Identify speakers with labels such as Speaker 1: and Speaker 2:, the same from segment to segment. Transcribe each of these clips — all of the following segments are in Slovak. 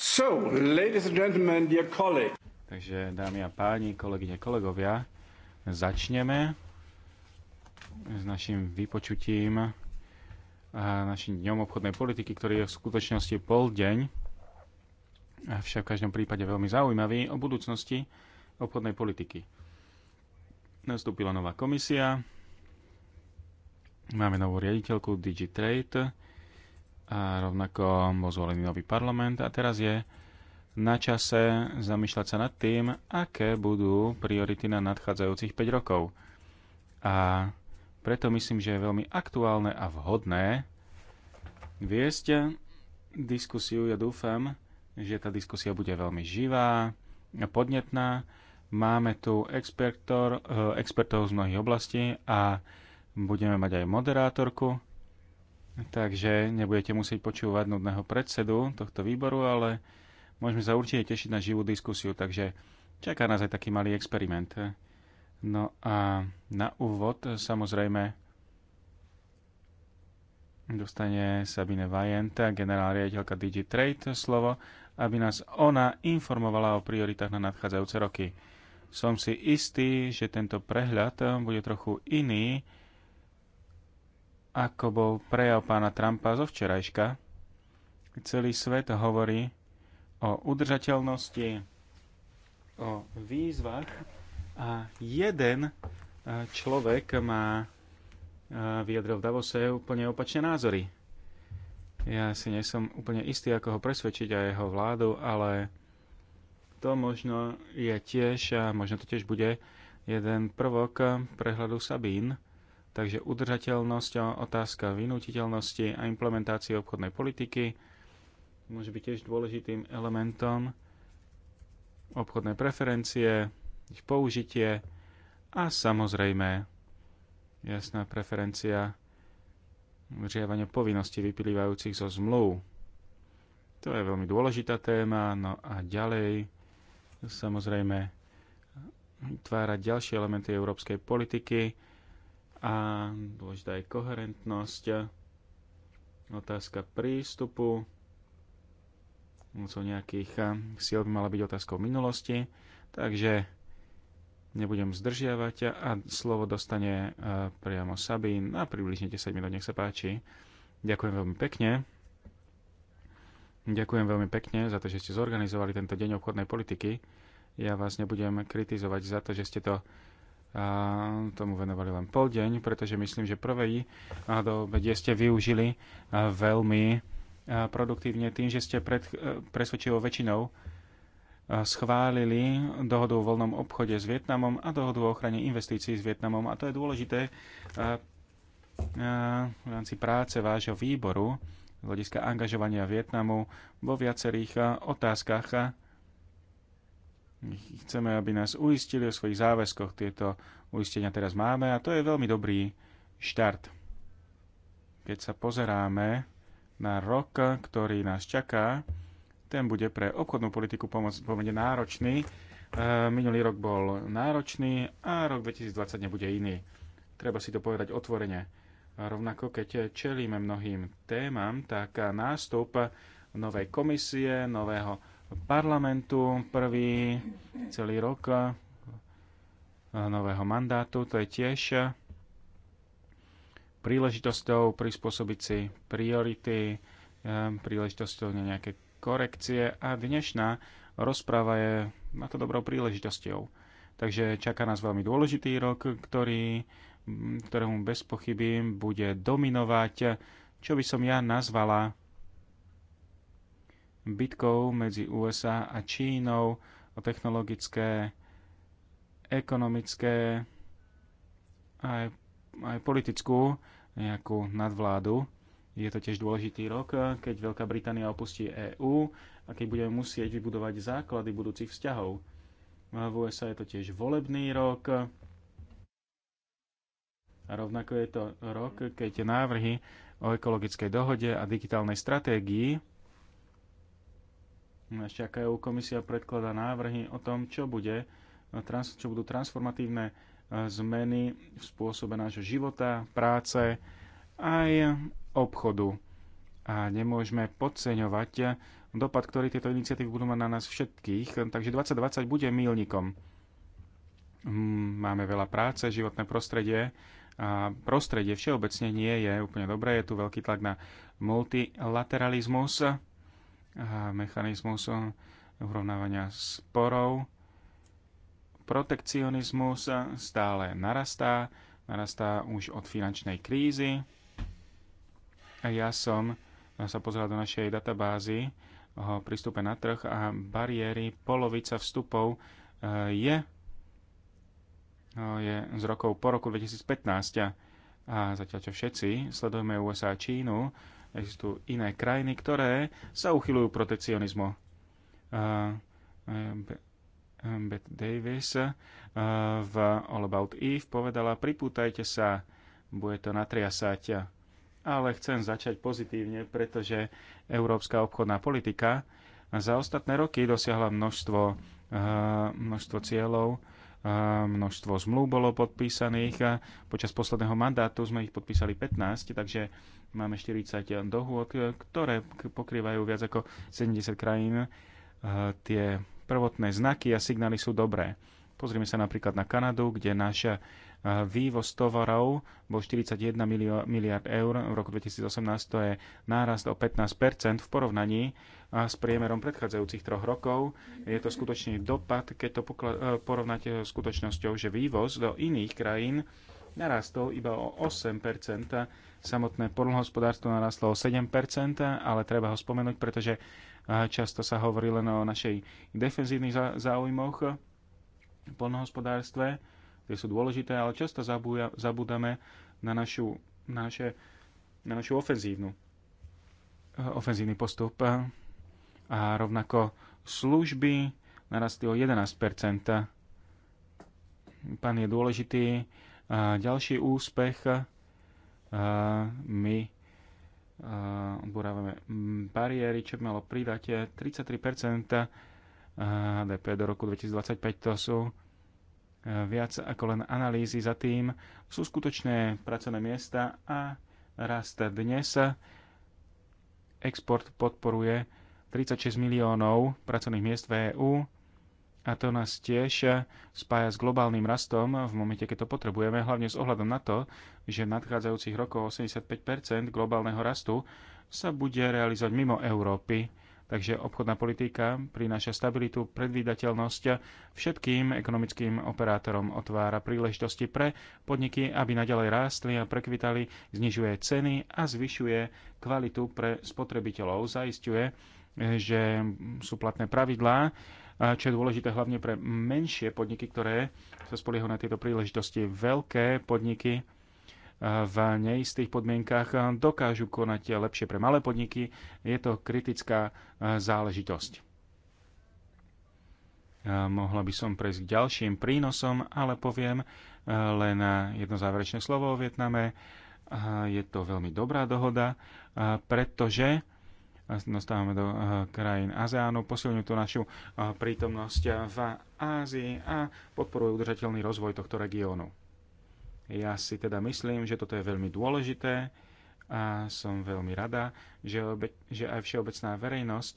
Speaker 1: So, ladies and gentlemen, dear colleagues. Takže dámy a páni, kolegyne, kolegovia, začneme s našim vypočutím a našim dňom obchodnej politiky, ktorý je v skutočnosti pol deň, avšak v každom prípade veľmi zaujímavý, o budúcnosti obchodnej politiky. Nastúpila nová komisia, máme novú riaditeľku DigiTrade, a rovnako bol zvolený nový parlament a teraz je na čase zamýšľať sa nad tým, aké budú priority na nadchádzajúcich 5 rokov. A preto myslím, že je veľmi aktuálne a vhodné viesť diskusiu. Ja dúfam, že tá diskusia bude veľmi živá, a podnetná. Máme tu expertor, eh, expertov z mnohých oblastí a budeme mať aj moderátorku takže nebudete musieť počúvať nudného predsedu tohto výboru, ale môžeme sa určite tešiť na živú diskusiu, takže čaká nás aj taký malý experiment. No a na úvod samozrejme dostane Sabine Vajenta, generál riaditeľka Digitrade, slovo, aby nás ona informovala o prioritách na nadchádzajúce roky. Som si istý, že tento prehľad bude trochu iný, ako bol prejav pána Trumpa zo včerajška. Celý svet hovorí o udržateľnosti, o výzvach a jeden e, človek má e, vyjadril v Davose úplne opačné názory. Ja si som úplne istý, ako ho presvedčiť a jeho vládu, ale to možno je tiež, a možno to tiež bude jeden prvok prehľadu Sabín, Takže udržateľnosť, otázka vynutiteľnosti a implementácie obchodnej politiky môže byť tiež dôležitým elementom obchodné preferencie, ich použitie a samozrejme jasná preferencia udržiavania povinností vyplývajúcich zo zmluv. To je veľmi dôležitá téma. No a ďalej samozrejme vytvárať ďalšie elementy európskej politiky, a dôležitá je koherentnosť, otázka prístupu, pomocou nejakých síl by mala byť otázkou minulosti, takže nebudem zdržiavať a slovo dostane priamo Sabín na približne 10 minút, nech sa páči. Ďakujem veľmi pekne. Ďakujem veľmi pekne za to, že ste zorganizovali tento deň obchodnej politiky. Ja vás nebudem kritizovať za to, že ste to a tomu venovali len pol deň, pretože myslím, že prvý do obede ste využili veľmi produktívne tým, že ste pred, e, presvedčivou väčšinou schválili dohodu o voľnom obchode s Vietnamom a dohodu o ochrane investícií s Vietnamom. A to je dôležité v rámci práce vášho výboru z hľadiska angažovania Vietnamu vo viacerých otázkach Chceme, aby nás uistili o svojich záväzkoch. Tieto uistenia teraz máme a to je veľmi dobrý štart. Keď sa pozeráme na rok, ktorý nás čaká, ten bude pre obchodnú politiku pomerne náročný. E, minulý rok bol náročný a rok 2020 nebude iný. Treba si to povedať otvorene. Rovnako keď čelíme mnohým témam, tak nástup novej komisie, nového parlamentu prvý celý rok eh, nového mandátu. To je tiež eh, príležitosťou prispôsobiť si priority, eh, príležitosťou na nejaké korekcie a dnešná rozpráva je na to dobrou príležitosťou. Takže čaká nás veľmi dôležitý rok, ktorý, ktorému bez pochyby bude dominovať, čo by som ja nazvala bitkou medzi USA a Čínou o technologické, ekonomické aj, aj politickú nejakú nadvládu. Je to tiež dôležitý rok, keď Veľká Británia opustí EÚ a keď budeme musieť vybudovať základy budúcich vzťahov. V USA je to tiež volebný rok. A rovnako je to rok, keď tie návrhy o ekologickej dohode a digitálnej stratégii nás EU komisia predkladá návrhy o tom, čo, bude, čo budú transformatívne e, zmeny v spôsobe nášho života, práce, aj obchodu. A nemôžeme podceňovať dopad, ktorý tieto iniciatívy budú mať na nás všetkých. Takže 2020 bude milníkom. Máme veľa práce, životné prostredie a prostredie všeobecne nie je úplne dobré. Je tu veľký tlak na multilateralizmus mechanizmus urovnávania sporov. Protekcionizmus stále narastá, narastá už od finančnej krízy. A ja som sa pozrel do našej databázy o prístupe na trh a bariéry, polovica vstupov eh, je, eh, je z rokov po roku 2015. A zatiaľ čo všetci sledujeme USA a Čínu, existujú iné krajiny, ktoré sa uchylujú protekcionizmu. E, e, Beth Davis e, v All About Eve povedala, pripútajte sa, bude to natriasať. Ale chcem začať pozitívne, pretože európska obchodná politika za ostatné roky dosiahla množstvo, množstvo cieľov, množstvo zmluv bolo podpísaných. Počas posledného mandátu sme ich podpísali 15, takže máme 40 dohôd, ktoré pokrývajú viac ako 70 krajín. Tie prvotné znaky a signály sú dobré. Pozrime sa napríklad na Kanadu, kde naša Vývoz tovarov bol 41 miliard eur v roku 2018, to je nárast o 15 v porovnaní s priemerom predchádzajúcich troch rokov. Je to skutočný dopad, keď to e, porovnáte s skutočnosťou, že vývoz do iných krajín narastol iba o 8 Samotné polnohospodárstvo narastlo o 7 ale treba ho spomenúť, pretože e, často sa hovorí len o našej defenzívnych záujmoch v polnohospodárstve ktoré sú dôležité, ale často zabúja, zabúdame na, našu, na, naše, na našu ofenzívnu, eh, ofenzívny postup a rovnako služby narastli o 11 Pán je dôležitý. A ďalší úspech a eh, my eh, odborávame bariéry, čo by malo pridať 33 HDP do roku 2025. To sú E, viac ako len analýzy za tým, sú skutočné pracovné miesta a rast dnes export podporuje 36 miliónov pracovných miest v EÚ a to nás tiež spája s globálnym rastom v momente, keď to potrebujeme, hlavne s ohľadom na to, že v nadchádzajúcich rokoch 85 globálneho rastu sa bude realizovať mimo Európy Takže obchodná politika prináša stabilitu, predvídateľnosť všetkým ekonomickým operátorom, otvára príležitosti pre podniky, aby naďalej rástli a prekvitali, znižuje ceny a zvyšuje kvalitu pre spotrebiteľov, zaistuje, že sú platné pravidlá, čo je dôležité hlavne pre menšie podniky, ktoré sa spoliehajú na tieto príležitosti. Veľké podniky v neistých podmienkach dokážu konať lepšie pre malé podniky. Je to kritická eh, záležitosť. Eh, mohla by som prejsť k ďalším prínosom, ale poviem eh, len jedno záverečné slovo o Vietname. Je to veľmi dobrá dohoda, pretože dostávame do krajín ASEANu, posilňujú tú našu prítomnosť v Ázii a podporujú udržateľný rozvoj tohto regiónu. Ja si teda myslím, že toto je veľmi dôležité a som veľmi rada, že, obe, že aj všeobecná verejnosť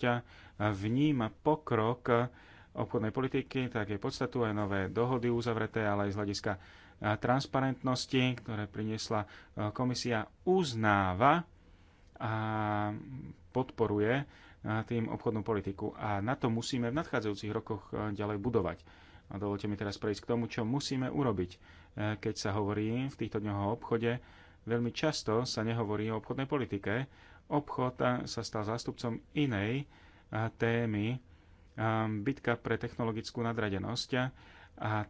Speaker 1: vníma pokrok obchodnej politiky, tak je podstatu aj nové dohody uzavreté, ale aj z hľadiska transparentnosti, ktoré priniesla komisia, uznáva a podporuje tým obchodnú politiku. A na to musíme v nadchádzajúcich rokoch ďalej budovať. A dovolte mi teraz prejsť k tomu, čo musíme urobiť E, keď sa hovorí v týchto dňoch o obchode, veľmi často sa nehovorí o obchodnej politike. Obchod e, sa stal zástupcom inej e, témy, bitka pre technologickú nadradenosť a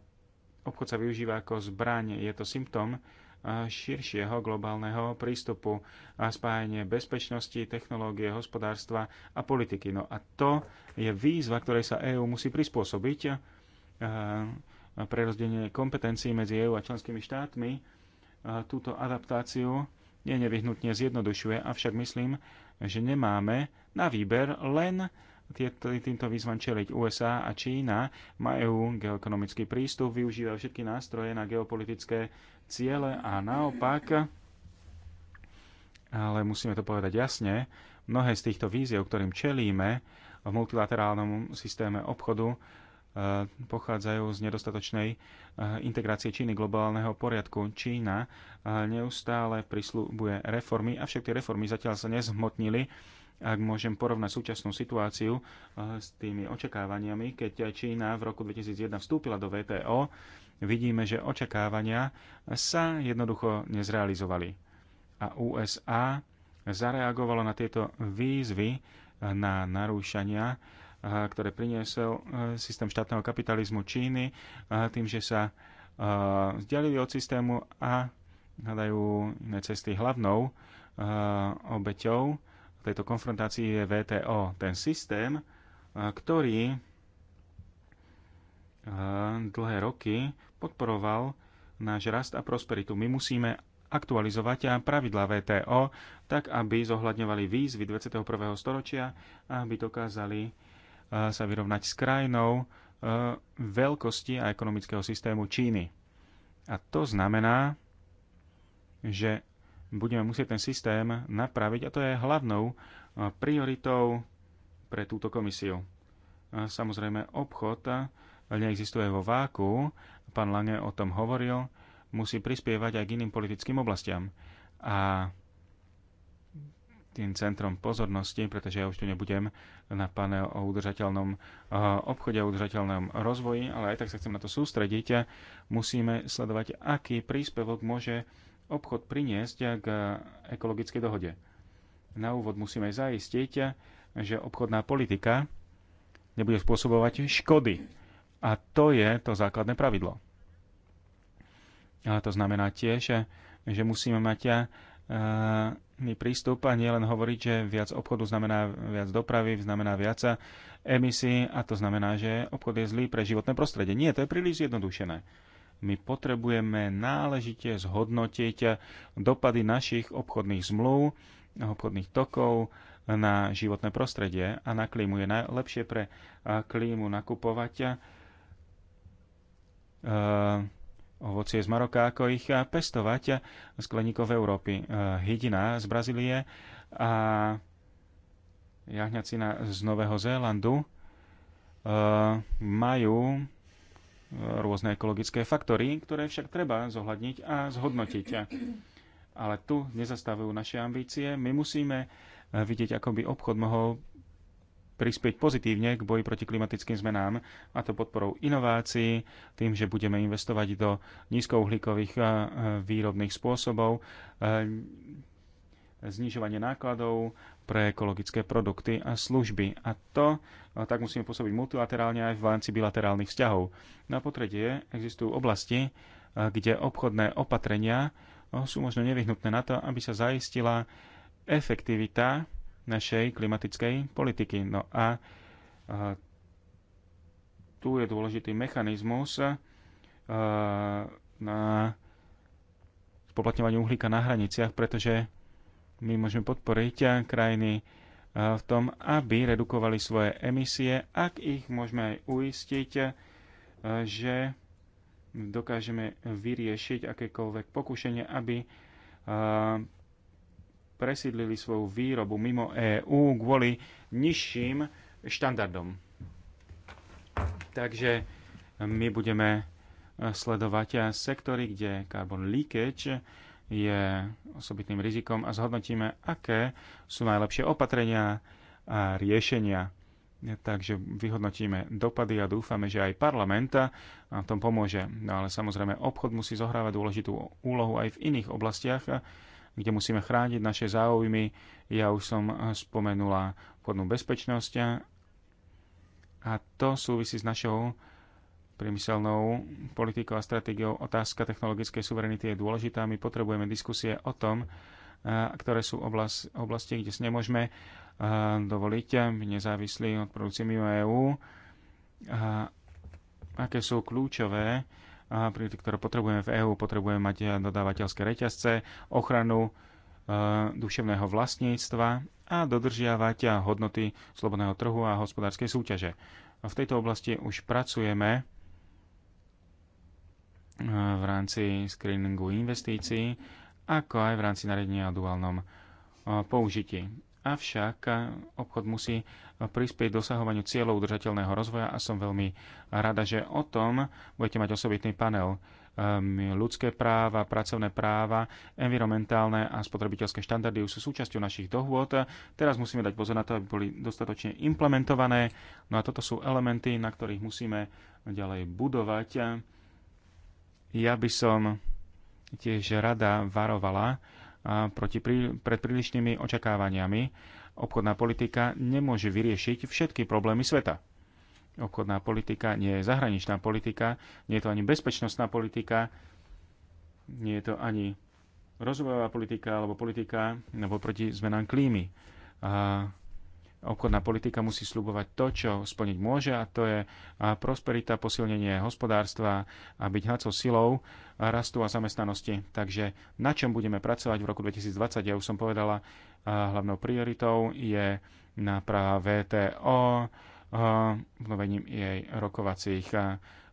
Speaker 1: obchod sa využíva ako zbraň. Je to symptom širšieho globálneho prístupu a spájanie bezpečnosti, technológie, hospodárstva a politiky. No a to je výzva, ktorej sa EÚ musí prispôsobiť prerozdelenie kompetencií medzi EÚ a členskými štátmi túto adaptáciu nie nevyhnutne zjednodušuje, avšak myslím, že nemáme na výber len týmto výzvam čeliť USA a Čína. majú geoekonomický prístup, využívajú všetky nástroje na geopolitické ciele a naopak, ale musíme to povedať jasne, mnohé z týchto víziev, ktorým čelíme v multilaterálnom systéme obchodu, Eh, pochádzajú z nedostatočnej eh, integrácie Číny globálneho poriadku. Čína eh, neustále prislúbuje reformy, avšak tie reformy zatiaľ sa nezhmotnili. Ak môžem porovnať súčasnú situáciu s tými očakávaniami, keď Čína v roku 2001 vstúpila do VTO, vidíme, že očakávania sa jednoducho nezrealizovali. A USA zareagovalo na tieto výzvy na narúšania Eh, ktoré priniesol eh, systém štátneho kapitalizmu Číny eh, tým, že sa vzdialili od systému a hľadajú iné cesty. Hlavnou obeťou tejto konfrontácii je VTO, ten systém, ktorý dlhé roky podporoval náš rast a prosperitu. My musíme aktualizovať pravidlá VTO tak, aby zohľadňovali výzvy 21. storočia a aby dokázali E, sa vyrovnať s krajinou e, veľkosti a ekonomického systému Číny. A to znamená, že budeme musieť ten systém napraviť a to je hlavnou e, prioritou pre túto komisiu. Samozrejme, obchod neexistuje vo váku, pán Lange o tom hovoril, musí prispievať aj k iným politickým oblastiam. A tým centrom pozornosti, pretože ja už tu nebudem na panel o udržateľnom eh, obchode a udržateľnom rozvoji, ale aj tak sa chcem na to sústrediť. Musíme sledovať, aký príspevok môže obchod priniesť k ekologickej dohode. Na úvod musíme zaistiť, že obchodná politika nebude spôsobovať škody. A to je to základné pravidlo. Ale to znamená tiež, že musíme mať eh, prístup a nie len hovoriť, že viac obchodu znamená viac dopravy, znamená viac emisí a to znamená, že obchod je zlý pre životné prostredie. Nie, to je príliš zjednodušené. My potrebujeme náležite zhodnotiť dopady našich obchodných zmluv, obchodných tokov na životné prostredie a na klímu. Je najlepšie pre klímu nakupovať uh, ovocie z Maroka, ako ich eh, pestovať z eh, kleníkov Európy. Eh, hydina z Brazílie a jahňacina z Nového Zélandu majú rôzne ekologické faktory, ktoré však treba zohľadniť a zhodnotiť. Ale tu nezastavujú naše ambície. My musíme vidieť, ako by obchod mohol prispieť pozitívne k boji proti klimatickým zmenám, a to podporou inovácií, tým, že budeme investovať do nízkouhlíkových výrobných spôsobov, znižovanie nákladov pre ekologické produkty a služby. A to tak musíme pôsobiť multilaterálne aj v rámci bilaterálnych vzťahov. Na no po existujú oblasti, kde obchodné opatrenia sú možno nevyhnutné na to, aby sa zaistila efektivita našej klimatickej politiky. No a, tu je dôležitý mechanizmus na spoplatňovanie uhlíka na hraniciach, pretože my môžeme podporiť krajiny v tom, aby redukovali svoje emisie, ak ich môžeme aj uistiť, že dokážeme vyriešiť akékoľvek pokušenie, aby presídlili svoju výrobu mimo EÚ kvôli nižším štandardom. Takže my budeme sledovať sektory, kde carbon leakage je osobitným rizikom a zhodnotíme, aké sú najlepšie opatrenia a riešenia. Takže vyhodnotíme dopady a dúfame, že aj parlamenta tom pomôže. No ale samozrejme obchod musí zohrávať dôležitú úlohu aj v iných oblastiach, kde musíme chrániť naše záujmy. Ja už som spomenula podnú bezpečnosť a to súvisí s našou priemyselnou politikou a stratégiou. Otázka technologickej suverenity je dôležitá. My potrebujeme diskusie o tom, ktoré sú oblast, oblasti, kde si nemôžeme dovoliť nezávislí od produkcie mimo EÚ. Aké sú kľúčové produkty, ktoré potrebujeme v EÚ. Potrebujeme mať eh, dodávateľské reťazce, ochranu eh, duševného vlastníctva a dodržiavať eh, hodnoty slobodného trhu a hospodárskej súťaže. V tejto oblasti už pracujeme v rámci screeningu investícií, ako aj v rámci nariadenia o duálnom použití. Avšak eh, obchod musí eh, prispieť dosahovaniu cieľov udržateľného rozvoja a som veľmi rada, že o tom budete mať osobitný panel. Ehm, ľudské práva, pracovné práva, environmentálne a spotrebiteľské štandardy už sú súčasťou našich dohôd. Teraz musíme dať pozor na to, aby boli dostatočne implementované. No a toto sú elementy, na ktorých musíme ďalej budovať. Ja by som tiež rada varovala proti prí, pred prílišnými očakávaniami. Obchodná politika nemôže vyriešiť všetky problémy sveta. Obchodná politika nie je zahraničná politika, nie je to ani bezpečnostná politika, nie je to ani rozvojová politika alebo politika nebo proti zmenám klímy. A obchodná politika musí slubovať to, čo splniť môže, a to je prosperita, posilnenie hospodárstva a byť hnacou silou rastu a zamestnanosti. Takže na čom budeme pracovať v roku 2020, ja už som povedala, hlavnou prioritou je náprava VTO, obnovením jej rokovacích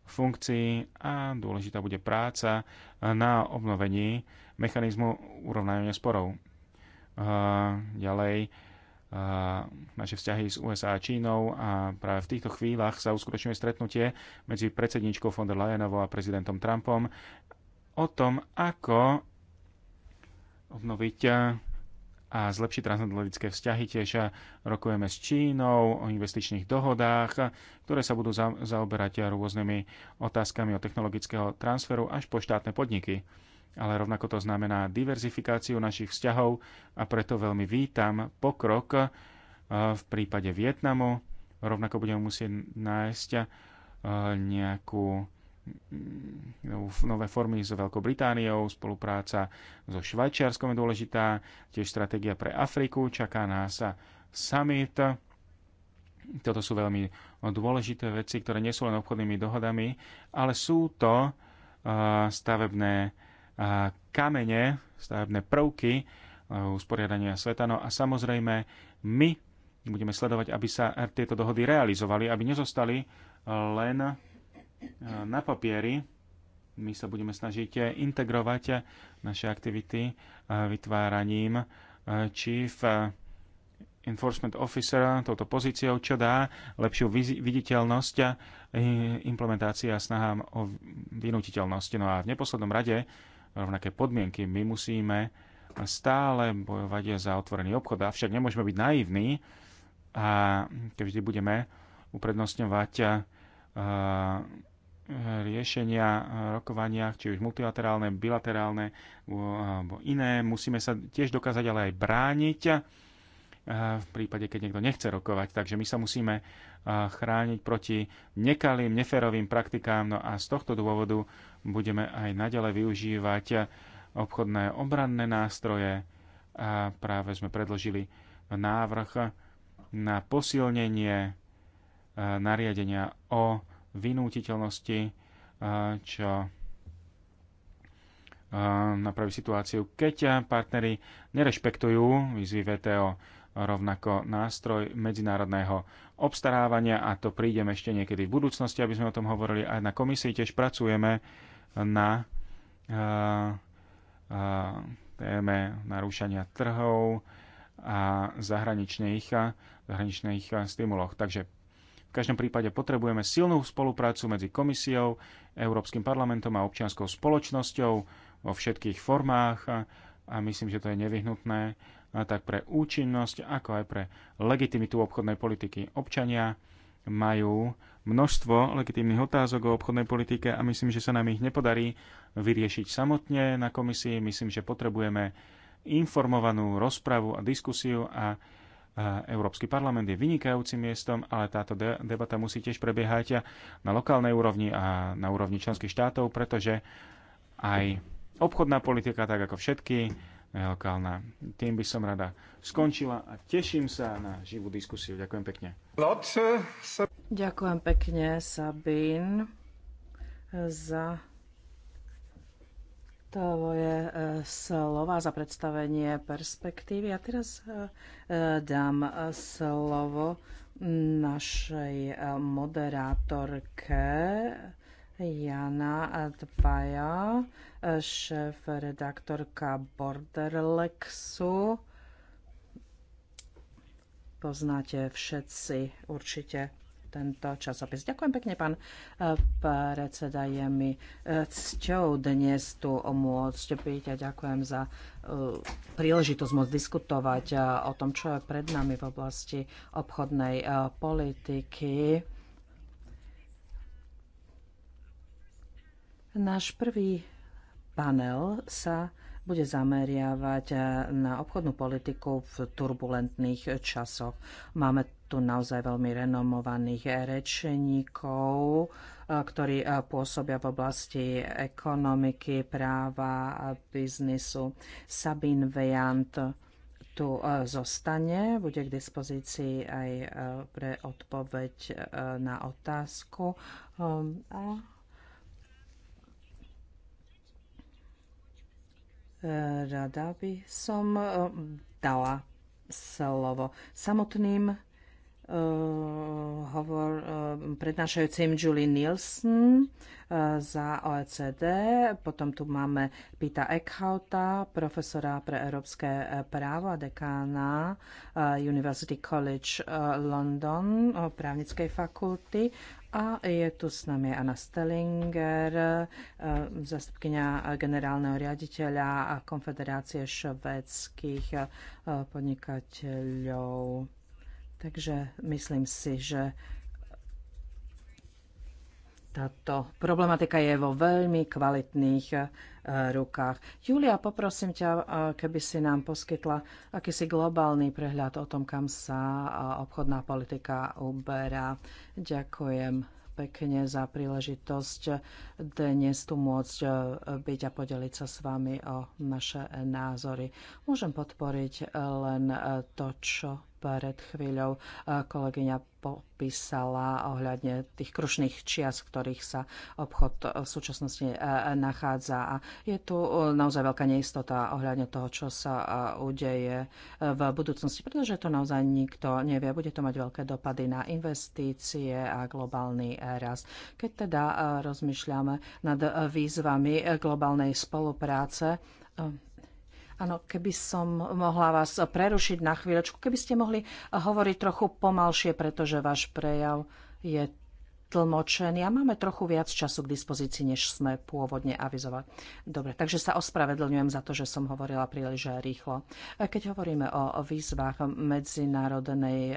Speaker 1: funkcií a dôležitá bude práca na obnovení mechanizmu urovnania sporov. Ďalej, naše vzťahy s USA a Čínou a práve v týchto chvíľach sa uskutočňuje stretnutie medzi predsedničkou von der Leyenovou a prezidentom Trumpom o tom, ako obnoviť eh, a zlepšiť transatlantické vzťahy. Tiež eh, rokujeme s Čínou o investičných dohodách, ktoré sa budú zaoberať rôznymi otázkami od technologického transferu až po štátne podniky ale rovnako to znamená diverzifikáciu našich vzťahov a preto veľmi vítam pokrok eh, v prípade Vietnamu. Rovnako budeme musieť nájsť eh, nejakú mm, mm, nové formy s Veľkou Britániou, spolupráca so Švajčiarskom je dôležitá, tiež stratégia pre Afriku, čaká nás summit. Toto sú veľmi dôležité veci, ktoré nie sú len obchodnými dohodami, ale sú to eh, stavebné kamene, stavebné prvky e, usporiadania sveta. No a samozrejme my budeme sledovať, aby sa tieto dohody realizovali, aby nezostali len e, na papieri. My sa budeme snažiť integrovať naše aktivity e, vytváraním chief enforcement officer touto pozíciou, čo dá lepšiu viditeľnosť implementácia a snahám o vynutiteľnosť. No a v neposlednom rade rovnaké podmienky. My musíme stále bojovať za otvorený obchod, avšak nemôžeme byť naivní a keď vždy budeme uprednostňovať eh, riešenia rokovania, či už multilaterálne, bilaterálne alebo iné. Musíme sa tiež dokázať ale aj brániť eh, v prípade, keď niekto nechce rokovať. Takže my sa musíme chrániť proti nekalým, neferovým praktikám. No a z tohto dôvodu budeme aj naďalej využívať obchodné obranné nástroje a práve sme predložili návrh na posilnenie e, nariadenia o vynútiteľnosti, e, čo e, napraví situáciu, keď partnery nerešpektujú výzvy VTO rovnako nástroj medzinárodného obstarávania a to prídem ešte niekedy v budúcnosti, aby sme o tom hovorili. Aj na komisii tiež pracujeme na uh, uh, téme narúšania trhov a zahraničných, zahraničných stimuloch. Takže v každom prípade potrebujeme silnú spoluprácu medzi komisiou, Európskym parlamentom a občianskou spoločnosťou vo všetkých formách a myslím, že to je nevyhnutné tak pre účinnosť, ako aj pre legitimitu obchodnej politiky. Občania majú množstvo legitímnych otázok o obchodnej politike a myslím, že sa nám ich nepodarí vyriešiť samotne na komisii. Myslím, že potrebujeme informovanú rozpravu a diskusiu a Európsky parlament je vynikajúcim miestom, ale táto debata musí tiež prebiehať na lokálnej úrovni a na úrovni členských štátov, pretože aj obchodná politika, tak ako všetky lokálna. Tým by som rada skončila a teším sa na živú diskusiu. Ďakujem pekne.
Speaker 2: Eh, Ďakujem pekne, Sabín, za tvoje eh, slova, za predstavenie perspektívy. A teraz eh, dám slovo našej moderátorke Jana Tvaja šéf-redaktorka Borderlexu. Poznáte všetci určite tento časopis. Ďakujem pekne, pán e, predseda. Je mi e, cťou dnes tu môcť byť a ďakujem za e, príležitosť môcť diskutovať o tom, čo je pred nami v oblasti obchodnej politiky. Náš prvý panel sa bude zameriavať eh, na obchodnú politiku v turbulentných časoch. Máme tu naozaj veľmi renomovaných rečeníkov, eh, ktorí eh, pôsobia v oblasti ekonomiky, práva a biznisu. Sabine Vejant tu zostane, bude k dispozícii aj pre odpoveď na otázku. Ehm, a Rada by som eh, dala slovo samotným Eh, hovor, eh, prednášajúcim Julie Nielsen eh, za OECD. Potom tu máme Pita Eckhouta, profesora pre európske právo a dekána University College London, právnickej fakulty. A je tu s nami Anna Stellinger, zastupkynia generálneho riaditeľa a Konfederácie švedských podnikateľov. Takže myslím si, že táto problematika je vo veľmi kvalitných e, rukách. Julia, poprosím ťa, e, keby si nám poskytla akýsi globálny prehľad o tom, kam sa e, obchodná politika uberá. Ďakujem pekne za príležitosť dnes tu môcť byť a podeliť sa s vami o naše názory. Môžem podporiť len to, čo pred chvíľou e, kolegyňa popísala ohľadne tých krušných čias, v ktorých sa obchod e, v súčasnosti e, nachádza. A je tu naozaj veľká neistota ohľadne toho, čo sa udeje v budúcnosti, pretože to naozaj nikto nevie. Bude to mať veľké dopady na investície a globálny rast. Keď teda rozmýšľame nad výzvami globálnej spolupráce, Áno, keby som mohla vás prerušiť na chvíľočku, keby ste mohli hovoriť trochu pomalšie, pretože váš prejav je tlmočený a máme trochu viac času k dispozícii, než sme pôvodne avizovali. Dobre, takže sa ospravedlňujem za to, že som hovorila príliš rýchlo. Keď hovoríme o výzvach medzinárodnej e,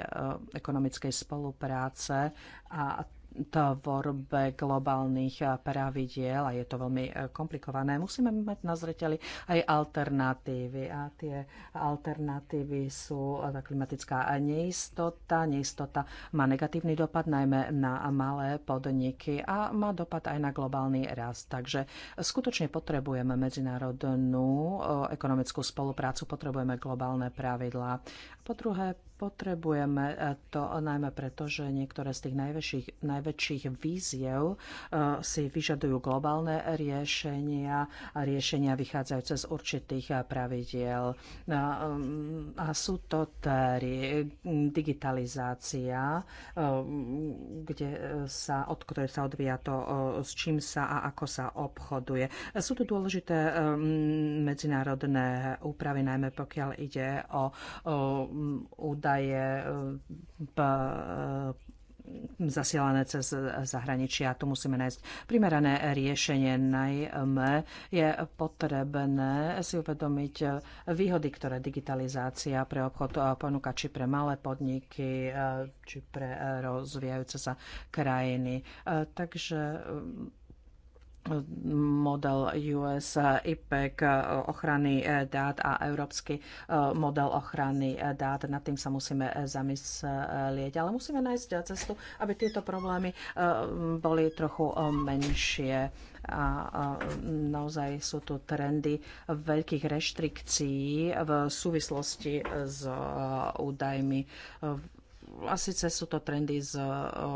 Speaker 2: ekonomickej spolupráce a tvorbe globálnych pravidiel a je to veľmi e, komplikované. Musíme mať na zreteli aj alternatívy a tie alternatívy sú e, tá klimatická neistota. Neistota má negatívny dopad najmä na malé podniky a má dopad aj na globálny rast. Takže skutočne potrebujeme medzinárodnú e, ekonomickú spoluprácu, potrebujeme globálne pravidlá. Po druhé, Potrebujeme eh, to najmä preto, že niektoré z tých najväčších, najväčších víziev eh, si vyžadujú globálne riešenia a riešenia vychádzajúce z určitých eh, pravidiel. Mm, a sú to tedy mm, digitalizácia, kde sa, od ktorej sa odvíja to, s čím sa a ako sa obchoduje. Sú tu dôležité mm, medzinárodné úpravy, najmä pokiaľ ide o údaje údaje eh, eh, zasielané cez zahraničia. Tu musíme nájsť primerané riešenie. Najmä je potrebné si uvedomiť eh, výhody, ktoré digitalizácia pre obchod ponúka či pre malé podniky, či pre rozvíjajúce sa krajiny. Takže model US IPEC ochrany eh, dát a európsky eh, model ochrany eh, dát. Nad tým sa musíme zamyslieť, ale musíme nájsť cestu, aby tieto problémy boli trochu menšie a naozaj sú tu trendy veľkých reštrikcií v súvislosti s údajmi a síce sú to trendy z e,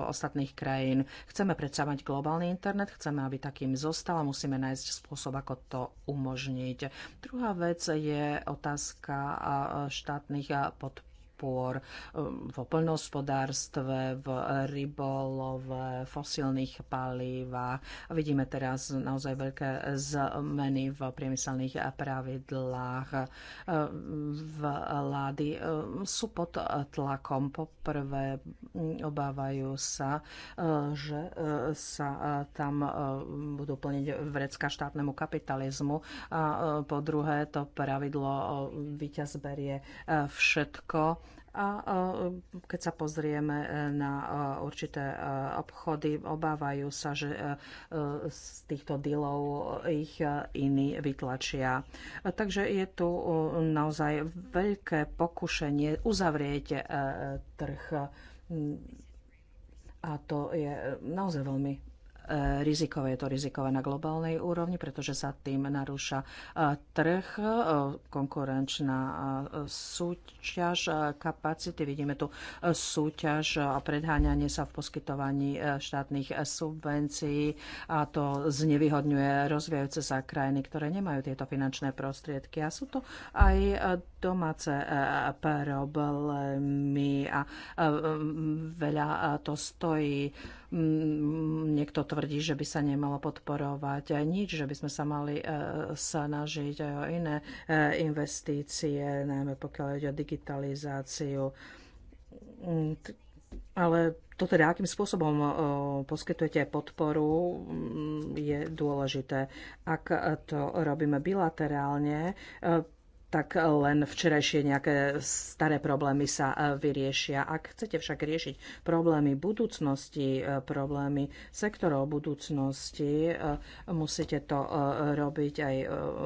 Speaker 2: ostatných krajín. Chceme predsa mať globálny internet, chceme, aby takým zostal a musíme nájsť spôsob, ako to umožniť. Druhá vec je otázka e, štátnych podpor podpor um, v poľnohospodárstve, v rybolove, fosílnych palívach. Vidíme teraz naozaj veľké zmeny v priemyselných pravidlách. Um, vlády um, sú pod tlakom. Poprvé obávajú sa, uh, že uh, sa uh, tam budú plniť vrecka štátnemu kapitalizmu a po druhé to pravidlo víťaz berie všetko a keď sa pozrieme e, na e, určité e, obchody, obávajú sa, že z týchto dilov ich iní vytlačia. Takže je tu naozaj veľké pokušenie uzavrieť trh. A to je naozaj veľmi E, rizikové. Je to rizikové na globálnej úrovni, pretože sa tým narúša e, trh, e, konkurenčná súťaž, kapacity. Vidíme tu súťaž a predháňanie sa v poskytovaní štátnych subvencií a to znevýhodňuje rozvíjajúce sa krajiny, ktoré nemajú tieto finančné prostriedky. A sú to aj domáce problémy a veľa to stojí. Niekto tvrdí, tvrdí, že by sa nemalo podporovať nič, že by sme sa mali e, snažiť aj o iné e, investície, najmä pokiaľ ide o digitalizáciu. Mm, ale to teda, akým spôsobom e, poskytujete podporu, mm, je dôležité. Ak to robíme bilaterálne, tak len včerajšie nejaké staré problémy sa e, vyriešia. Ak chcete však riešiť problémy budúcnosti, e, problémy sektorov budúcnosti, e, musíte to robiť aj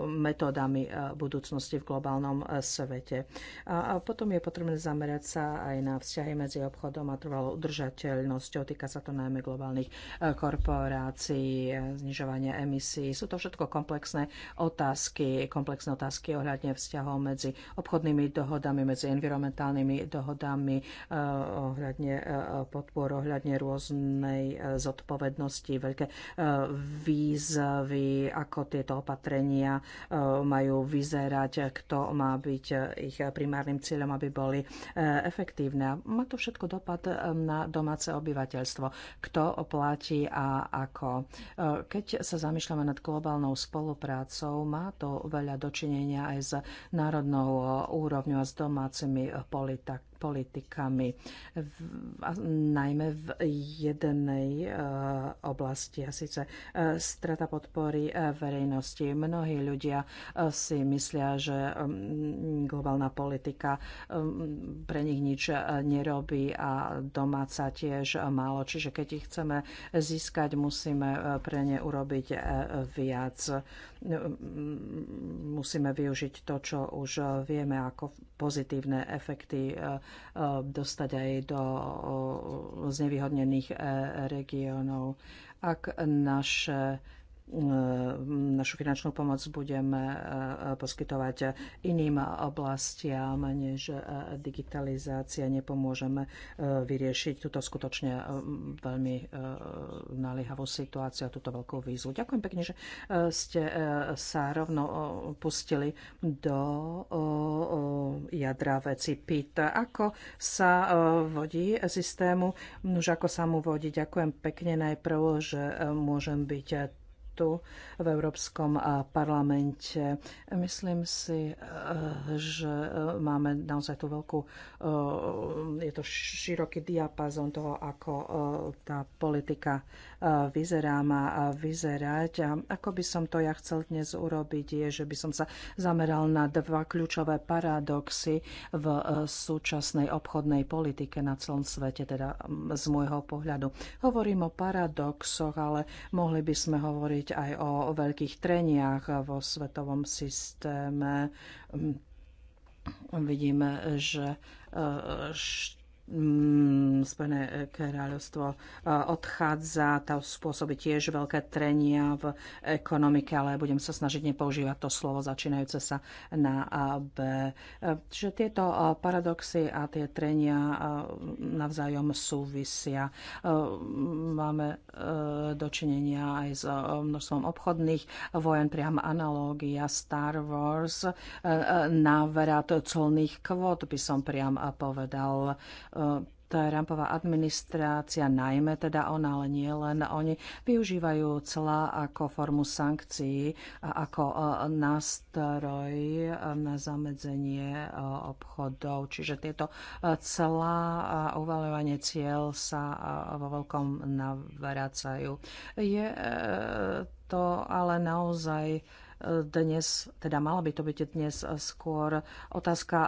Speaker 2: metódami budúcnosti v globálnom svete. A potom je potrebné zamerať sa aj na vzťahy medzi obchodom a trvalou udržateľnosťou. Týka sa to najmä globálnych korporácií, znižovania emisí. Sú to všetko komplexné otázky, komplexné otázky ohľadne vzťahy vzťahov medzi obchodnými dohodami, medzi environmentálnymi dohodami eh, ohľadne eh, podpor, ohľadne rôznej eh, zodpovednosti, veľké výzvy, ako tieto opatrenia majú vyzerať, kto má byť ich primárnym cieľom, aby boli efektívne. Má to všetko dopad na domáce obyvateľstvo. Kto platí a ako. Keď sa zamýšľame nad globálnou spoluprácou, má to veľa dočinenia aj s národnou eh, úrovňou a s domácimi eh, politikami. V, a najmä v jednej e, oblasti, a síce e, strata podpory e, verejnosti. Mnohí ľudia e, si myslia, že e, globálna politika e, pre nich nič e, nerobí a domáca tiež málo. Čiže keď ich chceme získať, musíme e, pre ne urobiť e, viac. Mm, musíme využiť to, čo už vieme ako pozitívne efekty E, Eh, dostať aj do znevýhodnených eh, regiónov. Ak naše E, našu finančnú pomoc budeme e, poskytovať iným oblastiam než e, digitalizácia. Nepomôžeme vyriešiť túto skutočne veľmi naliehavú situáciu a túto veľkú výzvu. Ďakujem pekne, že ste sa rovno pustili do jadra veci PIT. Ako sa vodí systému? Už ako sa mu vodí? Ďakujem pekne najprv, že môžem byť debatu v Európskom parlamente. Myslím si, e, že e, máme naozaj tú veľkú, e, je to široký diapazon toho, ako tá politika vyzerám a vyzerať. A ako by som to ja chcel dnes urobiť, je, že by som sa zameral na dva kľúčové paradoxy v e, súčasnej obchodnej politike na celom svete, teda z môjho pohľadu. Hovorím o paradoxoch, ale mohli by sme hovoriť aj o veľkých treniach vo svetovom systéme. Vidíme, že e, Mm, Spojené kráľovstvo e, odchádza, to spôsobí tiež veľké trenia v ekonomike, ale budem sa snažiť nepoužívať to slovo začínajúce sa na B. Čiže e, tieto e, paradoxy a tie trenia navzájom súvisia. Máme dočinenia aj s množstvom obchodných vojen, priam analógia Star Wars, návrat colných kvót by som priam povedal E, tá rampová administrácia, najmä teda ona, ale nie len oni, využívajú celá ako formu sankcií a ako e, nástroj e, na zamedzenie obchodov. Čiže tieto celá uvaľovanie uvalovanie cieľ sa vo veľkom navracajú. Je to ale naozaj dnes, teda mala by to byť dnes skôr otázka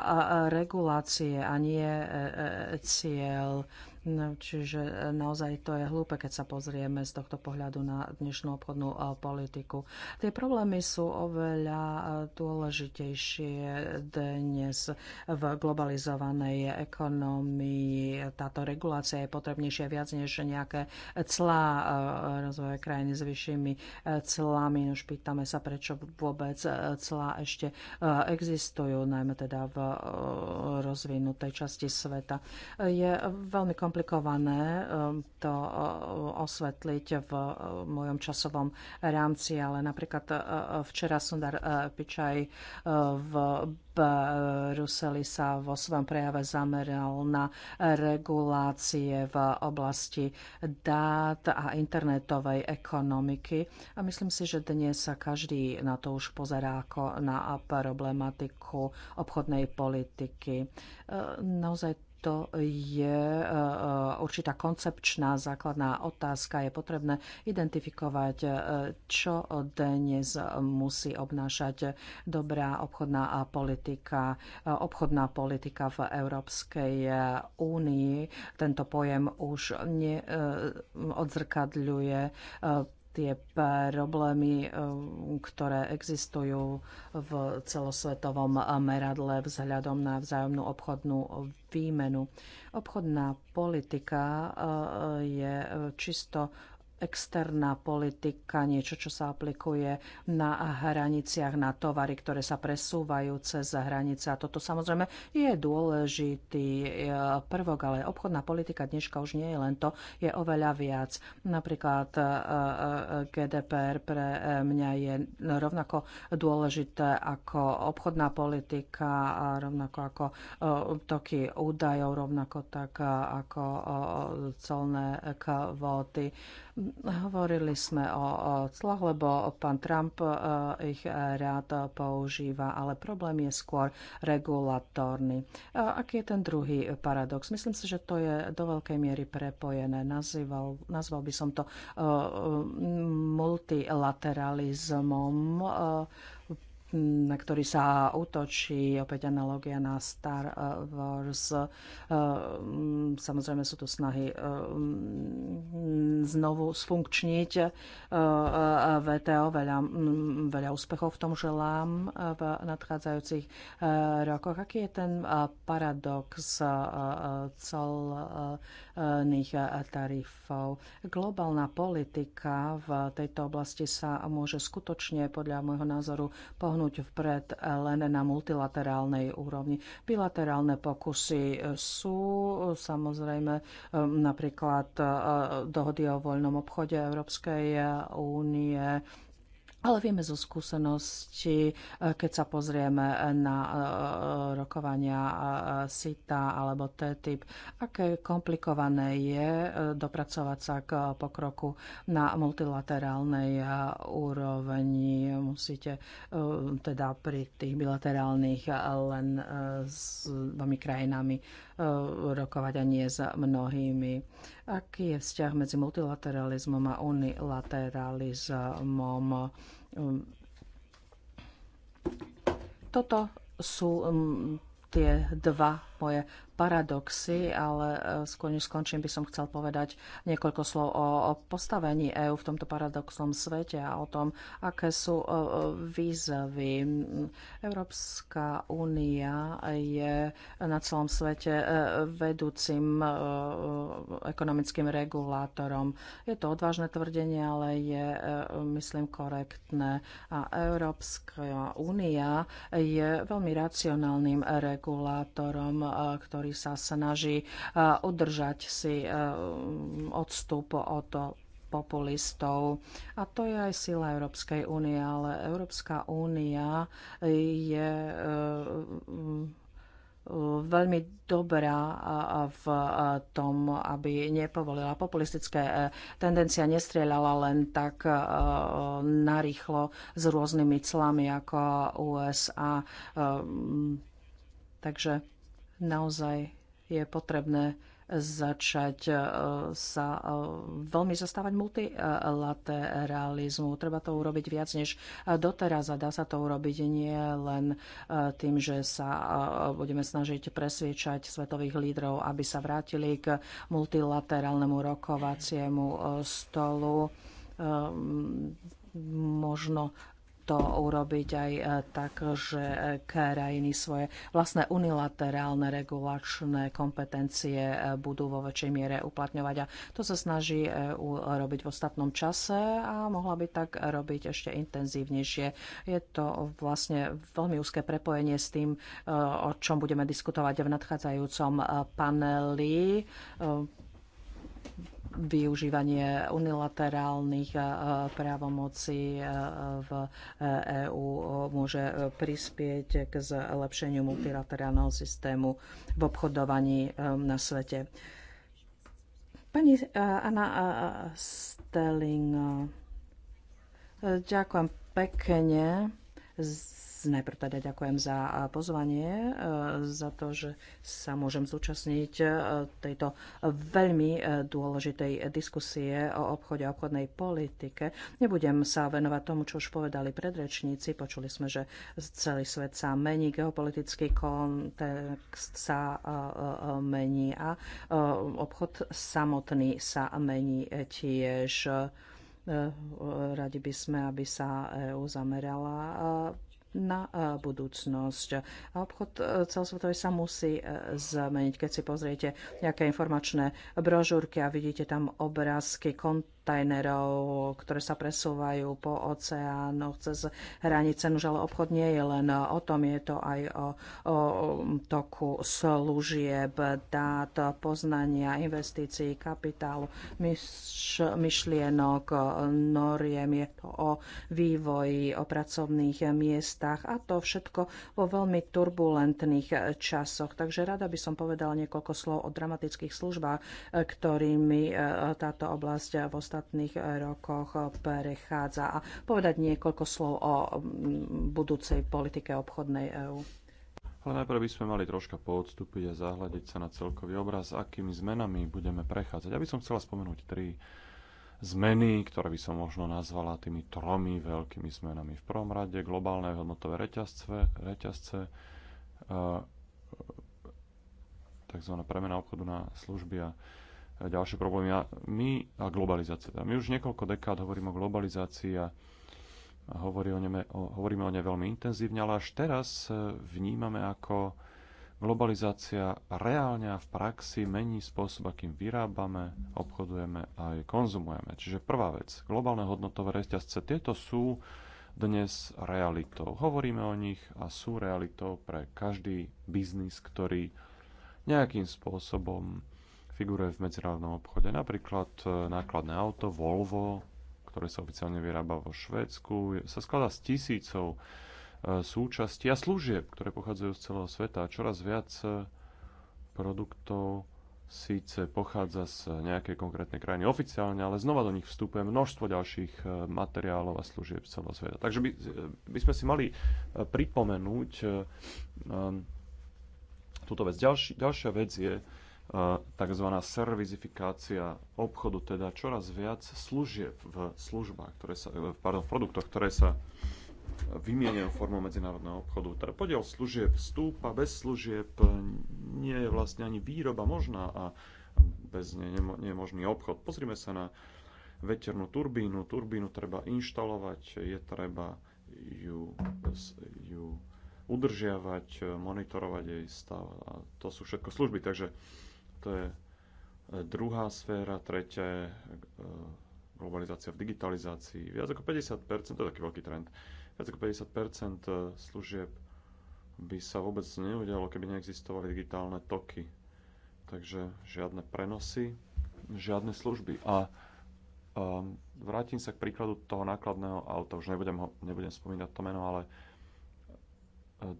Speaker 2: regulácie a nie e, e, e, cieľ. No, čiže e, naozaj to je hlúpe, keď sa pozrieme z tohto pohľadu na dnešnú obchodnú e, politiku. Tie problémy sú oveľa e, dôležitejšie dnes v globalizovanej ekonomii. Táto regulácia je potrebnejšia viac než nejaké clá rozvoje krajiny s vyššími clami. Už pýtame sa, prečo vôbec clá ešte existujú, najmä teda v rozvinutej časti sveta. Je veľmi komplikované komplikované um, to uh, osvetliť v uh, mojom časovom rámci, ale napríklad uh, včera Sundar Pičaj v Bruseli sa vo svojom prejave zameral na regulácie v oblasti dát a internetovej ekonomiky. A myslím si, že dnes sa každý na to už pozerá ako na problematiku obchodnej politiky. Naozaj to je e, e, určitá koncepčná základná otázka. Je potrebné identifikovať, e, čo dnes musí obnášať dobrá obchodná politika, obchodná politika v Európskej únii. Tento pojem už neodzrkadľuje tie problémy, eh, ktoré existujú v celosvetovom meradle vzhľadom na vzájomnú obchodnú výmenu. Obchodná politika eh, je čisto externá politika, niečo, čo sa aplikuje na hraniciach, na tovary, ktoré sa presúvajú cez hranice. A toto samozrejme je dôležitý e, prvok, ale obchodná politika dneška už nie je len to, je oveľa viac. Napríklad e, e, GDPR pre mňa je rovnako dôležité ako obchodná politika, a rovnako ako toky údajov, rovnako tak ako celné kvóty. Hovorili sme o cloch, lebo pán Trump e, ich rád používa, ale problém je skôr regulatórny. E, aký je ten druhý paradox? Myslím si, že to je do veľkej miery prepojené. Nazýval, nazval by som to e, multilateralizmom na ktorý sa útočí, opäť analogia na Star eh, Wars. Eh, mm, samozrejme sú tu snahy eh, mm, znovu sfunkčniť VTO. Veľa, mm, veľa úspechov v tom želám v nadchádzajúcich rokoch. Aký je ten paradox cel Eh, tarifov. Globálna politika v tejto oblasti sa môže skutočne podľa môjho názoru pohnúť vpred len na multilaterálnej úrovni. Bilaterálne pokusy sú eh, samozrejme eh, napríklad dohody o voľnom obchode Európskej únie, ale vieme zo skúsenosti, e, keď sa pozrieme na e, rokovania e, SITA alebo TTIP, aké komplikované je dopracovať sa k pokroku na multilaterálnej úrovni. Musíte teda pri tých bilaterálnych len s dvomi krajinami Eh, rokovať a nie za mnohými. Aký je vzťah medzi multilateralizmom a unilateralizmom? Ehm, toto sú ehm, tie dva moje paradoxy, ale e, skôr skončím, by som chcel povedať niekoľko slov o postavení EÚ v tomto paradoxnom svete a o tom, aké sú e, e, výzvy. Európska únia je na celom svete vedúcim ekonomickým regulátorom. Je to odvážne tvrdenie, ale je, myslím, korektné. A Európska únia je veľmi racionálnym regulátorom, ktorý ktorý sa snaží e, udržať si e, odstup od populistov. A to je aj sila Európskej únie, ale Európska únia je e, veľmi dobrá v tom, aby nepovolila populistické tendencia, nestrieľala len tak narýchlo s rôznymi clami ako USA. Takže naozaj je potrebné začať e, sa e, veľmi zastávať multilateralizmu. Treba to urobiť viac než doteraz a dá sa to urobiť nie len e, tým, že sa budeme snažiť presviečať svetových lídrov, aby sa vrátili k multilaterálnemu rokovaciemu stolu možno to urobiť aj e, tak, že e, krajiny svoje vlastné unilaterálne regulačné kompetencie e, budú vo väčšej miere uplatňovať. A to sa snaží urobiť robiť v ostatnom čase a mohla by tak robiť ešte intenzívnejšie. Je to vlastne veľmi úzke prepojenie s tým, o čom budeme diskutovať v nadchádzajúcom paneli využívanie unilaterálnych eh, právomocí eh, v EÚ eh, e môže prispieť k zlepšeniu multilaterálneho systému v obchodovaní na svete. Pani Anna Stelling, ďakujem pekne Najprv teda ďakujem za pozvanie, e, za to, že sa môžem zúčastniť e, tejto veľmi e, dôležitej diskusie o obchode a obchodnej politike. Nebudem sa venovať tomu, čo už povedali predrečníci. Počuli sme, že celý svet sa mení, geopolitický kontext sa mení a obchod samotný sa mení tiež. Radi by sme, aby sa EU zamerala na e, budúcnosť. A obchod e, celosvetový sa musí e, zmeniť. Keď si pozriete nejaké informačné brožúrky a vidíte tam obrázky kont- kontajnerov, ktoré sa presúvajú po oceánoch cez hranice. Nož ale obchod nie je len o tom, je to aj o, o toku služieb, dát, poznania, investícií, kapitálu, myš, myšlienok, noriem. Je to o vývoji, o pracovných miestach a to všetko vo veľmi turbulentných časoch. Takže rada by som povedala niekoľko slov o dramatických službách, ktorými e, e, táto oblasť v ostatných ostatných rokoch prechádza a povedať niekoľko slov o budúcej politike obchodnej EÚ.
Speaker 3: Ale najprv by sme mali troška podstúpiť a zahľadiť sa na celkový obraz, akými zmenami budeme prechádzať. Ja by som chcela spomenúť tri zmeny, ktoré by som možno nazvala tými tromi veľkými zmenami. V prvom rade globálne hodnotové reťazce, reťazce e, tzv. premena obchodu na služby a ďalšie problémy. A my a globalizácia. My už niekoľko dekád hovoríme o globalizácii a hovorí o neme, o, hovoríme o nej veľmi intenzívne, ale až teraz e, vnímame, ako globalizácia reálne a v praxi mení spôsob, akým vyrábame, obchodujeme a aj konzumujeme. Čiže prvá vec, globálne hodnotové reťazce, tieto sú dnes realitou. Hovoríme o nich a sú realitou pre každý biznis, ktorý nejakým spôsobom figuruje v medzinárodnom obchode. Napríklad e, nákladné auto Volvo, ktoré sa oficiálne vyrába vo Švédsku, sa skladá z tisícov e, súčasti a služieb, ktoré pochádzajú z celého sveta. A čoraz viac e, produktov síce pochádza z nejakej konkrétnej krajiny oficiálne, ale znova do nich vstupuje množstvo ďalších materiálov a služieb z celého sveta. Takže by, by sme si mali pripomenúť túto vec. Ďalší, ďalšia vec je, tzv. servizifikácia obchodu, teda čoraz viac služieb v službách, ktoré sa, e, pardon, v produktoch, ktoré sa vymieniajú formou medzinárodného obchodu. Teda podiel služieb stúpa, bez služieb nie je vlastne ani výroba možná a bez nej nie je možný obchod. Pozrime sa na veternú turbínu. Turbínu treba inštalovať, je treba ju, ju udržiavať, monitorovať jej stav. A to sú všetko služby. Takže to je e, druhá sféra, tretia je e, globalizácia v digitalizácii. Viac ako 50%, to je taký veľký trend, viac ako 50% e, služieb by sa vôbec neudialo, keby neexistovali digitálne toky. Takže žiadne prenosy, žiadne služby. A um, vrátim sa k príkladu toho nákladného auta. Už nebudem, ho, nebudem spomínať to meno, ale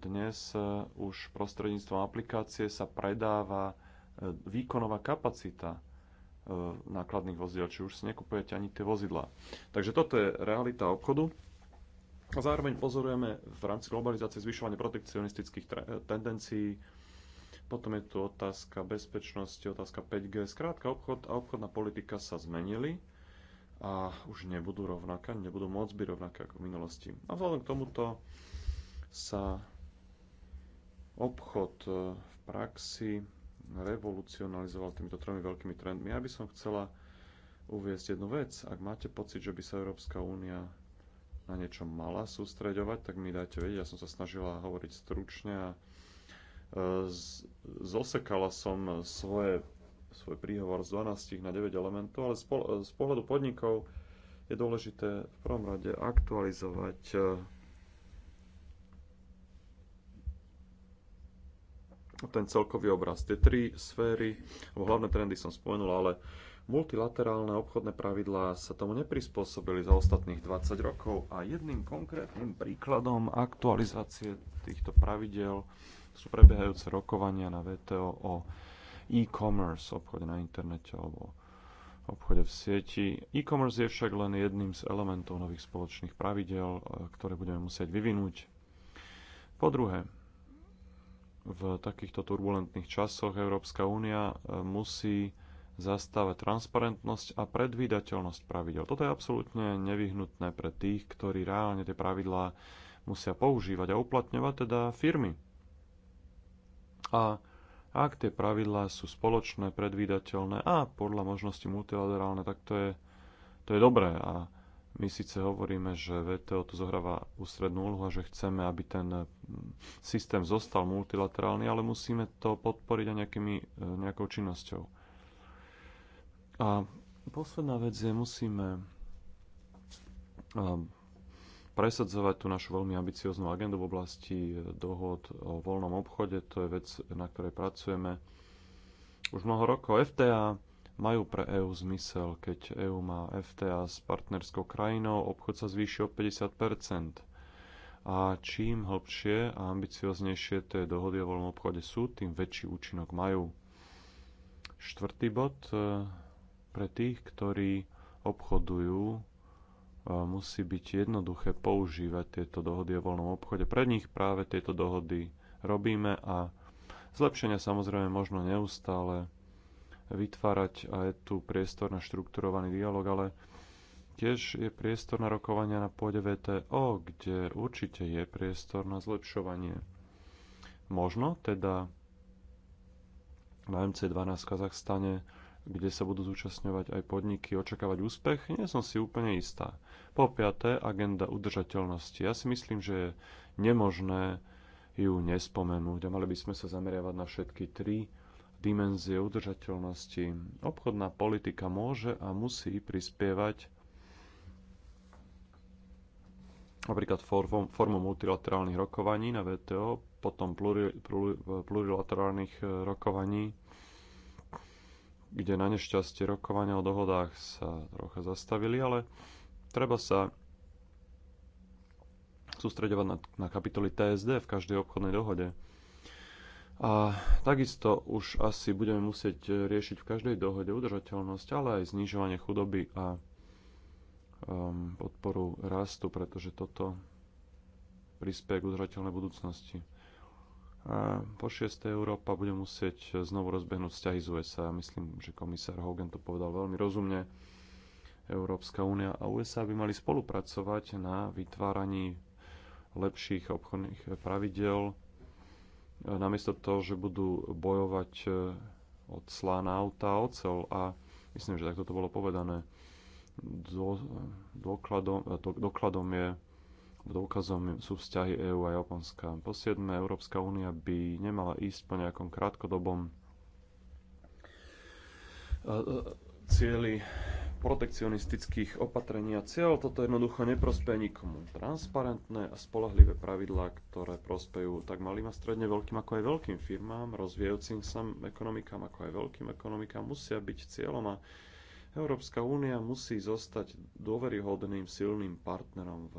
Speaker 3: dnes už prostredníctvom aplikácie sa predáva výkonová kapacita e, nákladných vozidel, či už si nekupujete ani tie vozidlá. Takže toto je realita obchodu. A zároveň pozorujeme v rámci globalizácie zvyšovanie protekcionistických e, tendencií, potom je tu otázka bezpečnosti, otázka 5G. Skrátka, obchod a obchodná politika sa zmenili a už nebudú rovnaké, nebudú môcť byť rovnaké ako v minulosti. A vzhľadom k tomuto sa obchod e, v praxi revolucionalizoval týmito tromi veľkými trendmi. Ja by som chcela uviezť jednu vec. Ak máte pocit, že by sa Európska únia na niečo mala sústreďovať, tak mi dajte vedieť. Ja som sa snažila hovoriť stručne a e, zosekala som svoje, svoj príhovor z 12 na 9 elementov, ale z, po, e, z pohľadu podnikov je dôležité v prvom rade aktualizovať e, ten celkový obraz. Tie tri sféry, hlavné trendy som spomenul, ale multilaterálne obchodné pravidlá sa tomu neprispôsobili za ostatných 20 rokov a jedným konkrétnym príkladom aktualizácie týchto pravidel sú prebiehajúce rokovania na VTO o e-commerce, obchode na internete alebo obchode v sieti. E-commerce je však len jedným z elementov nových spoločných pravidel, ktoré budeme musieť vyvinúť. Po druhé, v takýchto turbulentných časoch Európska únia e, musí zastávať transparentnosť a predvídateľnosť pravidel. Toto je absolútne nevyhnutné pre tých, ktorí reálne tie pravidlá musia používať a uplatňovať, teda firmy. A ak tie pravidlá sú spoločné, predvídateľné a podľa možnosti multilaterálne, tak to je, to je dobré. A my síce hovoríme, že VTO tu zohráva ústrednú úlohu a že chceme, aby ten systém zostal multilaterálny, ale musíme to podporiť aj nejakými, e, nejakou činnosťou. A posledná vec je, musíme presadzovať tú našu veľmi ambicioznú agendu v oblasti e, dohod o voľnom obchode. To je vec, na ktorej pracujeme už mnoho rokov. FTA majú pre EÚ zmysel, keď EÚ má FTA s partnerskou krajinou, obchod sa zvýši o 50 A čím hlbšie a ambicioznejšie tie dohody o voľnom obchode sú, tým väčší účinok majú. Štvrtý bod e, pre tých, ktorí obchodujú, e, musí byť jednoduché používať tieto dohody o voľnom obchode. Pre nich práve tieto dohody robíme a zlepšenia samozrejme možno neustále vytvárať aj tu priestor na štrukturovaný dialog, ale tiež je priestor na rokovania na pôde VTO, kde určite je priestor na zlepšovanie. Možno teda na MC12 v Kazachstane, kde sa budú zúčastňovať aj podniky, očakávať úspech, nie som si úplne istá. Po piaté, agenda udržateľnosti. Ja si myslím, že je nemožné ju nespomenúť a mali by sme sa zameriavať na všetky tri dimenzie udržateľnosti. Obchodná politika môže a musí prispievať napríklad formou, multilaterálnych rokovaní na VTO, potom plurilaterálnych e, rokovaní, kde na nešťastie rokovania o dohodách sa trocha zastavili, ale treba sa sústredovať na, na kapitoly TSD v každej obchodnej dohode. A takisto už asi budeme musieť riešiť v každej dohode udržateľnosť, ale aj znižovanie chudoby a um, podporu rastu, pretože toto prispieje k udržateľnej budúcnosti. A po 6. Európa bude musieť znovu rozbehnúť vzťahy z USA. Myslím, že komisár Hogan to povedal veľmi rozumne. Európska únia a USA by mali spolupracovať na vytváraní lepších obchodných pravidel namiesto toho, že budú bojovať e, od slá na auta, ocel a myslím, že takto to bolo povedané. Do, dokladom, e, do, dokladom je dôkazom sú vzťahy EÚ a Japonska. Po 7. Európska únia by nemala ísť po nejakom krátkodobom e, cieli protekcionistických opatrení a cieľ. Toto jednoducho neprospeje nikomu. Transparentné a spolahlivé pravidlá, ktoré prospejú tak malým a stredne veľkým ako aj veľkým firmám, rozvíjajúcim sa ekonomikám ako aj veľkým ekonomikám, musia byť cieľom a Európska únia musí zostať dôveryhodným silným partnerom v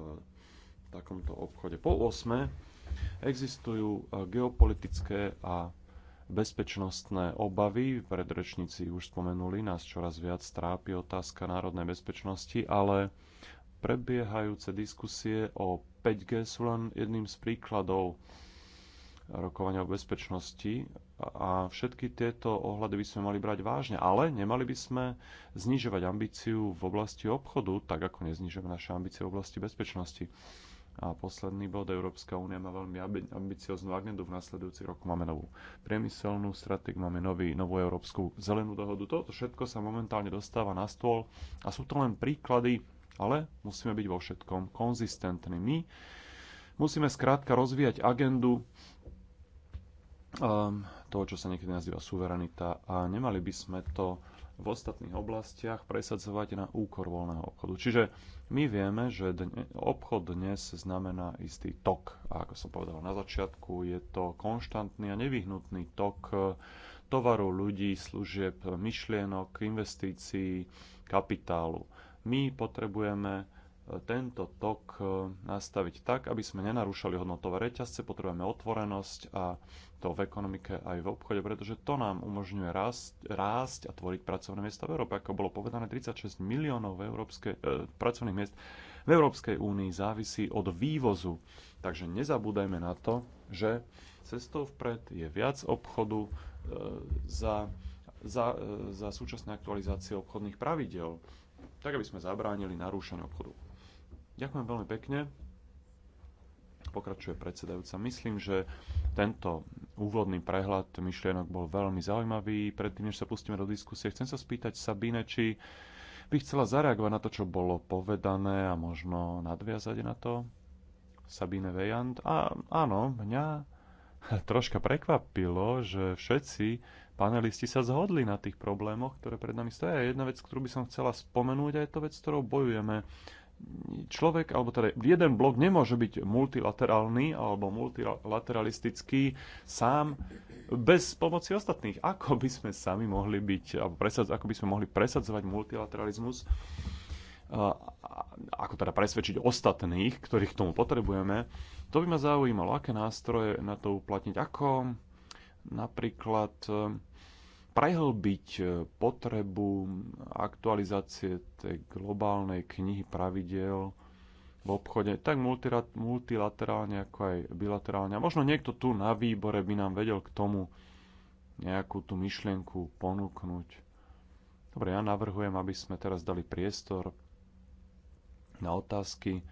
Speaker 3: takomto obchode. Po 8. existujú eh, geopolitické a bezpečnostné obavy. Predrečníci už spomenuli, nás čoraz viac trápi otázka národnej bezpečnosti, ale prebiehajúce diskusie o 5G sú len jedným z príkladov rokovania o bezpečnosti a všetky tieto ohľady by sme mali brať vážne, ale nemali by sme znižovať ambíciu v oblasti obchodu, tak ako neznižujeme naše ambície v oblasti bezpečnosti. A posledný bod, Európska únia má veľmi ambicioznú agendu v nasledujúcich rokoch. Máme novú priemyselnú stratégiu, máme nový, novú európsku zelenú dohodu. Toto všetko sa momentálne dostáva na stôl a sú to len príklady, ale musíme byť vo všetkom konzistentní. My musíme skrátka rozvíjať agendu um, toho, čo sa niekedy nazýva suverenita a nemali by sme to v ostatných oblastiach presadzovať na úkor voľného obchodu. Čiže my vieme, že dne, obchod dnes znamená istý tok. A ako som povedal na začiatku, je to konštantný a nevyhnutný tok eh, tovaru, ľudí, služieb, myšlienok, investícií, kapitálu. My potrebujeme tento tok e, nastaviť tak, aby sme nenarúšali hodnotové reťazce, potrebujeme otvorenosť a to v ekonomike aj v obchode, pretože to nám umožňuje rásť, rásť a tvoriť pracovné miesta v Európe. Ako bolo povedané, 36 miliónov európske, e, pracovných miest v Európskej únii závisí od vývozu. Takže nezabúdajme na to, že cestou vpred je viac obchodu e, za, za, e, za súčasné aktualizácie obchodných pravidel, tak aby sme zabránili narúšaniu obchodu. Ďakujem veľmi pekne. Pokračuje predsedajúca. Myslím, že tento úvodný prehľad myšlienok bol veľmi zaujímavý. Predtým, než sa pustíme do diskusie, chcem sa spýtať Sabine, či by chcela zareagovať na to, čo bolo povedané a možno nadviazať na to. Sabine Vejant. A áno, mňa troška prekvapilo, že všetci panelisti sa zhodli na tých problémoch, ktoré pred nami stojí. Jedna vec, ktorú by som chcela spomenúť, a je to vec, s ktorou bojujeme človek, alebo teda jeden blok nemôže byť multilaterálny alebo multilateralistický sám bez pomoci ostatných. Ako by sme sami mohli byť, alebo presadz, ako by sme mohli presadzovať multilateralizmus, ako teda presvedčiť ostatných, ktorých k tomu potrebujeme, to by ma zaujímalo, aké nástroje na to uplatniť, ako napríklad prehlbiť e, potrebu aktualizácie tej globálnej knihy pravidel v obchode, tak multilaterálne ako aj bilaterálne. A možno niekto tu na výbore by nám vedel k tomu nejakú tú myšlienku ponúknuť. Dobre, ja navrhujem, aby sme teraz dali priestor na otázky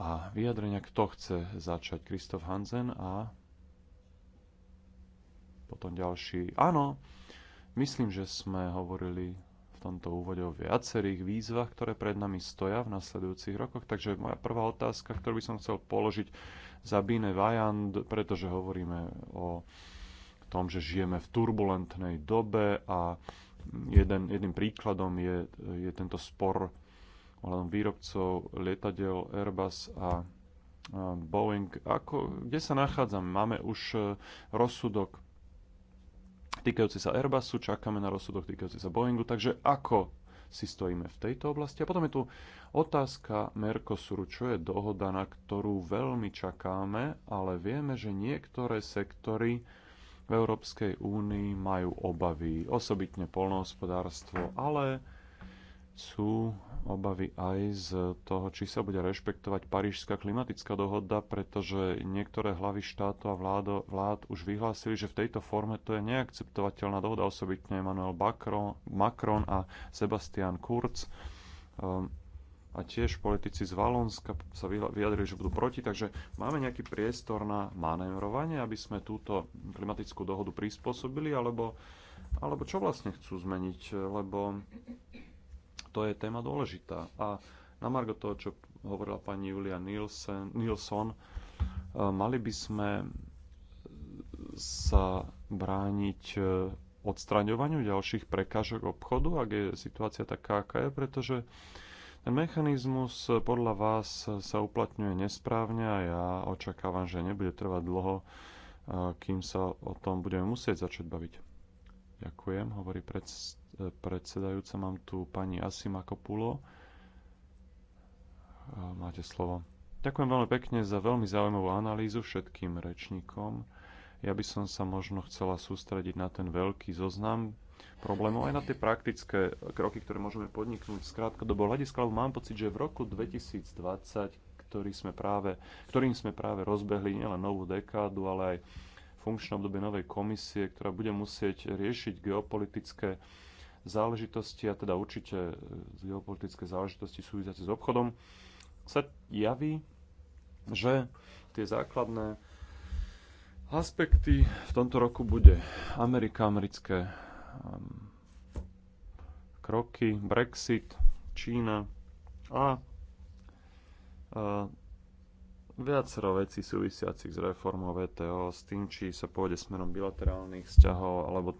Speaker 3: a vyjadrenia, kto chce začať. Kristof Hansen a potom ďalší. Áno, myslím, že sme hovorili v tomto úvode o viacerých výzvach, ktoré pred nami stoja v nasledujúcich rokoch. Takže moja prvá otázka, ktorú by som chcel položiť za Bine Vajand, pretože hovoríme o tom, že žijeme v turbulentnej dobe a jeden, jedným príkladom je, je tento spor ohľadom výrobcov lietadiel Airbus a Boeing. Ako, kde sa nachádzame? Máme už eh, rozsudok týkajúci sa Airbusu, čakáme na rozsudok týkajúci sa Boeingu, takže ako si stojíme v tejto oblasti. A potom je tu otázka Mercosuru, čo je dohoda, na ktorú veľmi čakáme, ale vieme, že niektoré sektory v Európskej únii majú obavy, osobitne polnohospodárstvo, ale sú obavy aj z toho, či sa bude rešpektovať Parížská klimatická dohoda, pretože niektoré hlavy štátu a vládo, vlád už vyhlásili, že v tejto forme to je neakceptovateľná dohoda, osobitne Emmanuel Macron, Macron a Sebastian Kurz. Um, a tiež politici z Valonska sa vyjadrili, že budú proti, takže máme nejaký priestor na manévrovanie, aby sme túto klimatickú dohodu prispôsobili, alebo, alebo čo vlastne chcú zmeniť, lebo to je téma dôležitá. A na margo toho, čo hovorila pani Julia Nielsen, Nielson, e, mali by sme sa brániť e, odstraňovaniu ďalších prekážok obchodu, ak je situácia taká, aká je, pretože ten mechanizmus e, podľa vás sa uplatňuje nesprávne a ja očakávam, že nebude trvať dlho, kým sa o tom budeme musieť začať baviť. Ďakujem, hovorí predstaviteľ predsedajúca. Mám tu pani Asima Kopulo. Máte slovo. Ďakujem veľmi pekne za veľmi zaujímavú analýzu všetkým rečníkom. Ja by som sa možno chcela sústrediť na ten veľký zoznam problémov, aj na tie praktické kroky, ktoré môžeme podniknúť z krátkodobého hľadiska, lebo mám pocit, že v roku 2020, ktorý sme práve, ktorým sme práve rozbehli nielen novú dekádu, ale aj funkčné obdobie novej komisie, ktorá bude musieť riešiť geopolitické záležitosti, a teda určite e, geopolitické záležitosti súvisiace s obchodom, sa javí, že tie základné aspekty v tomto roku bude Amerika, americké kroky, Brexit, Čína a e, viacero vecí súvisiacich s reformou VTO, s tým, či sa pôjde smerom bilaterálnych vzťahov alebo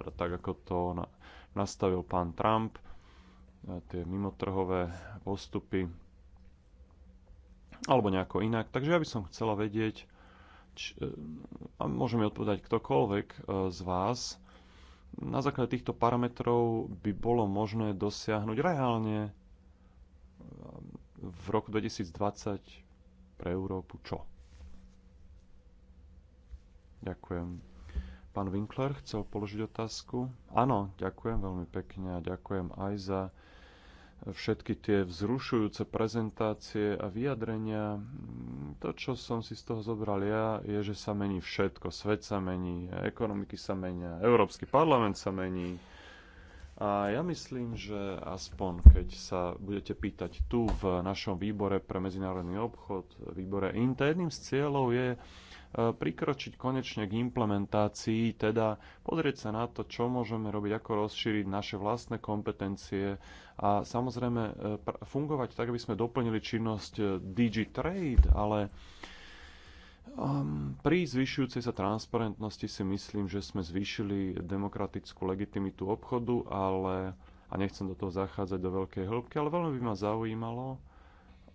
Speaker 3: teda tak ako to nastavil pán Trump, e, tie mimotrhové postupy alebo nejako inak. Takže ja by som chcela vedieť, či, e, a môže mi odpovedať ktokoľvek e, z vás, na základe týchto parametrov by bolo možné dosiahnuť reálne v roku 2020 pre Európu čo? Ďakujem. Pán Winkler chcel položiť otázku. Áno, ďakujem veľmi pekne a ďakujem aj za všetky tie vzrušujúce prezentácie a vyjadrenia. To, čo som si z toho zobral ja, je, že sa mení všetko. Svet sa mení, ekonomiky sa menia, Európsky parlament sa mení. A ja myslím, že aspoň keď sa budete pýtať tu v našom výbore pre medzinárodný obchod, výbore INTA, jedným z cieľov je Eh, prikročiť konečne k implementácii, teda pozrieť sa na to, čo môžeme robiť, ako rozšíriť naše vlastné kompetencie a samozrejme eh, fungovať tak, aby sme doplnili činnosť eh, DigiTrade, ale Um, pri zvyšujúcej sa transparentnosti si myslím, že sme zvýšili demokratickú legitimitu obchodu, ale a nechcem do toho zachádzať do veľkej hĺbky, ale veľmi by ma zaujímalo,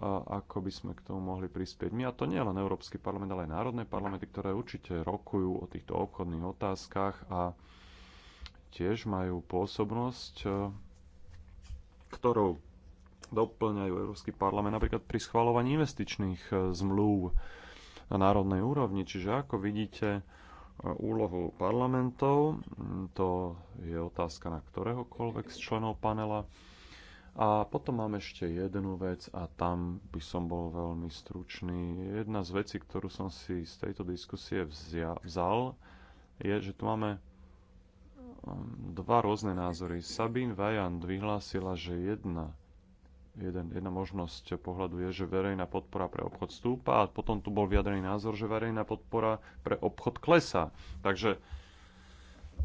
Speaker 3: ako by sme k tomu mohli prispieť. My, a to nie len Európsky parlament, ale aj národné parlamenty, ktoré určite rokujú o týchto obchodných otázkach a tiež majú pôsobnosť, e, ktorou doplňajú Európsky parlament napríklad pri schvalovaní investičných e, zmluv na národnej úrovni. Čiže ako vidíte e, úlohu parlamentov, to je otázka na ktoréhokoľvek z členov panela, a potom mám ešte jednu vec a tam by som bol veľmi stručný. Jedna z vecí, ktorú som si z tejto diskusie vzia, vzal, je, že tu máme um, dva rôzne názory. Sabine Vajan vyhlásila, že jedna, jeden, jedna možnosť pohľadu je, že verejná podpora pre obchod stúpa a potom tu bol vyjadrený názor, že verejná podpora pre obchod klesá. Takže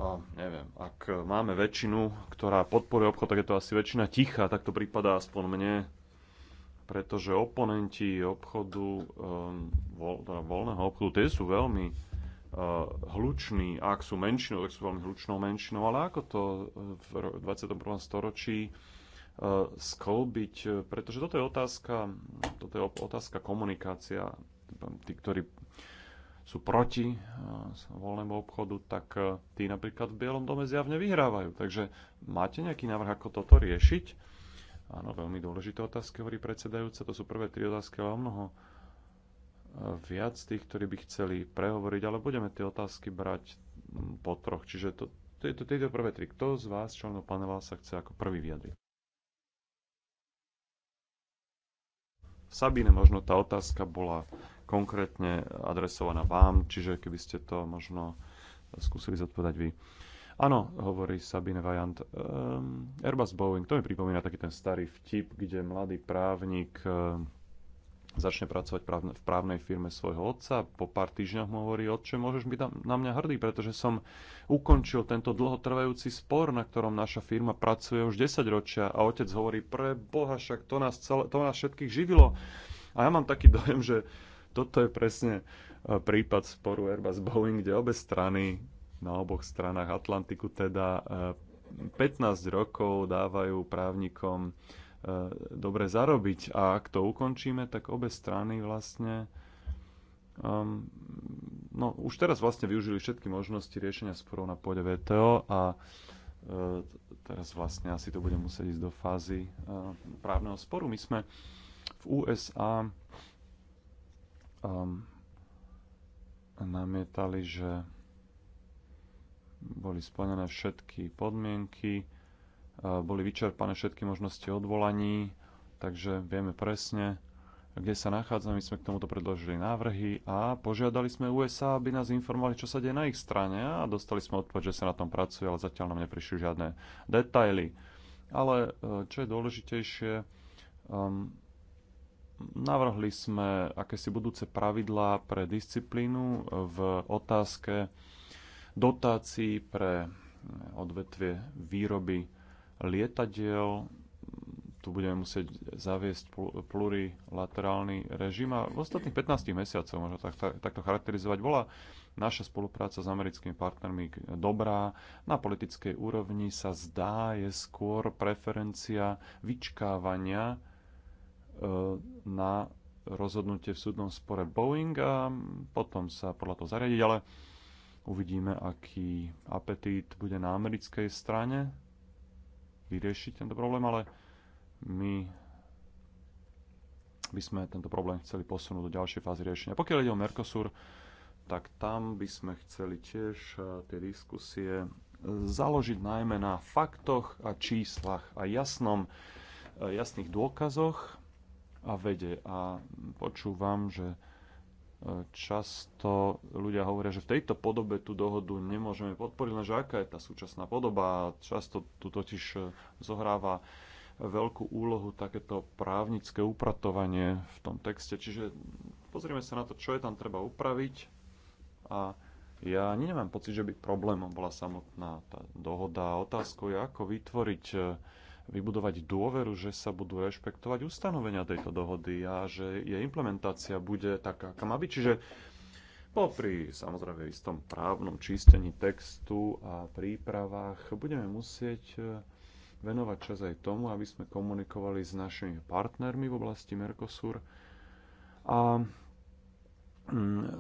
Speaker 3: a neviem, ak máme väčšinu, ktorá podporuje obchod, tak je to asi väčšina tichá, tak to prípada aspoň mne, pretože oponenti obchodu, ehm, teda voľného obchodu, tie sú veľmi uh, hluční, ak sú menšinou, tak sú veľmi hlučnou menšinou, ale ako to eh, v 21. storočí uh, sklbiť, pretože toto je otázka, toto je otázka komunikácia, tí, ktorí sú proti e, voľnému obchodu, tak e, tí napríklad v Bielom dome zjavne vyhrávajú. Takže máte nejaký návrh, ako toto riešiť? Áno, veľmi dôležité otázky, hovorí predsedajúca. To sú prvé tri otázky, ale o mnoho e, viac tých, ktorí by chceli prehovoriť, ale budeme tie otázky brať po troch. Čiže to, tieto, tieto prvé tri. Kto z vás, členov panela, sa chce ako prvý vyjadriť? Sabine, možno tá otázka bola konkrétne adresovaná vám, čiže keby ste to možno skúsili zodpovedať vy. Áno, hovorí Sabine Vajant. Um, Airbus Boeing, to mi pripomína taký ten starý vtip, kde mladý právnik um, začne pracovať právne, v právnej firme svojho otca. Po pár týždňoch mu hovorí, otče, môžeš byť na mňa hrdý, pretože som ukončil tento dlhotrvajúci spor, na ktorom naša firma pracuje už 10 ročia. A otec hovorí, pre boha, však to nás, celé, to nás všetkých živilo. A ja mám taký dojem, že toto je presne e, prípad sporu Airbus-Boeing, kde obe strany, na oboch stranách Atlantiku teda 15 e, rokov dávajú právnikom e, dobre zarobiť a ak to ukončíme, tak obe strany vlastne um, no už teraz vlastne využili všetky možnosti riešenia sporov na pôde VTO a uh, teraz vlastne asi to bude musieť ísť do fázy uh, právneho sporu. My sme v USA um, namietali, že boli splnené všetky podmienky, uh, boli vyčerpané všetky možnosti odvolaní, takže vieme presne, kde sa nachádzame. My sme k tomuto predložili návrhy a požiadali sme USA, aby nás informovali, čo sa deje na ich strane a dostali sme odpoveď, že sa na tom pracuje, ale zatiaľ nám neprišli žiadne detaily. Ale uh, čo je dôležitejšie, um, Navrhli sme akési budúce pravidlá pre disciplínu v otázke dotácií pre eh, odvetvie výroby lietadiel. Tu budeme musieť zaviesť plurilaterálny režim a v ostatných 15 mesiacov, možno tak, tak, takto charakterizovať, bola naša spolupráca s americkými partnermi dobrá. Na politickej úrovni sa zdá je skôr preferencia vyčkávania E, na rozhodnutie v súdnom spore Boeing a potom sa podľa toho zariadiť, ale uvidíme, aký apetít bude na americkej strane vyriešiť tento problém, ale my by sme tento problém chceli posunúť do ďalšej fázy riešenia. Pokiaľ ide o Mercosur, tak tam by sme chceli tiež e, tie diskusie založiť najmä na faktoch a číslach a jasnom, e, jasných dôkazoch, a vede. A počúvam, že e, často ľudia hovoria, že v tejto podobe tú dohodu nemôžeme podporiť, lenže aká je tá súčasná podoba. Často tu totiž e, zohráva veľkú úlohu takéto právnické upratovanie v tom texte. Čiže pozrieme sa na to, čo je tam treba upraviť a ja nemám pocit, že by problémom bola samotná tá dohoda. Otázkou je, ako vytvoriť e, vybudovať dôveru, že sa budú rešpektovať ustanovenia tejto dohody a že jej implementácia bude taká, aká má byť. Čiže popri samozrejme istom právnom čistení textu a prípravách budeme musieť e, venovať čas aj tomu, aby sme komunikovali s našimi partnermi v oblasti Mercosur a Mm,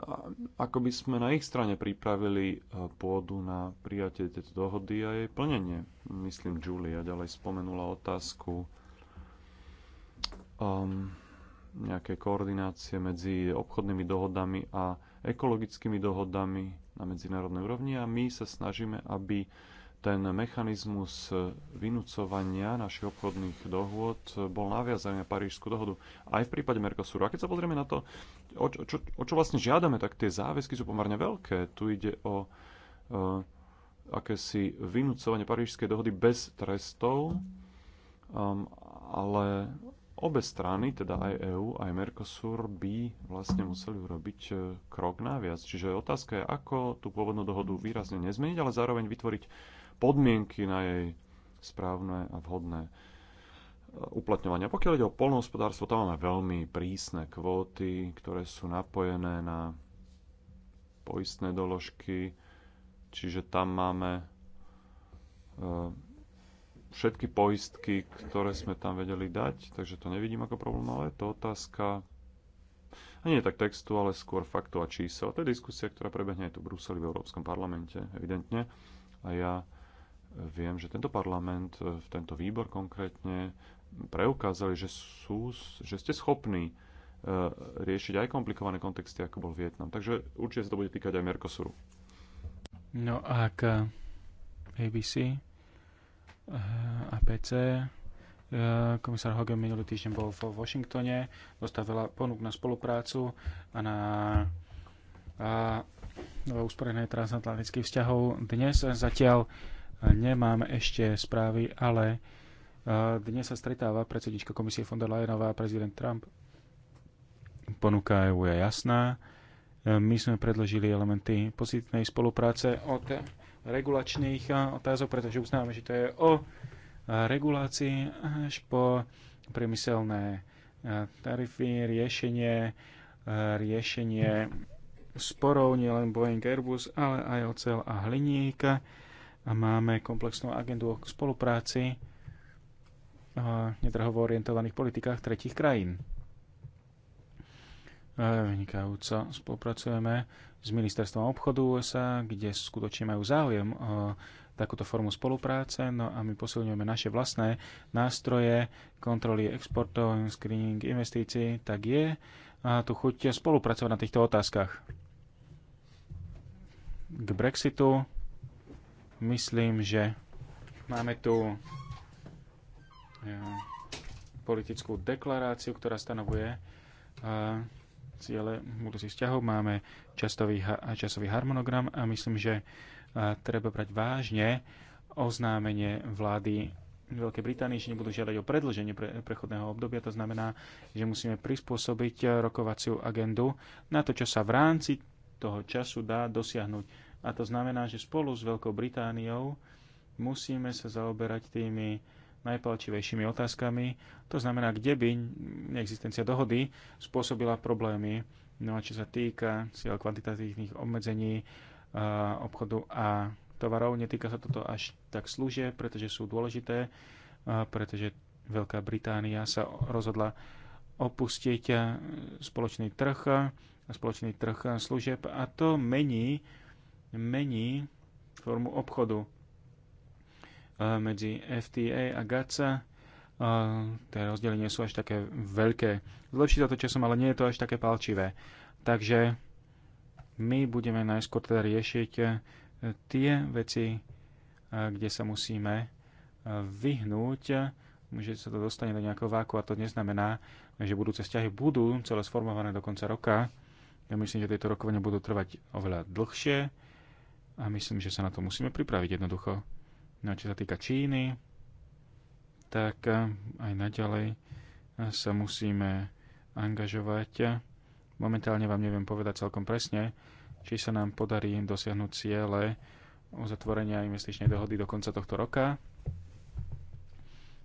Speaker 3: ako by sme na ich strane pripravili e, pôdu na prijatie tejto dohody a jej plnenie. Myslím, Julia ďalej spomenula otázku um, nejaké koordinácie medzi obchodnými dohodami a ekologickými dohodami na medzinárodnej úrovni a my sa snažíme, aby ten mechanizmus vynúcovania našich obchodných dohôd bol naviazaný na Parížskú dohodu aj v prípade Mercosuru. A keď sa pozrieme na to, o, čo, o čo vlastne žiadame, tak tie záväzky sú pomerne veľké. Tu ide o uh, akési vynúcovanie Parížskej dohody bez trestov, um, ale obe strany, teda aj EÚ, aj Mercosur, by vlastne museli urobiť eh, krok naviac. Čiže otázka je, ako tú pôvodnú dohodu výrazne nezmeniť, ale zároveň vytvoriť podmienky na jej správne a vhodné uplatňovania. Pokiaľ ide o polnohospodárstvo, tam máme veľmi prísne kvóty, ktoré sú napojené na poistné doložky, čiže tam máme e, všetky poistky, ktoré sme tam vedeli dať, takže to nevidím ako problém, ale je to otázka a nie tak textu, ale skôr faktu a čísel. To je diskusia, ktorá prebehne aj tu v Bruseli, v Európskom parlamente, evidentne. A ja viem, že tento parlament, e, tento výbor konkrétne, preukázali, že, sú, že ste schopní e, riešiť aj komplikované kontexty, ako bol Vietnam. Takže určite sa to bude týkať aj Mercosuru.
Speaker 1: No a ak e, ABC, e, APC, komisár Hogan minulý týždeň bol vo Washingtone, dostal veľa ponúk na spoluprácu a na a, usporené transatlantických vzťahov. Dnes zatiaľ nemáme ešte správy, ale dnes sa stretáva predsednička komisie von der Leyenová a prezident Trump. Ponuka EU je jasná. E, my sme predložili elementy pozitívnej spolupráce od regulačných e, otázok, pretože uznáme, že to je o e, regulácii až po priemyselné tarify, riešenie, riešenie sporov nielen Boeing Airbus, ale aj ocel a hliníka. A máme komplexnú agendu o spolupráci netrhovo orientovaných politikách tretich krajín. E, vynikajúco spolupracujeme s Ministerstvom obchodu USA, kde skutočne majú záujem o takúto formu spolupráce, no a my posilňujeme naše vlastné nástroje kontroly exportov, screening investícií, tak je a tu chuť spolupracovať na týchto otázkach. K Brexitu myslím, že máme tu politickú deklaráciu, ktorá stanovuje e, ciele budúcich vzťahov. Máme častový, časový harmonogram a myslím, že e, treba brať vážne oznámenie vlády Veľkej Británii že nebudú žiadať o predlženie pre, prechodného obdobia. To znamená, že musíme prispôsobiť e, rokovaciu agendu na to, čo sa v rámci toho času dá dosiahnuť. A to znamená, že spolu s Veľkou Britániou musíme sa zaoberať tými najpalčivejšími otázkami. To znamená, kde by neexistencia dohody spôsobila problémy. No a čo sa týka cieľ kvantitatívnych obmedzení a, eh, obchodu a tovarov, netýka sa toto až tak služieb, pretože sú dôležité, a, eh, pretože Veľká Británia sa rozhodla opustiť eh, spoločný trh a spoločný trh služieb a to mení, mení formu obchodu. E, medzi FTA a GATSA. E, tie rozdiely nie sú až také veľké. Zlepší sa to časom, ale nie je to až také palčivé. Takže my budeme najskôr teda riešiť e, tie veci, kde sa musíme vyhnúť, že sa to dostane do nejakého váku a to neznamená, že budúce vzťahy budú celé sformované do konca roka. Ja myslím, že tieto rokovania budú trvať oveľa dlhšie a myslím, že sa na to musíme pripraviť jednoducho. No čo sa týka Číny, tak eh, aj naďalej eh, sa musíme angažovať. Momentálne vám neviem povedať celkom presne, či sa nám podarí dosiahnuť ciele uzatvorenia investičnej dohody do konca tohto roka.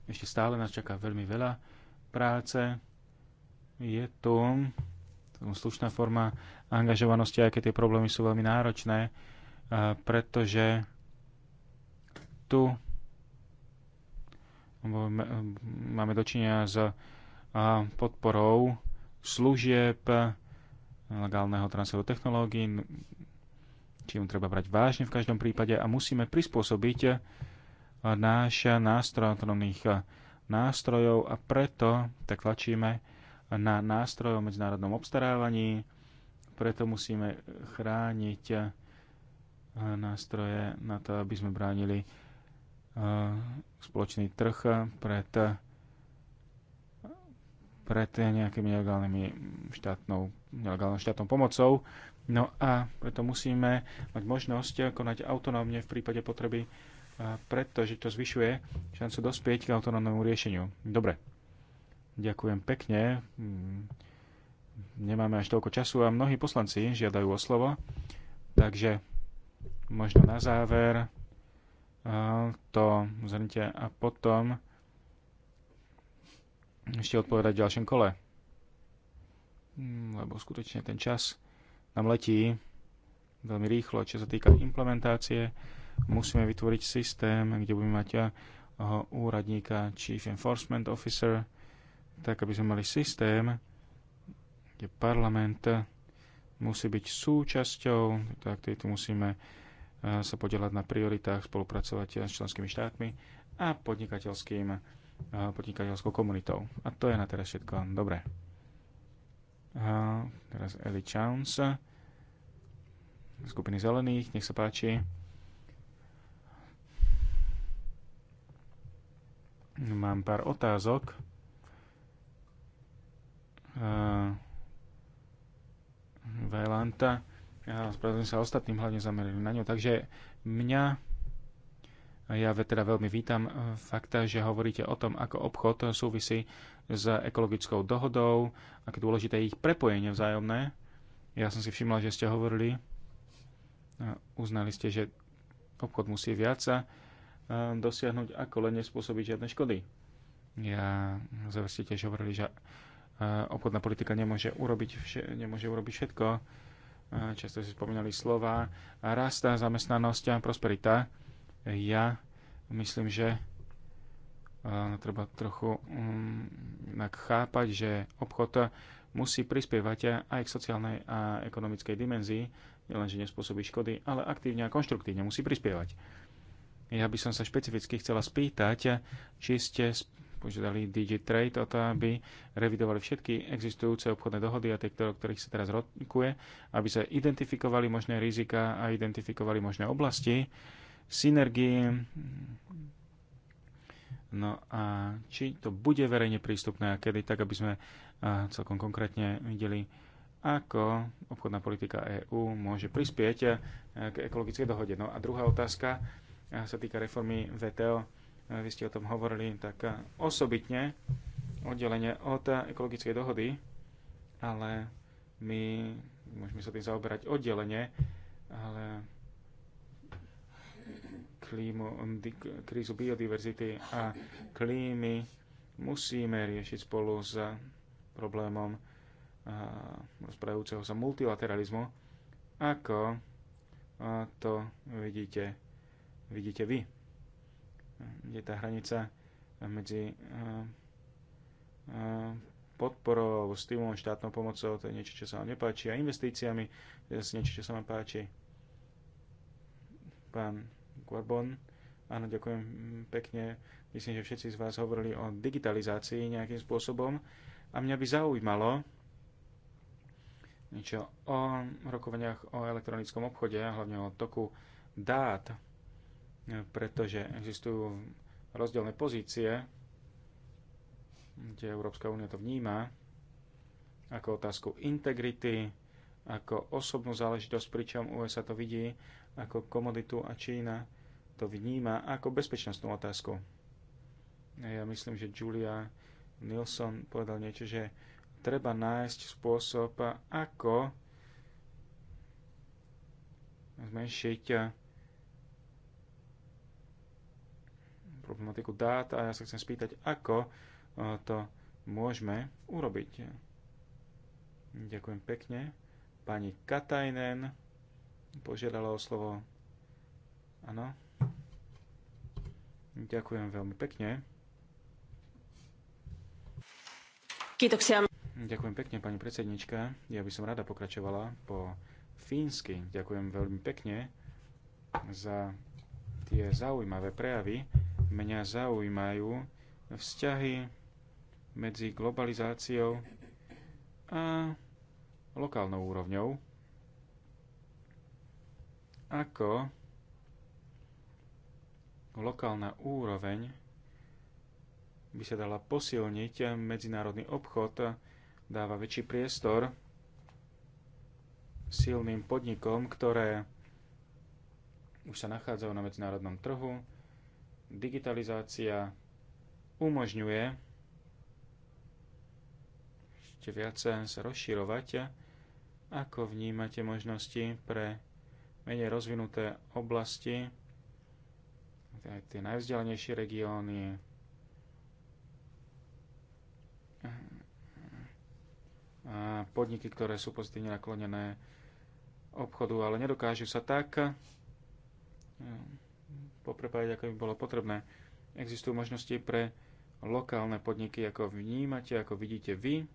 Speaker 1: Ešte stále nás čaká veľmi veľa práce. Je tu slušná forma angažovanosti, aj keď tie problémy sú veľmi náročné, eh, pretože tu máme dočinenia s podporou služieb, e, legálneho transferu technológií, čím treba brať vážne v každom prípade a musíme prispôsobiť e, náš nástroj autonomných e, nástrojov a preto tak tlačíme na nástroj o medzinárodnom obstarávaní, preto musíme chrániť nástroje na to, aby sme bránili Eh, spoločný trh pred, pred nejakými nelegálnymi štátnou, nelegálnou štátnou pomocou. No a preto musíme mať možnosť konať autonómne v prípade potreby, eh, pretože to zvyšuje šancu dospieť k autonómnemu riešeniu. Dobre, ďakujem pekne. Mm, nemáme až toľko času a mnohí poslanci žiadajú o slovo, takže možno na záver to zhrnite a potom ešte odpovedať v ďalšom kole. Mm, lebo skutočne ten čas nám letí veľmi rýchlo. Čo sa týka implementácie, musíme vytvoriť systém, kde budeme mať eh, úradníka Chief Enforcement Officer, tak aby sme mali systém, kde parlament musí byť súčasťou, tak tu musíme sa podielať na prioritách, spolupracovať s členskými štátmi a podnikateľským, podnikateľskou komunitou. A to je na teraz všetko. Dobre. A teraz Eli Chowns skupiny zelených, nech sa páči. Mám pár otázok. Vajlanta ja spravedlňujem sa ostatným hlavne zamerali na ňu. Takže mňa, ja teda veľmi vítam e, fakta, že hovoríte o tom, ako obchod súvisí s ekologickou dohodou, aké dôležité je ich prepojenie vzájomné. Ja som si všimla, že ste hovorili, uznali ste, že obchod musí viac sa e, dosiahnuť, ako len nespôsobiť žiadne škody. Ja záver ste tiež hovorili, že e, obchodná politika nemôže urobiť, vše, nemôže urobiť všetko, často si spomínali slova rasta, zamestnanosť a prosperita. Ja myslím, že treba trochu um, chápať, že obchod musí prispievať aj k sociálnej a ekonomickej dimenzii, nielenže nespôsobí škody, ale aktívne a konštruktívne musí prispievať. Ja by som sa špecificky chcela spýtať, či ste požiadali DigiTrade o to, aby revidovali všetky existujúce obchodné dohody a tie, o ktorých sa teraz rokuje, aby sa identifikovali možné rizika a identifikovali možné oblasti, synergie, no a či to bude verejne prístupné a kedy, tak aby sme celkom konkrétne videli, ako obchodná politika EÚ môže prispieť k ekologickej dohode. No a druhá otázka sa týka reformy VTO vy ste o tom hovorili tak eh, osobitne, oddelenie od ekologickej dohody, ale my môžeme sa tým zaoberať oddelenie, ale klímu, krízu biodiverzity a klímy musíme riešiť spolu s problémom eh, rozprávajúceho sa multilateralizmu, ako eh, to vidíte, vidíte vy kde tá hranica eh, medzi eh, eh, podporou alebo stimulom štátnou pomocou, to je niečo, čo sa vám nepáči, a investíciami, to je niečo, čo sa vám páči. Pán Gorbon, áno, ďakujem mm, pekne. Myslím, že všetci z vás hovorili o digitalizácii nejakým spôsobom a mňa by zaujímalo niečo o rokovaniach o elektronickom obchode a hlavne o toku dát pretože existujú rozdielne pozície, kde Európska únia to vníma ako otázku integrity, ako osobnú záležitosť, pričom USA to vidí ako komoditu a Čína to vníma ako bezpečnostnú otázku. Ja myslím, že Julia Nilsson povedal niečo, že treba nájsť spôsob, ako zmenšiť problematiku dát a ja sa chcem spýtať, ako e, to môžeme urobiť. Ďakujem pekne. Pani Katajnen požiadala o slovo. Áno. Ďakujem veľmi pekne. Ďakujem pekne, pani predsednička. Ja by som rada pokračovala po fínsky. Ďakujem veľmi pekne za tie zaujímavé prejavy Mňa zaujímajú vzťahy medzi globalizáciou a lokálnou úrovňou. Ako lokálna úroveň by sa dala posilniť medzinárodný obchod, dáva väčší priestor silným podnikom, ktoré už sa nachádzajú na medzinárodnom trhu, digitalizácia umožňuje ešte viac sa rozširovať, ako vnímate možnosti pre menej rozvinuté oblasti, aj tie najvzdialenejšie regióny, a podniky, ktoré sú pozitívne naklonené obchodu, ale nedokážu sa tak poprepájať, ako by bolo potrebné. Existujú možnosti pre lokálne podniky, ako vnímate, ako vidíte vy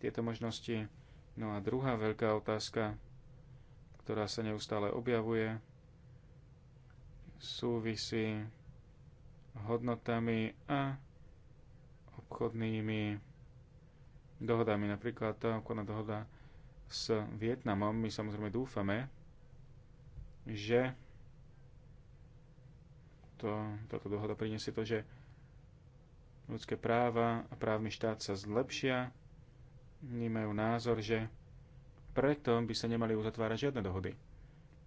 Speaker 1: tieto možnosti. No a druhá veľká otázka, ktorá sa neustále objavuje, súvisí hodnotami a obchodnými dohodami. Napríklad tá obchodná dohoda s Vietnamom. My samozrejme dúfame, že táto, táto dohoda priniesie to, že ľudské práva a právny štát sa zlepšia, nemajú názor, že preto by sa nemali uzatvárať žiadne dohody.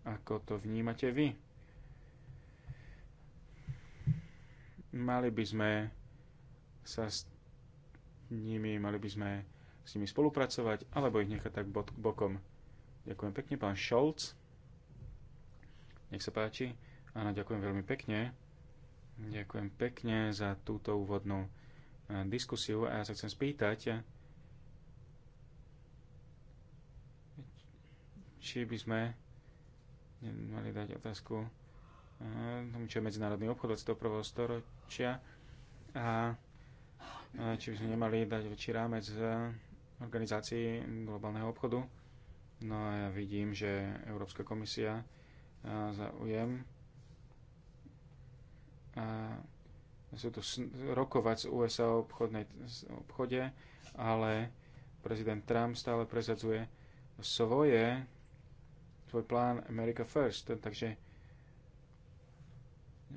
Speaker 1: Ako to vnímate vy? Mali by sme sa s nimi, mali by sme s nimi spolupracovať, alebo ich nechať tak bokom. Ďakujem pekne, pán Scholz. Nech sa páči. Áno, ďakujem veľmi pekne. Ďakujem pekne za túto úvodnú e, diskusiu a ja sa chcem spýtať, e, či by sme mali dať otázku e, tomu, čo je medzinárodný obchod 21. storočia a či by sme nemali dať väčší rámec organizácii globálneho obchodu. No a ja vidím, že Európska komisia záujem sú tu rokovať z USA o obchodnej, obchode, ale prezident Trump stále prezadzuje svoje, svoj plán America First. Takže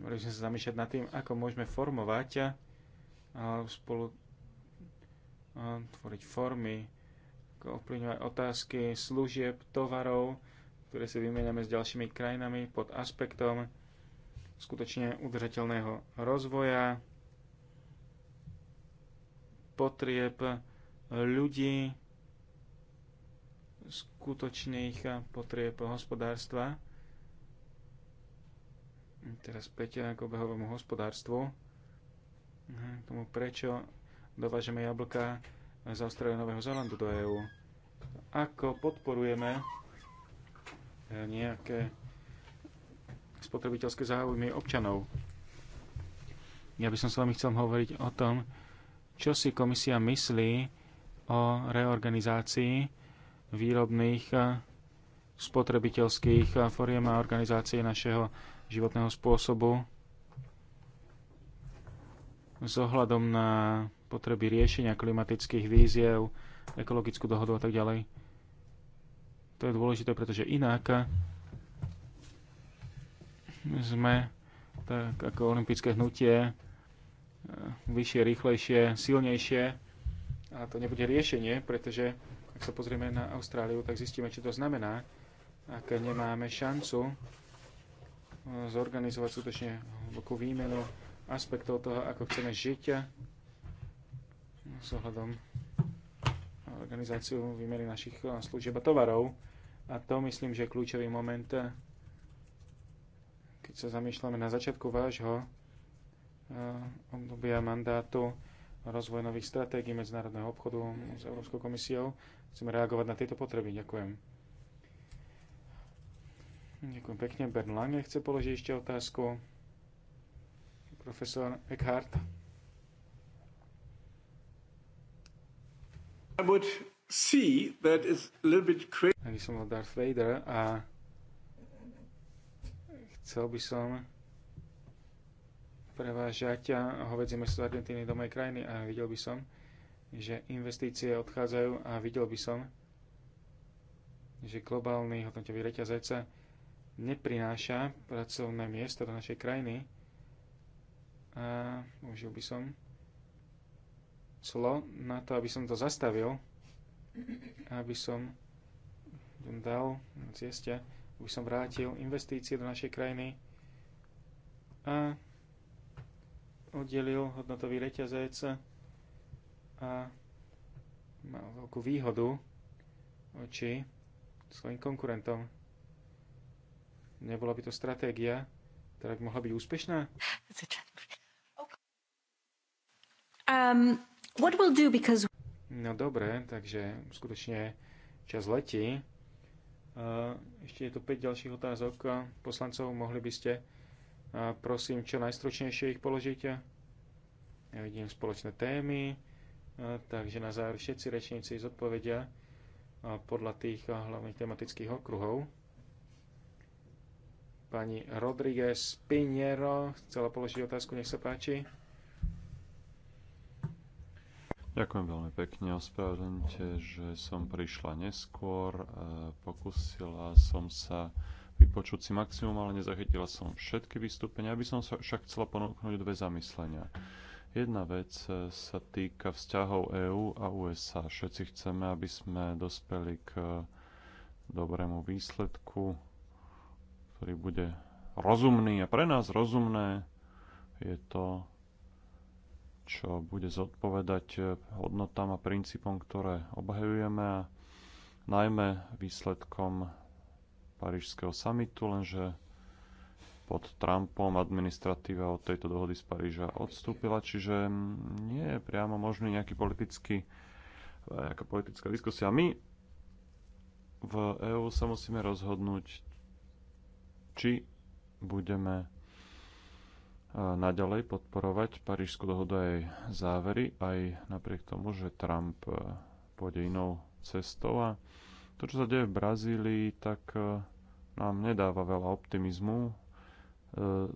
Speaker 1: mali sme sa zamýšľať nad tým, ako môžeme formovať a spolu a tvoriť formy, ovplyvňovať otázky služieb, tovarov, ktoré si vymeniame s ďalšími krajinami pod aspektom skutočne udržateľného rozvoja, potrieb ľudí, skutočných potrieb hospodárstva. Teraz späť k obehovému hospodárstvu. Mhm, k tomu, prečo dovážeme jablka z Austrálie Nového Zelandu do EÚ. Ako podporujeme nejaké spotrebiteľské záujmy občanov. Ja by som s vami chcel hovoriť o tom, čo si komisia myslí o reorganizácii výrobných eh, spotrebiteľských eh, foriem a organizácie našeho životného spôsobu s ohľadom na potreby riešenia klimatických víziev, ekologickú dohodu a tak ďalej. To je dôležité, pretože inak eh, sme tak ako olympijské hnutie e, vyššie, rýchlejšie, silnejšie a to nebude riešenie, pretože ak sa pozrieme na Austráliu, tak zistíme, čo to znamená, ak nemáme šancu e, zorganizovať skutočne hlbokú výmenu aspektov toho, ako chceme žiť e, s ohľadom organizáciu výmeny našich služieb a tovarov. A to myslím, že je kľúčový moment keď sa zamýšľame na začiatku vášho eh, obdobia mandátu rozvoj nových stratégií medzinárodného obchodu s Európskou komisiou, chceme reagovať na tieto potreby. Ďakujem. Ďakujem pekne. Bern Lange chce položiť ešte otázku. Profesor Eckhart.
Speaker 3: I would see that a little
Speaker 1: bit crazy. Ja by som bol Darth Vader a Chcel by som prevážať hovedzie meso z Argentíny do mojej krajiny a videl by som, že investície odchádzajú a videl by som, že globálny hodnotový reťazec sa neprináša pracovné miesta do našej krajiny a užil by som clo na to, aby som to zastavil, aby som dal na cieste by som vrátil investície do našej krajiny a oddelil hodnotový reťazec a mal veľkú výhodu voči svojim konkurentom. Nebola by to stratégia, ktorá by mohla byť úspešná?
Speaker 2: Um, what we'll do because...
Speaker 1: No dobre, takže skutočne čas letí. Eh, ešte je tu 5 ďalších otázok poslancov. Mohli by ste, eh, prosím, čo najstročnejšie ich položiť? Ja vidím spoločné témy, eh, takže na záver všetci rečníci zodpovedia podľa tých hlavných tematických okruhov. Pani Rodríguez Pinheiro chcela položiť otázku, nech sa páči.
Speaker 3: Ďakujem veľmi pekne. Ospravedlňte, že som prišla neskôr. E, pokusila som sa vypočuť si maximum, ale nezachytila som všetky vystúpenia. Aby som sa však chcela ponúknuť dve zamyslenia. Jedna vec e, sa týka vzťahov EÚ a USA. Všetci chceme, aby sme dospeli k dobrému výsledku, ktorý bude rozumný a pre nás rozumné je to čo bude zodpovedať eh, hodnotám a princípom, ktoré obhajujeme a najmä výsledkom Parížského samitu, lenže pod Trumpom administratíva od tejto dohody z Paríža odstúpila, čiže mm, nie je priamo možný nejaký politický, eh, nejaká politická diskusia. My v EÚ sa musíme rozhodnúť, či budeme naďalej podporovať Parížskú dohodu aj závery, aj napriek tomu, že Trump e, pôjde inou cestou. A to, čo sa deje v Brazílii, tak e, nám nedáva veľa optimizmu e,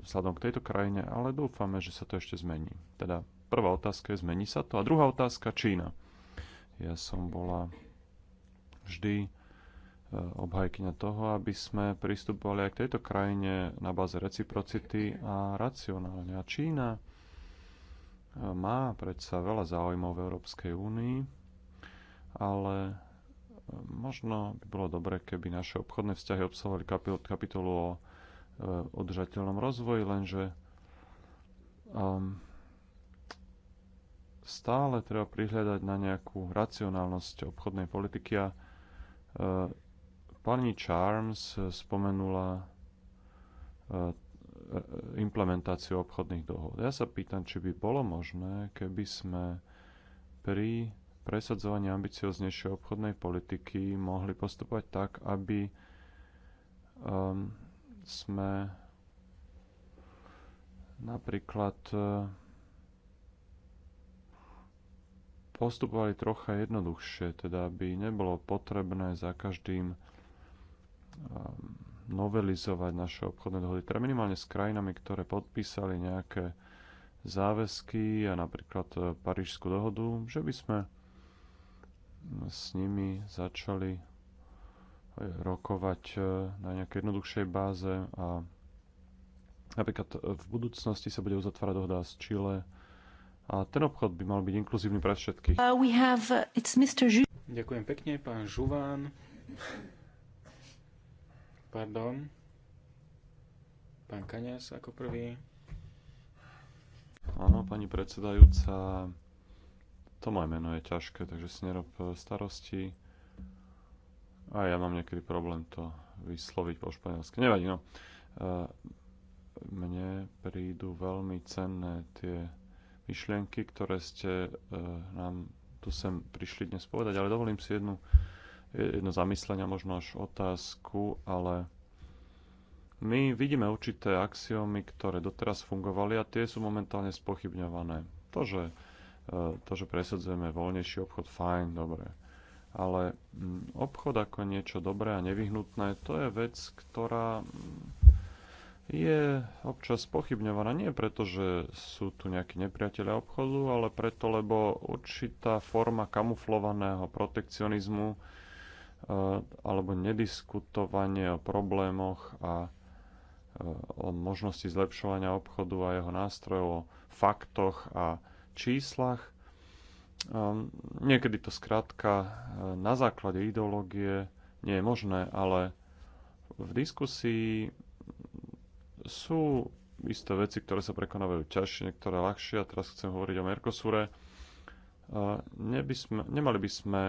Speaker 3: vzhľadom k tejto krajine, ale dúfame, že sa to ešte zmení. Teda prvá otázka je, zmení sa to. A druhá otázka, Čína. Ja som bola vždy Eh, obhajkyňa toho, aby sme pristupovali aj k tejto krajine na báze reciprocity a racionálne. A Čína eh, má predsa veľa záujmov v Európskej únii, ale eh, možno by bolo dobre, keby naše obchodné vzťahy obsahovali kapitolu o udržateľnom rozvoji, lenže um, stále treba prihľadať na nejakú racionálnosť obchodnej politiky a Pani Charms spomenula eh, implementáciu obchodných dohod. Ja sa pýtam, či by bolo možné, keby sme pri presadzovaní ambicioznejšej obchodnej politiky mohli postupovať tak, aby um, sme napríklad eh, postupovali trocha jednoduchšie, teda aby nebolo potrebné za každým Um, novelizovať naše obchodné dohody, teda minimálne s krajinami, ktoré podpísali nejaké záväzky a napríklad e, Parížskú dohodu, že by sme s nimi začali e, rokovať e, na nejakej jednoduchšej báze a napríklad v budúcnosti sa bude uzatvárať dohoda s Chile a ten obchod by mal byť inkluzívny pre všetkých.
Speaker 2: Uh, have, uh,
Speaker 1: Ďakujem pekne, pán Žuván. Pardon. Pán Kanias ako prvý.
Speaker 3: Áno, pani predsedajúca, to moje meno je ťažké, takže si nerob e, starosti. A ja mám niekedy problém to vysloviť po španielsky. Nevadí, no. E, mne prídu veľmi cenné tie myšlienky, ktoré ste e, nám tu sem prišli dnes povedať, ale dovolím si jednu jedno zamyslenia, možno až otázku, ale my vidíme určité axiómy, ktoré doteraz fungovali a tie sú momentálne spochybňované. To, že, e, to, že presadzujeme voľnejší obchod, fajn, dobre. Ale obchod ako niečo dobré a nevyhnutné, to je vec, ktorá je občas pochybňovaná nie preto, že sú tu nejakí nepriatelia obchodu, ale preto, lebo určitá forma kamuflovaného protekcionizmu Eh, alebo nediskutovanie o problémoch a eh, o možnosti zlepšovania obchodu a jeho nástrojov, o faktoch a číslach. Ehm, niekedy to skrátka eh, na základe ideológie nie je možné, ale v diskusii sú isté veci, ktoré sa prekonávajú ťažšie, niektoré ľahšie. A teraz chcem hovoriť o Mercosure. Neby sme, nemali by sme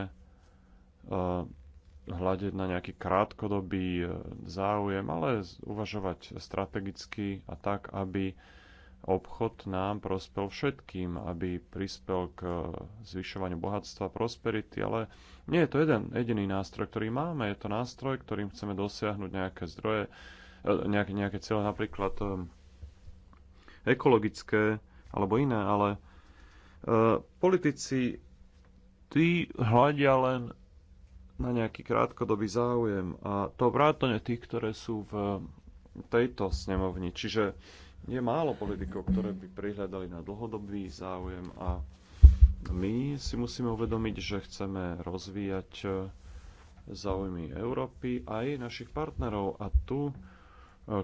Speaker 3: hľadiť na nejaký krátkodobý e, záujem, ale uvažovať strategicky a tak, aby obchod nám prospel všetkým, aby prispel k e, zvyšovaniu bohatstva, prosperity, ale nie je to jeden jediný nástroj, ktorý máme. Je to nástroj, ktorým chceme dosiahnuť nejaké zdroje, e, nejaké, nejaké cieľe, napríklad ekologické alebo iné, ale politici tí hľadia len na nejaký krátkodobý záujem. A to vrátane tých, ktoré sú v tejto snemovni. Čiže je málo politikov, ktoré by prihľadali na dlhodobý záujem a my si musíme uvedomiť, že chceme rozvíjať e, záujmy Európy a aj našich partnerov. A tu, e,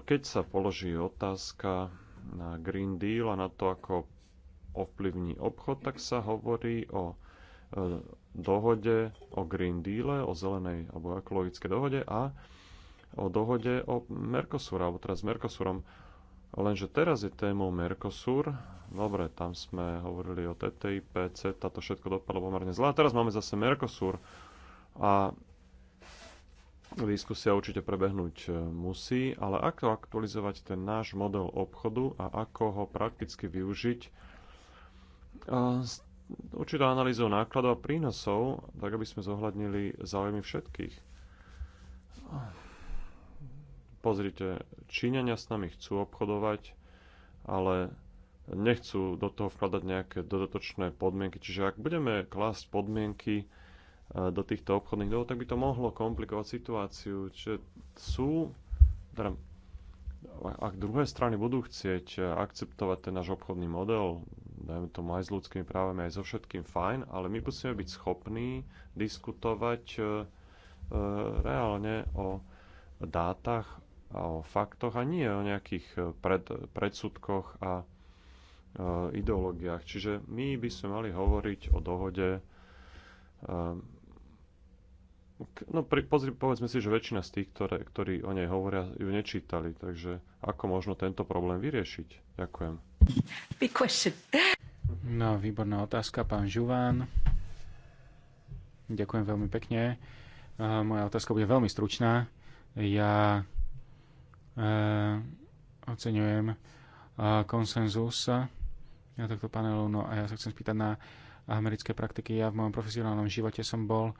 Speaker 3: keď sa položí otázka na Green Deal a na to, ako ovplyvní obchod, tak sa hovorí o e, dohode o Green Deale, o zelenej alebo ekologické dohode a o dohode o Mercosur, alebo teraz s Mercosurom. Lenže teraz je témou Mercosur. Dobre, tam sme hovorili o TTIP, CETA, to všetko dopadlo pomerne zle. A teraz máme zase Mercosur. A diskusia určite prebehnúť e, musí, ale ako aktualizovať ten náš model obchodu a ako ho prakticky využiť, určitou analýzou nákladov a prínosov, tak aby sme zohľadnili záujmy všetkých. Pozrite, Číňania s nami chcú obchodovať, ale nechcú do toho vkladať nejaké dodatočné podmienky. Čiže ak budeme klásť podmienky e, do týchto obchodných dohod, tak by to mohlo komplikovať situáciu. Čiže sú, teda, ak druhé strany budú chcieť akceptovať ten náš obchodný model, dajme tomu aj s ľudskými právami, aj so všetkým fajn, ale my musíme byť schopní diskutovať e, e, reálne o dátach a o faktoch a nie o nejakých e, pred, predsudkoch a ideológiách. Čiže my by sme mali hovoriť o dohode No pri, pozri, povedzme si, že väčšina z tých, ktoré, ktorí o nej hovoria, ju nečítali, takže ako možno tento problém vyriešiť? Ďakujem.
Speaker 2: Big question.
Speaker 1: No, výborná otázka, pán Žuván. Ďakujem veľmi pekne. Moja otázka bude veľmi stručná. Ja eh, oceňujem eh, konsenzus ja e, tohto panelu. No a ja sa chcem spýtať na americké praktiky. Ja v mojom profesionálnom živote som bol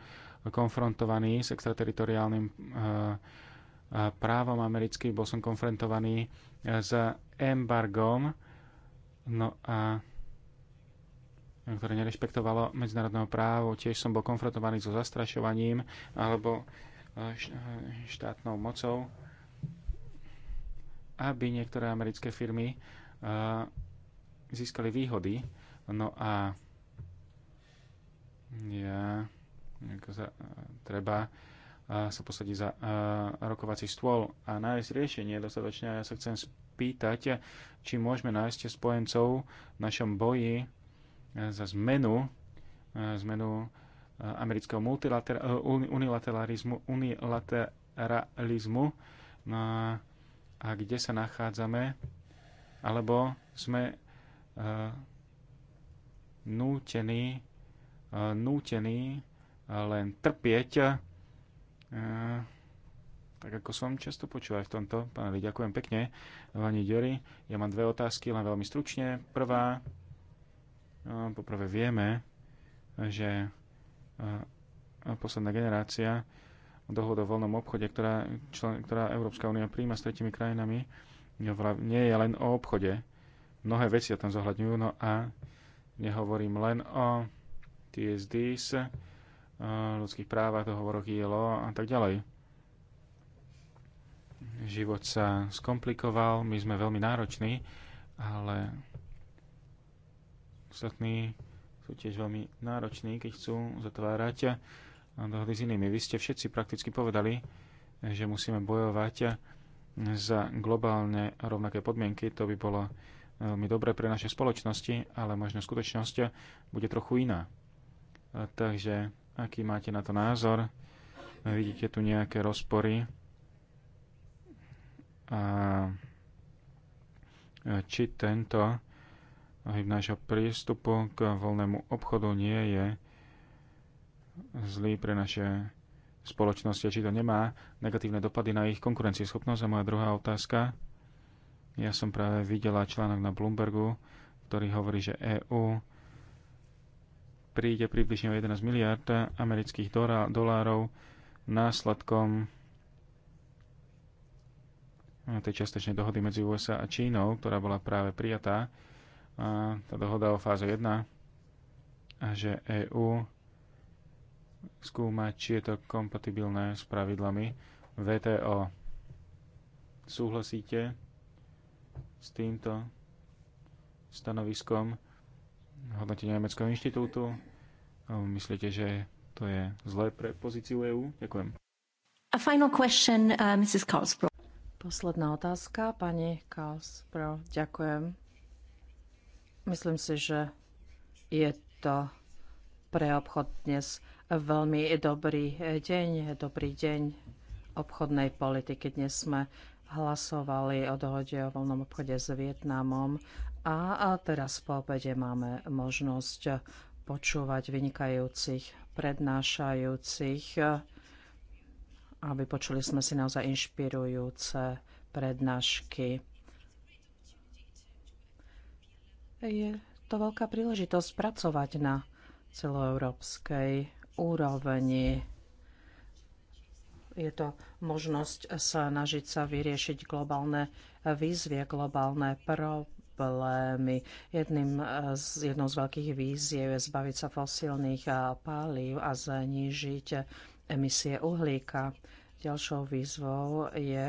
Speaker 1: konfrontovaný s extrateritoriálnym eh, eh, právom americkým, bol som konfrontovaný eh, s embargom, no a ktoré nerešpektovalo medzinárodného právo. Tiež som bol konfrontovaný so zastrašovaním alebo štátnou mocou, aby niektoré americké firmy získali výhody. No a ja E, za, treba sa posadiť za rokovací stôl a nájsť riešenie dostatočne. Ja sa chcem spýtať, či môžeme nájsť spojencov v našom boji e, za zmenu, e, zmenu amerického unilateralizmu, unilateralizmu no a kde sa nachádzame, alebo sme nútení, nútení len trpieť, eh, tak ako som často počul aj v tomto pánovi, Ďakujem pekne, Vani Ďori. Ja mám dve otázky, len veľmi stručne. Prvá, eh, poprvé vieme, že eh, posledná generácia dohod o voľnom obchode, ktorá, člen, ktorá Európska únia príjma s tretimi krajinami, nie je len o obchode. Mnohé veci sa tam zohľadňujú, no a nehovorím len o TSDs, ľudských právach, dohovoroch ILO a tak ďalej. Život sa skomplikoval, my sme veľmi nároční, ale ostatní sú tiež veľmi nároční, keď chcú zatvárať dohody s inými. Vy ste všetci prakticky povedali, že musíme bojovať za globálne rovnaké podmienky. To by bolo veľmi dobré pre naše spoločnosti, ale možno skutočnosť bude trochu iná. Takže Aký máte na to názor? Vidíte tu nejaké rozpory? A e, či tento pohyb nášho prístupu k voľnému obchodu nie je zlý pre naše spoločnosti, či to nemá negatívne dopady na ich konkurencieschopnosť. A moja druhá otázka. Ja som práve videla článok na Bloombergu, ktorý hovorí, že EÚ príde približne o 11 miliard amerických dolárov následkom eh, tej častečnej dohody medzi USA a Čínou, ktorá bola práve prijatá, a tá dohoda o fáze 1, a že EÚ skúma, či je to kompatibilné s pravidlami VTO. Súhlasíte s týmto stanoviskom? hodnotenia Nemeckého inštitútu. Myslíte, že to je zlé pre pozíciu EÚ? Ďakujem.
Speaker 2: A final question, uh, Mrs. Carlsbro. Posledná otázka, pani Carlsbro. Ďakujem. Myslím si, že je to pre obchod dnes veľmi dobrý deň, dobrý deň obchodnej politiky. Dnes sme hlasovali o dohode o voľnom obchode s Vietnamom a teraz po obede máme možnosť počúvať vynikajúcich prednášajúcich a vypočuli sme si naozaj inšpirujúce prednášky. Je to veľká príležitosť pracovať na celoeurópskej úrovni. Je to možnosť snažiť sa vyriešiť globálne výzvie, globálne problémy problémy. Jedným eh, z, jednou z veľkých víziev je zbaviť sa fosílnych eh, palív a znížiť eh, emisie uhlíka. Ďalšou výzvou je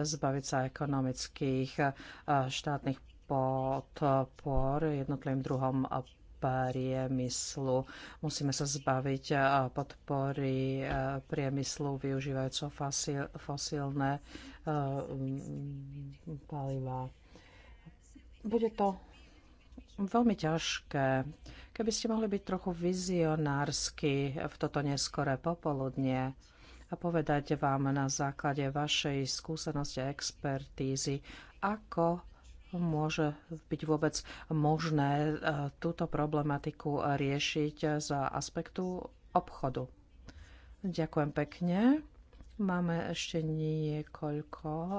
Speaker 2: zbaviť sa ekonomických štátnych podpor jednotlivým druhom priemyslu. Musíme sa zbaviť podpory priemyslu využívajúco fosílne paliva. Bude to veľmi ťažké. Keby ste mohli byť trochu vizionársky v toto neskoré popoludnie a povedať vám na základe vašej skúsenosti a expertízy, ako môže byť vôbec možné e, túto problematiku riešiť za aspektu obchodu. Ďakujem pekne. Máme ešte niekoľko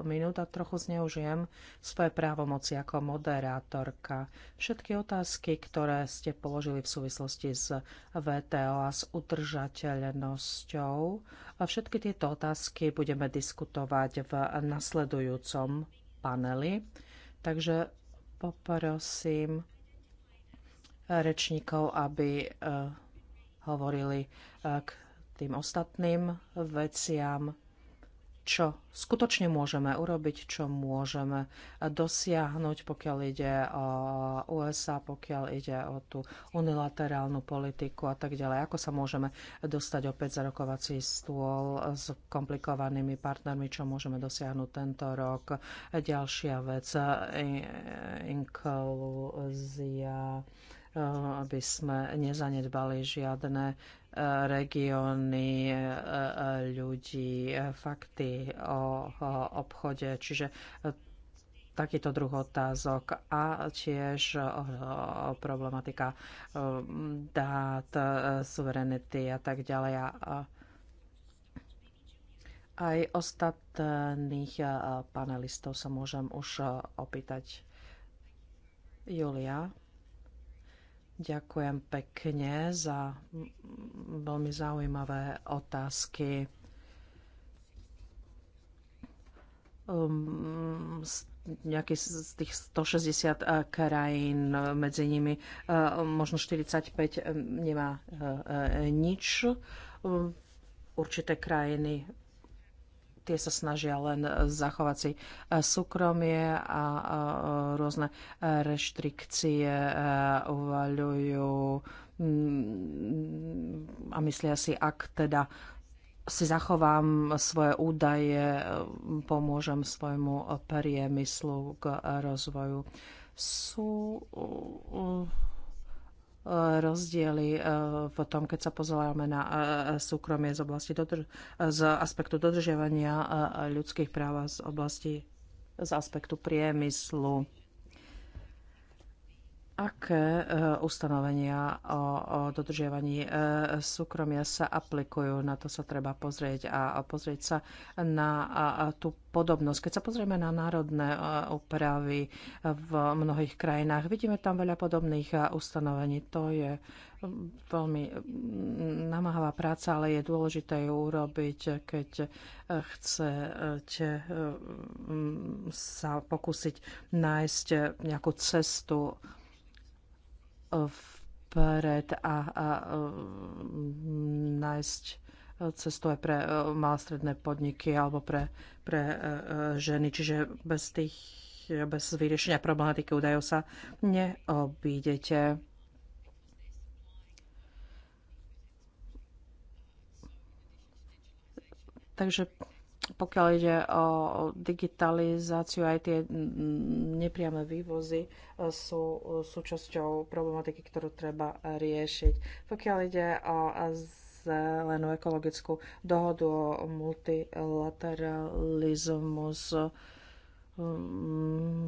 Speaker 2: minút a trochu zneužijem svoje právomoci ako moderátorka. Všetky otázky, ktoré ste položili v súvislosti s VTO a s udržateľnosťou, a všetky tieto otázky budeme diskutovať v nasledujúcom paneli. Takže poprosím rečníkov, aby e, hovorili e, k tým ostatným veciam, čo skutočne môžeme urobiť, čo môžeme dosiahnuť, pokiaľ ide o USA, pokiaľ ide o tú unilaterálnu politiku a tak ďalej. Ako sa môžeme dostať opäť za rokovací stôl s komplikovanými partnermi, čo môžeme dosiahnuť tento rok. Ďalšia vec, inklúzia. In, in, Eh, aby sme nezanedbali žiadne eh, regióny, eh, ľudí, fakty o obchode. Čiže takýto druh otázok a tiež problematika dát, suverenity a tak ďalej. A aj ostatných panelistov sa môžem už opýtať. Julia. Ďakujem pekne za veľmi zaujímavé otázky. Z, um, nejaký z tých 160 eh, krajín, eh, medzi nimi eh, možno 45 nemá nič. Um, určité krajiny tie sa snažia len e, zachovať si e, súkromie a e, rôzne reštrikcie uvaľujú mm, a myslia si, ak teda si zachovám svoje údaje, pomôžem svojmu priemyslu k rozvoju. Sú rozdiely eh, v tom, keď sa pozeráme na eh, súkromie z, oblasti z aspektu dodržiavania eh, ľudských práv a z oblasti z aspektu priemyslu aké e, ustanovenia o, o dodržiavaní e, súkromia sa aplikujú. Na to sa treba pozrieť a pozrieť sa na tú podobnosť. Keď sa pozrieme na národné e, úpravy v mnohých krajinách, vidíme tam veľa podobných ustanovení. To je veľmi namáhavá práca, ale je dôležité ju urobiť, keď chcete sa pokúsiť nájsť nejakú cestu vpred a, a nájsť cestu aj pre e, malostredné podniky alebo pre, pre e, e, ženy. Čiže bez tých bez vyriešenia problematiky údajov sa neobídete. Takže pokiaľ ide o digitalizáciu, aj tie nepriame vývozy e, sú e, súčasťou problematiky, ktorú treba riešiť. Pokiaľ ide o zelenú ekologickú dohodu o multilateralizmus, e,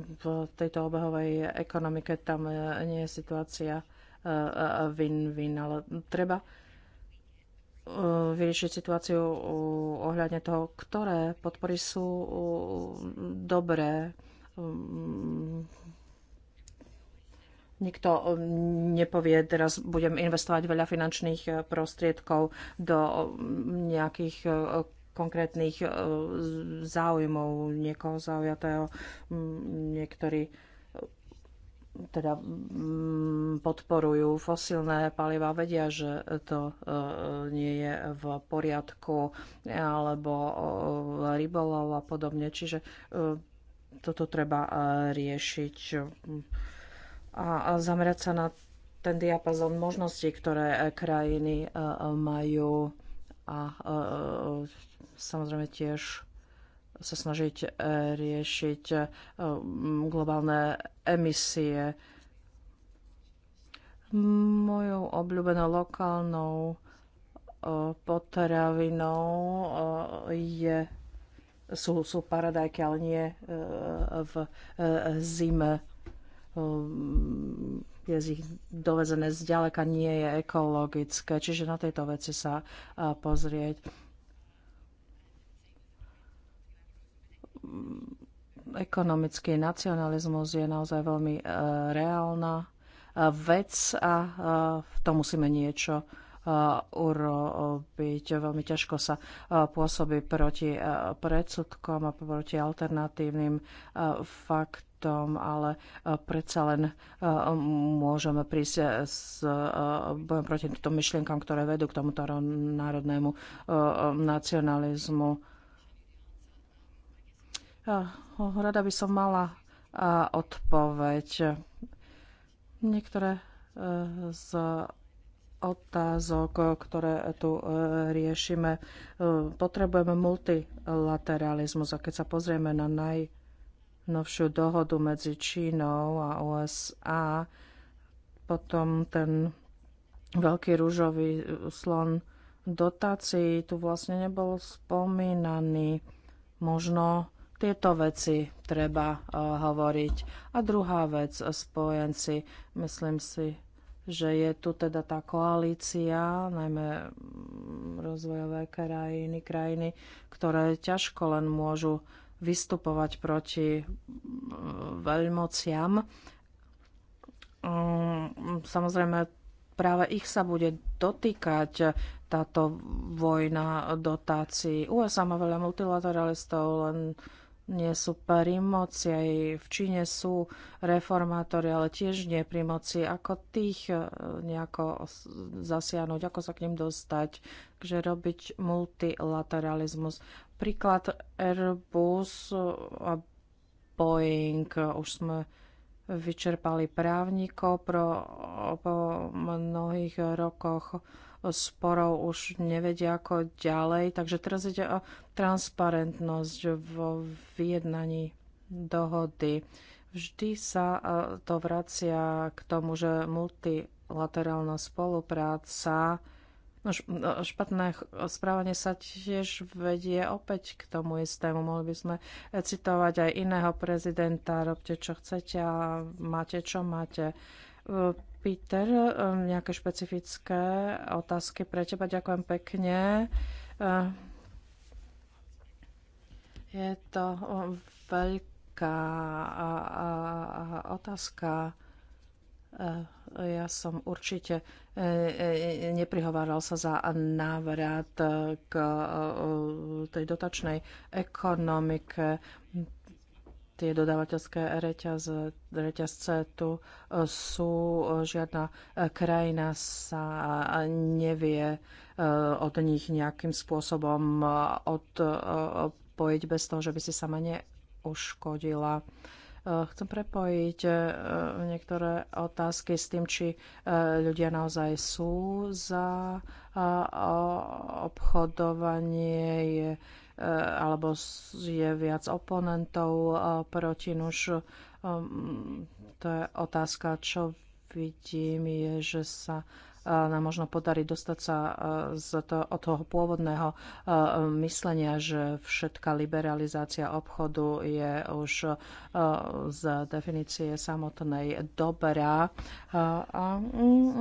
Speaker 2: v tejto obehovej ekonomike tam nie je situácia win-win, ale treba E, vyriešiť situáciu ohľadne toho, ktoré podpory sú dobré. Ehm, nikto ehm, nepovie, teraz budem investovať veľa finančných e, prostriedkov do ehm, nejakých e, konkrétnych záujmov niekoho zaujatého. Niektorí teda mm, podporujú fosilné paliva, vedia, že to e, nie je v poriadku, alebo e, rybolov a podobne. Čiže e, toto treba riešiť a zamerať sa na ten diapazon možností, ktoré krajiny majú a samozrejme tiež sa snažiť eh, riešiť eh, globálne emisie. Mojou obľúbenou lokálnou eh, potravinou je, sú, sú paradajky, ale nie v zime. Je z ich dovezené zďaleka nie je ekologické, čiže na tejto veci sa pozrieť. ekonomický nacionalizmus je naozaj veľmi e, reálna e, vec a e, v tom musíme niečo urobiť. Veľmi ťažko sa pôsobí proti predsudkom a proti alternatívnym faktom, ale predsa len môžeme prísť s bojom proti týmto myšlienkam, ktoré vedú k tomuto národnému nacionalizmu Eh, rada by som mala eh, odpoveď. Niektoré eh, z otázok, ktoré tu riešime. Potrebujeme multilateralizmus a keď sa pozrieme na najnovšiu dohodu medzi Čínou a USA, potom ten veľký rúžový slon dotácií tu vlastne nebol spomínaný. Možno tieto veci treba eh, hovoriť. A druhá vec, eh, spojenci, myslím si, že je tu teda tá koalícia, najmä mm, rozvojové krajiny, krajiny, ktoré ťažko len môžu vystupovať proti mm, veľmociam. Mm, samozrejme, práve ich sa bude dotýkať eh, táto vojna dotácií. USA má veľa multilateralistov, len nie sú pri moci, aj v Číne sú reformátori, ale tiež nie pri moci. Ako tých e, nejako zasiahnuť, ako sa k ním dostať, že robiť multilateralizmus. Príklad Airbus a Boeing. E, už sme vyčerpali právnikov pro, po mnohých rokoch sporov už nevedia ako ďalej. Takže teraz ide o transparentnosť vo vyjednaní dohody. Vždy sa e, to vracia k tomu, že multilaterálna spolupráca No, no špatné správanie sa tiež vedie opäť k tomu istému. Mohli by sme citovať aj iného prezidenta, robte čo chcete a máte čo máte. E, Peter, e, nejaké špecifické otázky pre teba. Ďakujem pekne. Je to veľká otázka. E, ja som určite e, e, neprihováral sa za návrat k tej dotačnej ekonomike. Tie dodávateľské reťaz, reťazce tu sú. Žiadna krajina sa nevie od nich nejakým spôsobom od prepojiť bez toho, že by si sama neuškodila. E, chcem prepojiť e, niektoré otázky s tým, či e, ľudia naozaj sú za obchodovanie, je, alebo je viac oponentov proti nuž. To je otázka, čo vidím, je, že sa nám možno podarí dostať sa e, z to, od toho pôvodného e, myslenia, že všetká liberalizácia obchodu je už e, z definície samotnej dobrá. A mm, mm,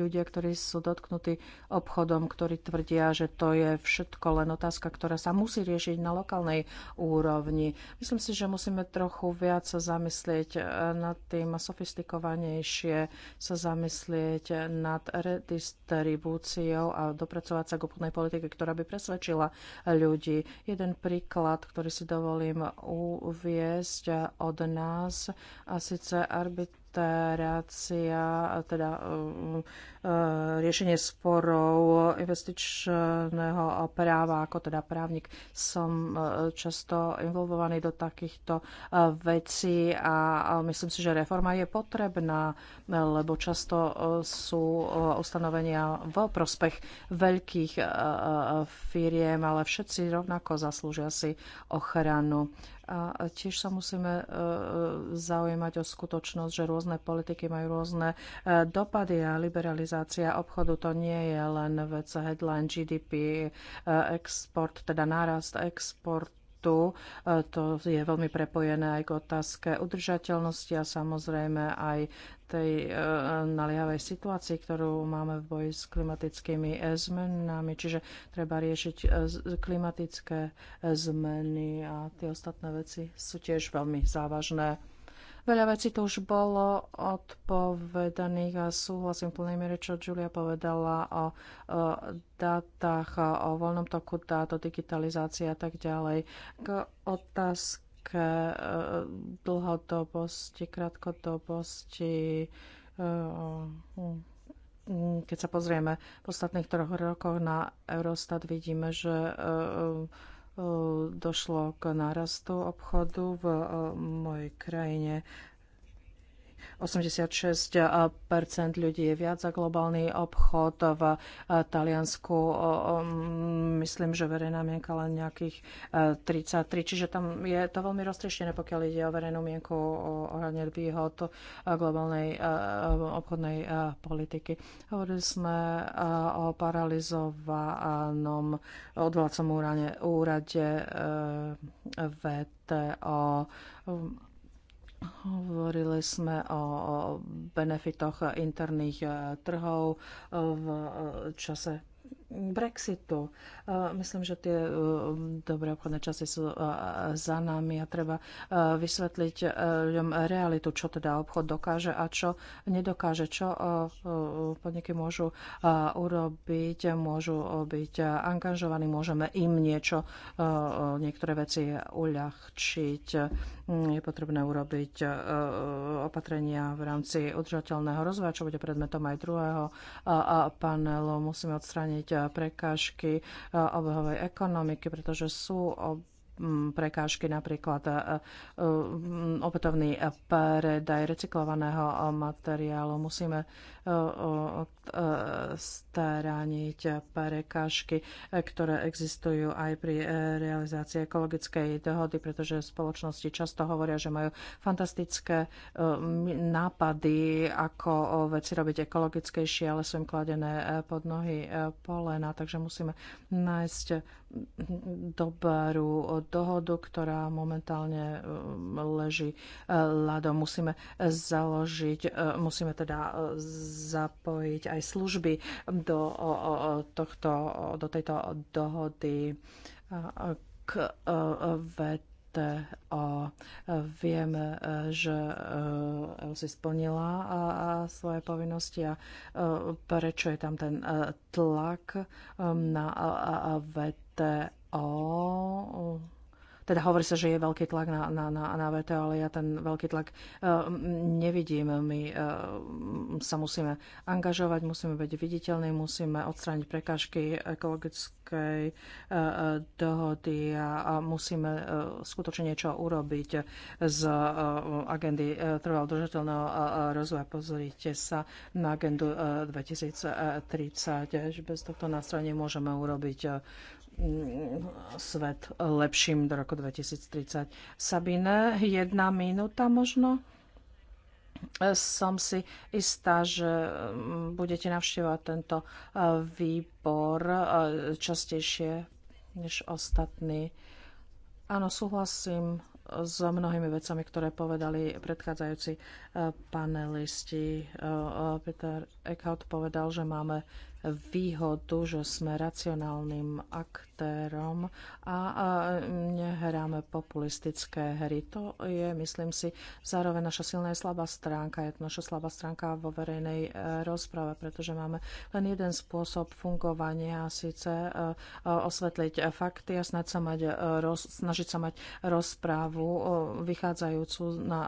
Speaker 2: ľudia, ktorí sú dotknutí obchodom, ktorí tvrdia, že to je všetko len otázka, ktorá sa musí riešiť na lokálnej úrovni. Myslím si, že musíme trochu viac sa zamyslieť nad tým sofistikovanejšie sa zamyslieť nad redistribúciou a dopracovať sa k obchodnej politike, ktorá by presvedčila ľudí. Jeden príklad, ktorý si dovolím uviesť od nás, a síce arbitrácia, teda E, riešenie sporov investičného práva, ako teda právnik som e, často involvovaný do takýchto e, vecí a myslím si, že reforma je potrebná, lebo často sú ustanovenia v prospech veľkých firiem, ale všetci rovnako zaslúžia si ochranu. A tiež sa musíme zaujímať o skutočnosť, že rôzne politiky majú rôzne dopady a liberalizácie liberalizácia obchodu to nie je len vec headline GDP, e, export, teda nárast exportu e, To je veľmi prepojené aj k otázke udržateľnosti a samozrejme aj tej e, naliehavej situácii, ktorú máme v boji s klimatickými zmenami. Čiže treba riešiť klimatické zmeny a tie ostatné veci sú tiež veľmi závažné. Veľa vecí to už bolo odpovedaných a súhlasím plnej miere, čo Julia povedala o, o datách, o voľnom toku dát, o digitalizácii a tak ďalej. K otázke e, dlhodobosti, krátkodobosti, e, hm, keď sa pozrieme v ostatných troch rokoch na Eurostat, vidíme, že e, Ehm, došlo k nárastu obchodu v ehm, mojej krajine 86 eh, ľudí je viac za globálny obchod. V eh, Taliansku myslím, že verejná mienka len nejakých 33, eh, čiže tam je to veľmi roztrieštené, pokiaľ ide o verejnú mienku ohľadne výhod globálnej obchodnej politiky. Hovorili sme o paralizovanom odvolacom úrade VTO Hovorili sme o benefitoch interných e, trhov e, v e, čase Brexitu. E, myslím, že tie e, dobré obchodné časy sú e, za nami a treba vysvetliť ľuďom realitu, čo teda obchod dokáže a čo nedokáže, čo podniky môžu urobiť, môžu byť angažovaní, môžeme im niečo, niektoré veci uľahčiť. Mm, je potrebné urobiť opatrenia v rámci udržateľného rozvoja, čo bude predmetom aj druhého panelu. Musíme odstrániť prekážky e, obehovej ekonomiky, pretože sú prekážky, napríklad e, opätovný predaj recyklovaného materiálu. Musíme e, odstrániť prekážky, ktoré existujú aj pri e, realizácii ekologickej dohody, pretože spoločnosti často hovoria, že majú fantastické e, nápady, ako e, veci robiť ekologickejšie, ale sú im kladené pod nohy polena, takže musíme nájsť dobrú dohodu, ktorá momentálne leží ľadom. Musíme založiť, musíme teda zapojiť aj služby do, o, o, tohto, do tejto dohody k e, VTO. Viem, že e, si splnila e, svoje povinnosti a prečo je tam ten tlak na VTO? Teda hovorí sa, že je veľký tlak na, na, na, na VTO, ale ja ten veľký tlak uh, nevidím. My uh, sa musíme angažovať, musíme byť viditeľní, musíme odstrániť prekážky ekologickej uh, dohody a, a musíme uh, skutočne niečo urobiť z uh, agendy uh, trvalo držateľného uh, rozvoja. Pozrite sa na agendu uh, 2030, že bez tohto nástroja nemôžeme urobiť uh, Mm, svet lepším do roku 2030. Sabine, jedna minúta možno? Som si istá, že mm, budete navštívať tento e, výbor e, častejšie než ostatní. Áno, súhlasím s mnohými vecami, ktoré povedali predchádzajúci e, panelisti. Peter Eckhout povedal, že máme výhodu, že sme racionálnym aktérom charakterom a nehráme populistické hry. To je, myslím si, zároveň naša silná a slabá stránka. Je to naša slabá stránka vo verejnej e, rozprave, pretože máme len jeden spôsob fungovania, a síce e, e, osvetliť fakty a snažiť sa mať, roz, snažiť sa mať rozprávu vychádzajúcu, na,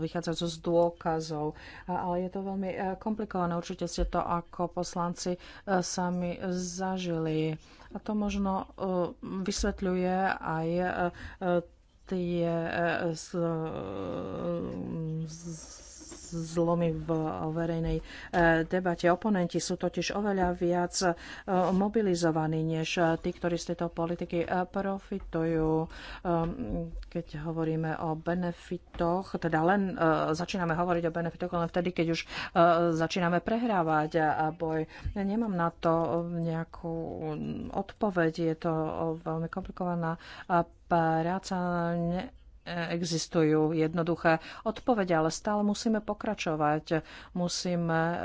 Speaker 2: vychádzajúcu z dôkazov. Ale je to veľmi komplikované. Určite ste to ako poslanci sami zažili. A to možno e, vysvetľuje aj e, e, tie z, z, zlomy v verejnej eh, debate. Oponenti sú totiž oveľa viac eh, mobilizovaní, než eh, tí, ktorí z tejto politiky profitujú. Ehm, keď hovoríme o benefitoch, teda len začíname hovoriť o benefitoch len vtedy, keď už začíname prehrávať a boj. Ja nemám na to nejakú odpoveď. Je to veľmi komplikovaná práca existujú jednoduché odpovede, ale stále musíme pokračovať. Musíme e,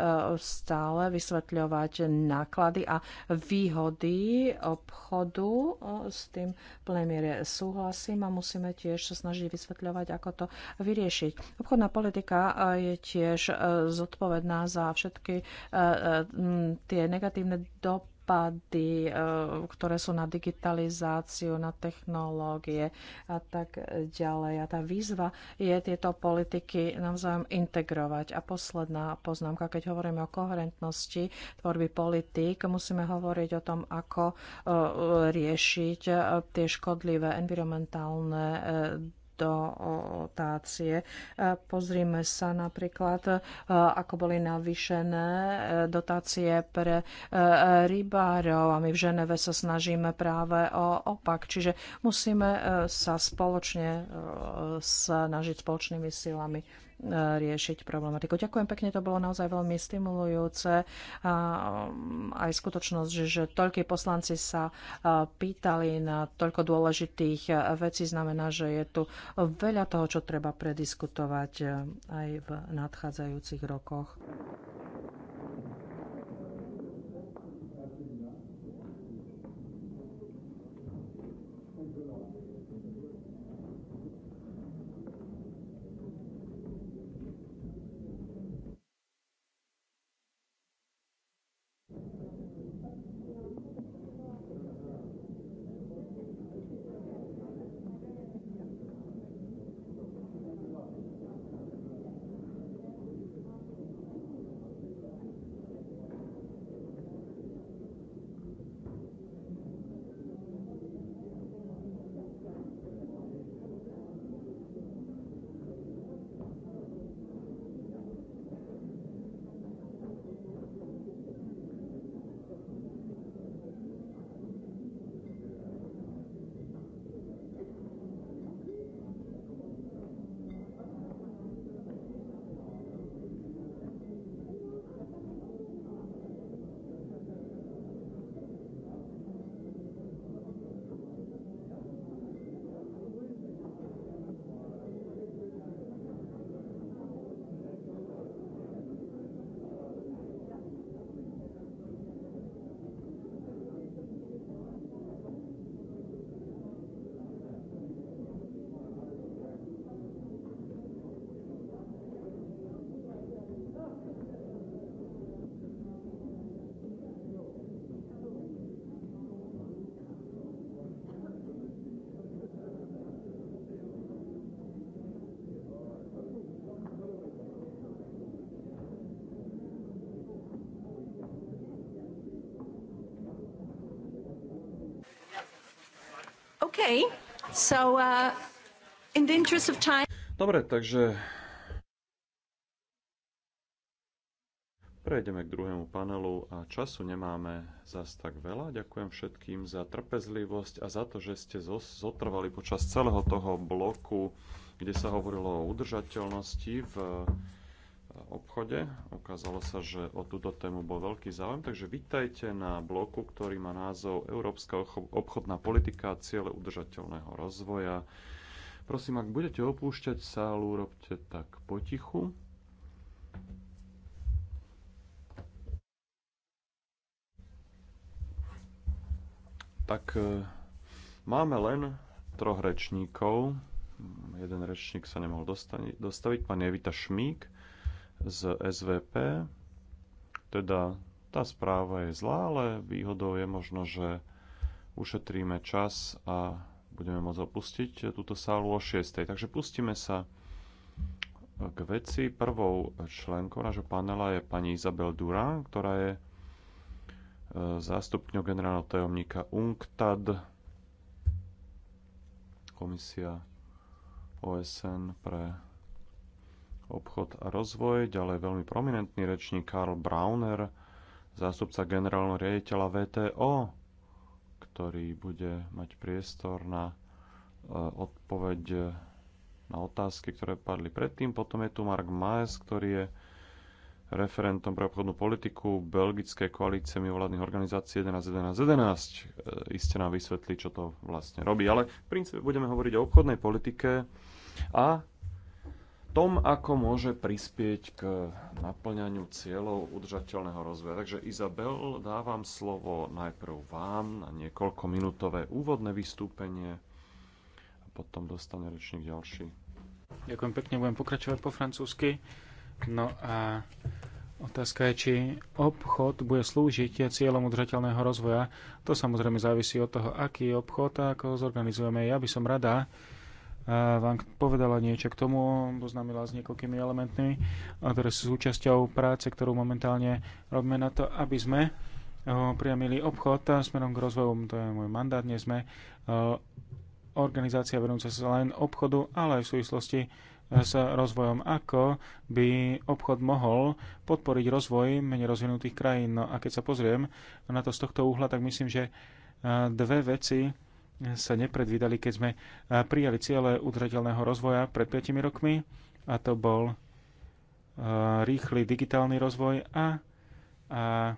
Speaker 2: stále vysvetľovať náklady a výhody obchodu. E, s tým plemiere súhlasím a musíme tiež sa snažiť vysvetľovať, ako to vyriešiť. Obchodná politika e, je tiež zodpovedná za všetky tie negatívne dopady dopady, eh, ktoré sú na digitalizáciu, na technológie a tak ďalej. A tá výzva je tieto politiky navzájom integrovať. A posledná poznámka, keď hovoríme o koherentnosti tvorby politík, musíme hovoriť o tom, ako eh, riešiť eh, tie škodlivé environmentálne dotácie. E, pozrime sa napríklad, e, ako boli navýšené e, dotácie pre rybárov a my v Ženeve sa snažíme práve o opak. Čiže musíme sa spoločne snažiť spoločnými silami riešiť problematiku. Ďakujem pekne, to bolo naozaj veľmi stimulujúce. Um, aj skutočnosť, že toľkí poslanci sa pýtali na toľko dôležitých vecí, znamená, že je tu veľa toho, čo treba prediskutovať aj v nadchádzajúcich rokoch. Okay. So, uh, in the interest of time...
Speaker 3: Dobre, takže prejdeme k druhému panelu a času nemáme zas tak veľa. Ďakujem všetkým za trpezlivosť a za to, že ste zotrvali počas celého toho bloku, kde sa hovorilo o udržateľnosti v eh, obchode, o Ukázalo sa, že o túto tému bol veľký záujem, takže vítajte na bloku, ktorý má názov Európska obchodná politika a ciele udržateľného rozvoja. Prosím, ak budete opúšťať sálu, robte tak potichu. Tak e, máme len troch rečníkov. Jeden rečník sa nemohol dostaviť, pán Jevita Šmík z SVP. Teda tá správa je zlá, ale výhodou je možno, že ušetríme čas a budeme môcť opustiť túto sálu o 6. Takže pustíme sa k veci. Prvou členkou nášho panela je pani Izabel Durán, ktorá je e, zástupňou generálneho tajomníka UNCTAD, komisia OSN pre obchod a rozvoj, ďalej veľmi prominentný rečník Karl Brauner, zástupca generálneho riaditeľa VTO, ktorý bude mať priestor na e, odpoveď na otázky, ktoré padli predtým. Potom je tu Mark Maes, ktorý je referentom pre obchodnú politiku Belgickej koalície mimovládnych organizácií 11.11.11. 11. E, iste nám vysvetlí, čo to vlastne robí. Ale v princípe budeme hovoriť o obchodnej politike a tom, ako môže prispieť k naplňaniu cieľov udržateľného rozvoja. Takže Izabel, dávam slovo najprv vám na niekoľkominútové úvodné vystúpenie a potom dostane rečník ďalší.
Speaker 1: Ďakujem pekne, budem pokračovať po francúzsky. No a otázka je, či obchod bude slúžiť cieľom udržateľného rozvoja. To samozrejme závisí od toho, aký je obchod a ako ho zorganizujeme. Ja by som rada, vám povedala niečo k tomu, poznámila s niekoľkými elementmi, ktoré sú súčasťou práce, ktorú momentálne robíme na to, aby sme eh, priamili obchod eh, smerom k rozvoju, to je môj mandát, nie sme eh, organizácia venujúca sa len obchodu, ale aj v súvislosti s rozvojom, ako by obchod mohol podporiť rozvoj menej rozvinutých krajín. No a keď sa pozriem na to z tohto úhla, tak myslím, že dve veci sa nepredvídali, keď sme prijali ciele udržateľného rozvoja pred 5 rokmi a to bol rýchly digitálny rozvoj a, a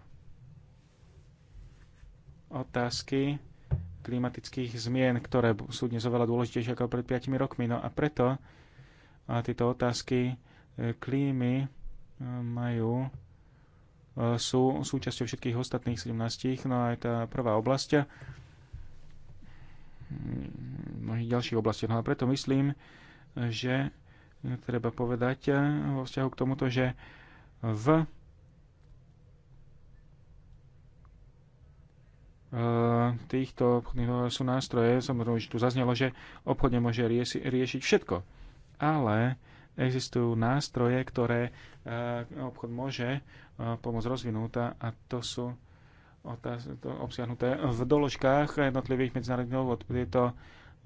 Speaker 1: otázky klimatických zmien, ktoré sú dnes oveľa dôležitejšie ako pred 5 rokmi. No a preto a tieto otázky e, klímy e, majú e, sú súčasťou všetkých ostatných 17. No aj tá prvá oblasť mnohých ďalších oblastiach. No a preto myslím, že treba povedať eh, vo vzťahu k tomuto, že v eh, týchto obchodných sú nástroje, samozrejme, že tu zaznelo, že obchodne môže rieši, riešiť všetko. Ale existujú nástroje, ktoré eh, obchod môže pomôcť rozvinúť a to sú obsiahnuté v doložkách jednotlivých medzinárodných dohôd. Tieto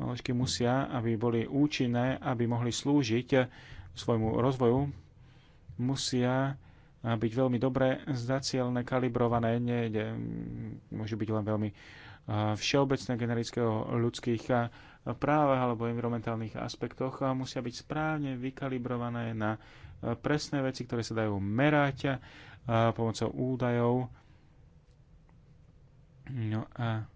Speaker 1: doložky musia, aby boli účinné, aby mohli slúžiť svojmu rozvoju, musia byť veľmi dobre zacielne, kalibrované, nie, nie, môžu byť len veľmi všeobecné generického ľudských právach alebo environmentálnych aspektoch a musia byť správne vykalibrované na presné veci, ktoré sa dajú merať pomocou údajov, No a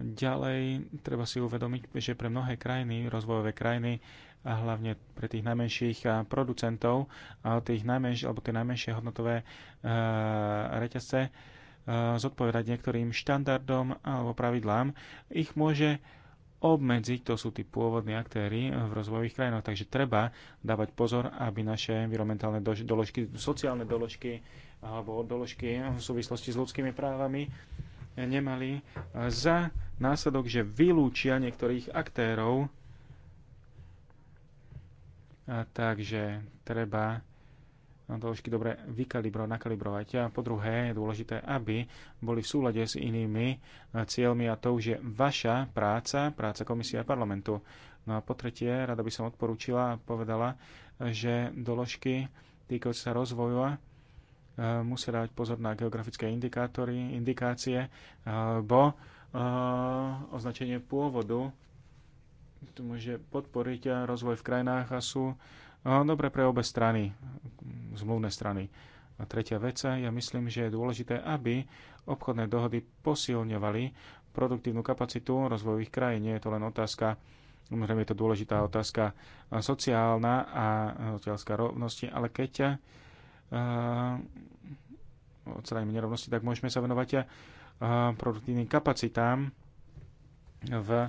Speaker 1: ďalej treba si uvedomiť, že pre mnohé krajiny, rozvojové krajiny, a hlavne pre tých najmenších producentov a tých najmenš, alebo tie najmenšie hodnotové e, reťazce e, zodpovedať niektorým štandardom alebo pravidlám, ich môže obmedziť, to sú tí pôvodní aktéry v rozvojových krajinách, takže treba dávať pozor, aby naše environmentálne doložky, sociálne doložky, alebo doložky v súvislosti s ľudskými právami nemali za následok, že vylúčia niektorých aktérov. A takže treba doložky dobre vykalibrovať, nakalibrovať. A po druhé je dôležité, aby boli v súlade s inými cieľmi a to už je vaša práca, práca komisie a parlamentu. No a po tretie, rada by som odporúčila a povedala, že doložky týkajúce sa rozvoja Eh, musia dávať pozor na geografické indikátory, indikácie eh, bo eh, označenie pôvodu. To môže podporiť rozvoj v krajinách a sú dobre pre obe strany, zmluvné strany. A tretia vec, ja myslím, že je dôležité, aby obchodné dohody posilňovali produktívnu kapacitu rozvojových krajín. Nie je to len otázka Samozrejme je to dôležitá otázka sociálna a sociálska rovnosti, ale keď Eh, odstránime nerovnosti, tak môžeme sa venovať eh, produktívnym kapacitám v eh,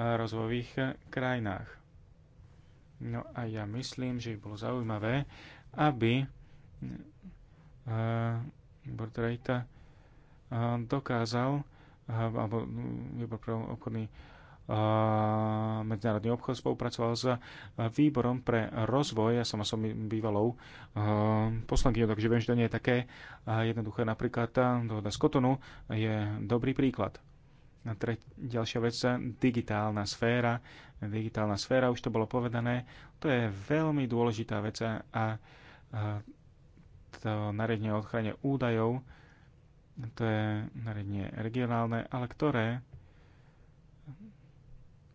Speaker 1: rozvojových krajinách. No a ja myslím, že by bolo zaujímavé, aby Bordrajta dokázal, alebo hm, výbor pre obchodný medzinárodný obchod spolupracoval s výborom pre rozvoj. Ja som som bývalou poslankyňou, takže viem, že to nie je také jednoduché. Napríklad tá dohoda z Kotonu je dobrý príklad. A tre, ďalšia vec, digitálna sféra. Digitálna sféra, už to bolo povedané, to je veľmi dôležitá vec a, a to nariadenie o ochrane údajov, to je nariadenie regionálne, ale ktoré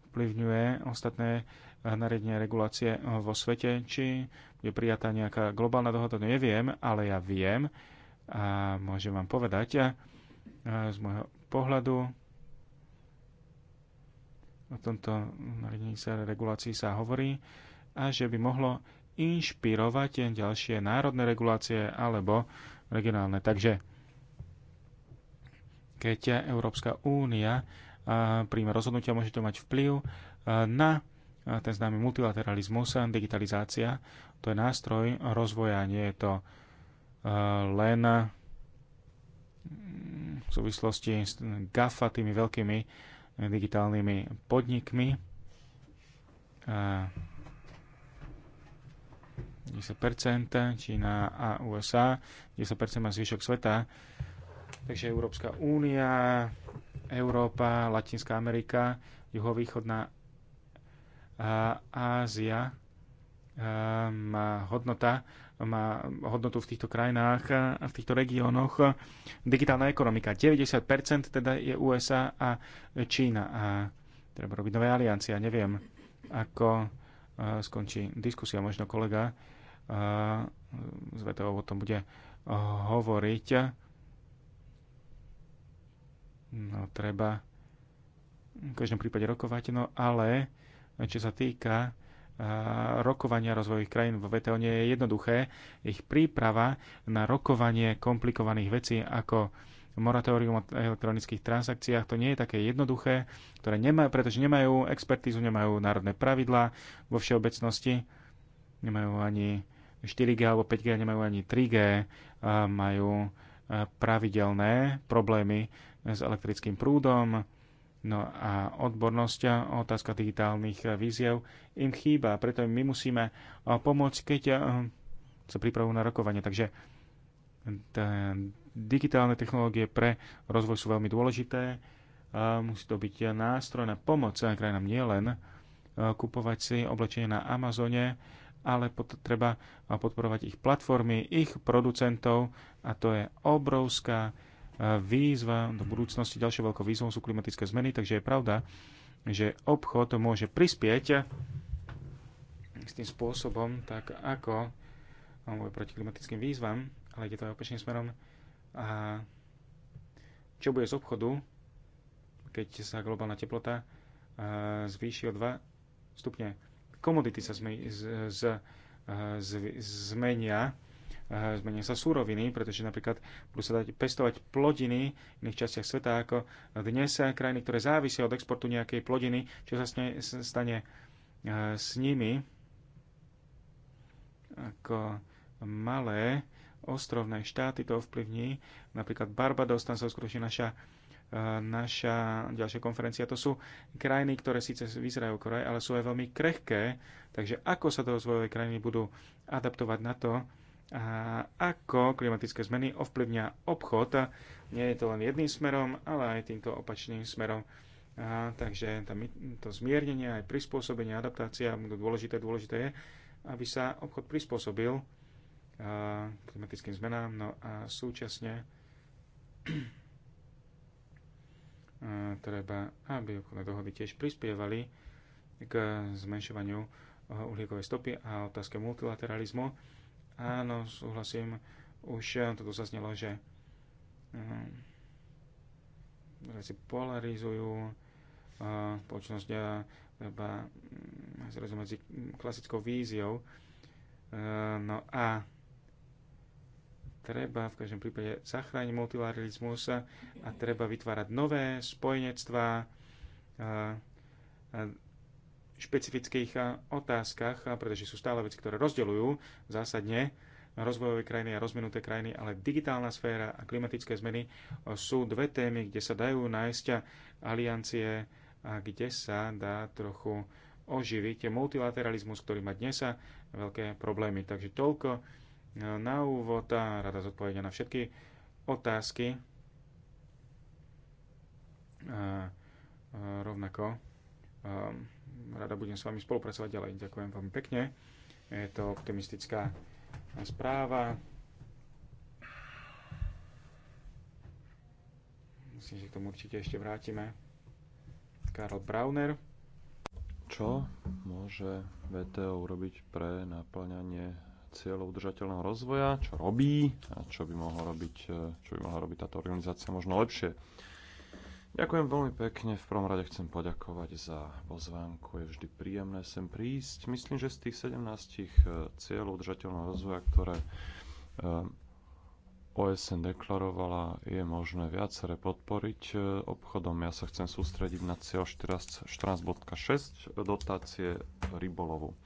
Speaker 1: ovplyvňuje ostatné nariadenia regulácie vo svete, či je prijatá nejaká globálna dohoda, neviem, ale ja viem a môžem vám povedať z môjho pohľadu o tomto nariadení sa regulácií sa hovorí a že by mohlo inšpirovať ďalšie národné regulácie alebo regionálne. Takže keď Európska únia príjme rozhodnutia, môže to mať vplyv e, na e, ten známy multilateralizmus, digitalizácia. To je nástroj rozvoja, nie je to e, len v súvislosti s GAFA, tými veľkými digitálnymi podnikmi. 10%, Čína a USA, 10% má zvyšok sveta. Takže Európska únia, Európa, Latinská Amerika, juhovýchodná Ázia má hodnota, má hodnotu v týchto krajinách a v týchto regiónoch. Digitálna ekonomika. 90% teda je USA a Čína. A treba robiť nové aliancie. Ja neviem, ako skončí diskusia. Možno kolega z VTO o tom bude hovoriť no, treba v každom prípade rokovať, no ale čo sa týka rokovania rozvojových krajín vo VTO nie je jednoduché. Ich príprava na rokovanie komplikovaných vecí ako moratórium o elektronických transakciách, to nie je také jednoduché, ktoré nemá, pretože nemajú expertízu, nemajú národné pravidlá vo všeobecnosti, nemajú ani 4G alebo 5G, nemajú ani 3G, majú pravidelné problémy s elektrickým prúdom. No a odbornosť, otázka digitálnych víziev im chýba, preto my musíme eh, pomôcť, keď eh, sa pripravujú na rokovanie. Takže eh, digitálne technológie pre rozvoj sú veľmi dôležité. Musí to byť nástroj na pomoc krajinám nielen kupovať si oblečenie na Amazone, ale pot- treba podporovať ich platformy, ich producentov a to je obrovská výzva do budúcnosti, ďalšou veľkou výzvou sú klimatické zmeny, takže je pravda, že obchod môže prispieť s tým spôsobom, tak ako boj proti klimatickým výzvam, ale ide to aj opačným smerom. A čo bude z obchodu, keď sa globálna teplota zvýši o 2 stupne? Komodity sa zmenia, z, z, z, zmenia zmenia sa súroviny, pretože napríklad budú sa dať pestovať plodiny v iných častiach sveta ako dnes krajiny, ktoré závisia od exportu nejakej plodiny, čo sa stane eh, s nimi ako malé ostrovné štáty to ovplyvní. Napríklad Barbados, tam sa skutočne naša, eh, naša ďalšia konferencia. To sú krajiny, ktoré síce vyzerajú ako ale sú aj veľmi krehké. Takže ako sa do rozvojové krajiny budú adaptovať na to, ako klimatické zmeny ovplyvňa obchod. Nie je to len jedným smerom, ale aj týmto opačným smerom. A, takže tam to zmiernenie, aj prispôsobenie, adaptácia budú dôležité. Dôležité je, aby sa obchod prispôsobil a, klimatickým zmenám no a súčasne a, treba, aby obchodné dohody tiež prispievali k zmenšovaniu uhlíkovej stopy a otázke multilateralizmu Áno, súhlasím. Už toto eh, znelo, že eh, veci polarizujú eh, spoločnosť a treba mm, zrozumieť medzi klasickou víziou. No a treba v každom prípade zachrániť multilateralizmus a treba vytvárať nové spojenectvá, špecifických eh, otázkach, eh, pretože sú stále veci, ktoré rozdeľujú zásadne rozvojové krajiny a rozvinuté krajiny, ale digitálna sféra a klimatické zmeny eh, sú dve témy, kde sa dajú nájsť aliancie a kde sa dá trochu oživiť multilateralizmus, ktorý má dnes veľké problémy. Takže toľko na úvod a rada zodpovedia na všetky otázky. A rovnako um, rada budem s vami spolupracovať ďalej. Ďakujem vám pekne. Je to optimistická správa. Myslím, že k tomu určite ešte vrátime.
Speaker 3: Karl Brauner. Čo môže VTO urobiť pre naplňanie cieľov udržateľného rozvoja? Čo robí a čo by, mohla robiť, čo by mohla robiť táto organizácia možno lepšie? Ďakujem veľmi pekne. V prvom rade chcem poďakovať za pozvánku. Je vždy príjemné sem prísť. Myslím, že z tých 17 eh, cieľov udržateľného rozvoja, ktoré eh, OSN deklarovala, je možné viacere podporiť eh, obchodom. Ja sa chcem sústrediť na cieľ 14.6 dotácie rybolovu.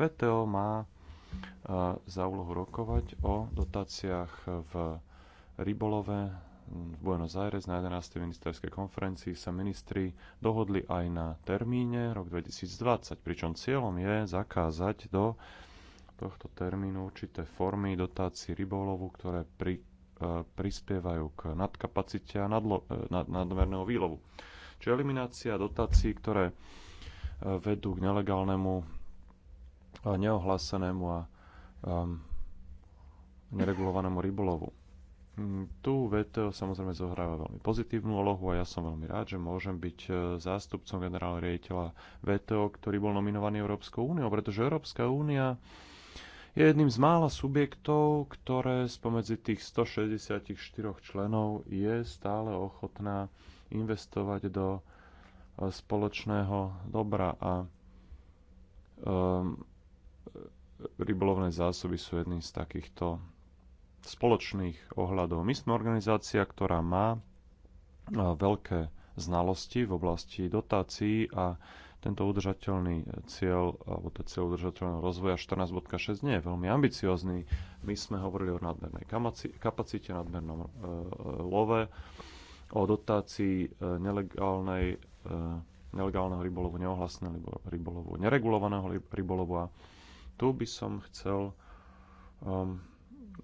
Speaker 3: VTO má za úlohu rokovať o dotáciách v rybolove v Buenos Aires na 11. ministerskej konferencii sa ministri dohodli aj na termíne rok 2020, pričom cieľom je zakázať do tohto termínu určité formy dotácií rybolovu, ktoré pri, e, prispievajú k nadkapacite a nadlo, e, nad, nadmerného výlovu. Čiže eliminácia dotácií, ktoré e, vedú k nelegálnemu, neohlásenému a um, neregulovanému rybolovu. Mm, tu VTO samozrejme zohráva veľmi pozitívnu úlohu a ja som veľmi rád, že môžem byť e, zástupcom generálneho riaditeľa VTO, ktorý bol nominovaný Európskou úniou, pretože Európska únia je jedným z mála subjektov, ktoré spomedzi tých 164 členov je stále ochotná investovať do e, spoločného dobra a um, rybolovné zásoby sú jedným z takýchto spoločných ohľadov. My sme organizácia, ktorá má veľké znalosti v oblasti dotácií a tento udržateľný cieľ, alebo ten cieľ udržateľného rozvoja 14.6 nie je veľmi ambiciozný. My sme hovorili o nadmernej kapacite, nadmernom e, love, o dotácii e, nelegálnej, e, nelegálneho rybolovu, neohlasného rybolovu, neregulovaného rybolovu. A tu by som chcel um,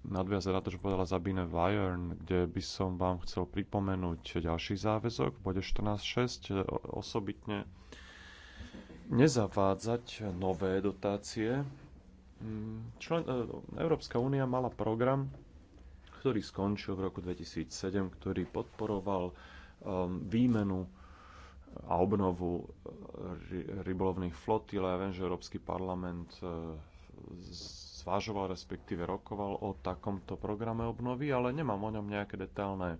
Speaker 3: nadviazať na to, čo povedala Zabine Vajern, kde by som vám chcel pripomenúť ďalší záväzok v bode 14.6, osobitne nezavádzať nové dotácie. Mm, člen, e, Európska únia mala program, ktorý skončil v roku 2007, ktorý podporoval um, výmenu a obnovu e, rybolovných flotil. Ja viem, že Európsky parlament e, zvažoval, respektíve rokoval o takomto programe obnovy, ale nemám o ňom nejaké detailné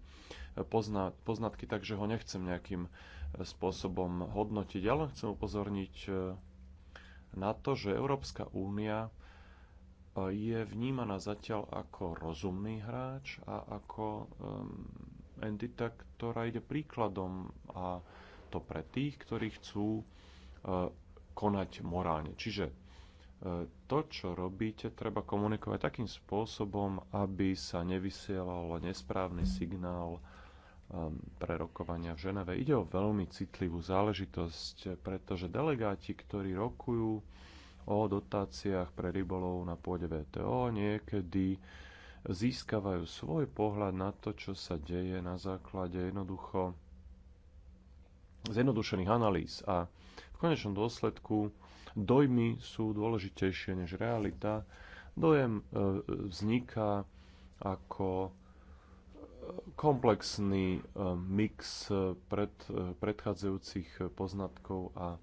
Speaker 3: poznatky, takže ho nechcem nejakým e, spôsobom hodnotiť. Ale chcem upozorniť e, na to, že Európska únia e, je vnímaná zatiaľ ako rozumný hráč a ako entita, ktorá ide príkladom a to pre tých, ktorí chcú konať morálne. Čiže E, to, čo robíte, treba komunikovať takým spôsobom, aby sa nevysielal nesprávny signál e, pre rokovania v Ženeve. Ide o veľmi citlivú záležitosť, pretože delegáti, ktorí rokujú o dotáciách pre rybolov na pôde VTO, niekedy získavajú svoj pohľad na to, čo sa deje na základe jednoducho zjednodušených analýz. A v konečnom dôsledku dojmy sú dôležitejšie než realita. Dojem e, vzniká ako e, komplexný e, mix pred, predchádzajúcich poznatkov a,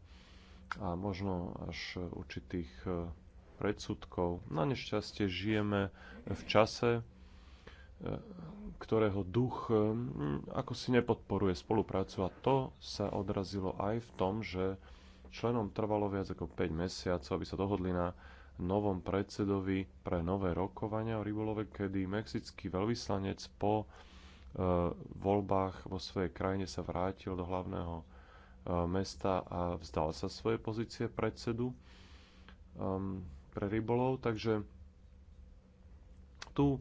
Speaker 3: a možno až určitých predsudkov. Na nešťastie žijeme v čase, ktorého duch ako si nepodporuje spoluprácu a to sa odrazilo aj v tom, že členom trvalo viac ako 5 mesiacov, aby sa dohodli na novom predsedovi pre nové rokovania o rybolove, kedy mexický veľvyslanec po e, voľbách vo svojej krajine sa vrátil do hlavného e, mesta a vzdal sa svoje pozície predsedu um, pre rybolov. Takže tu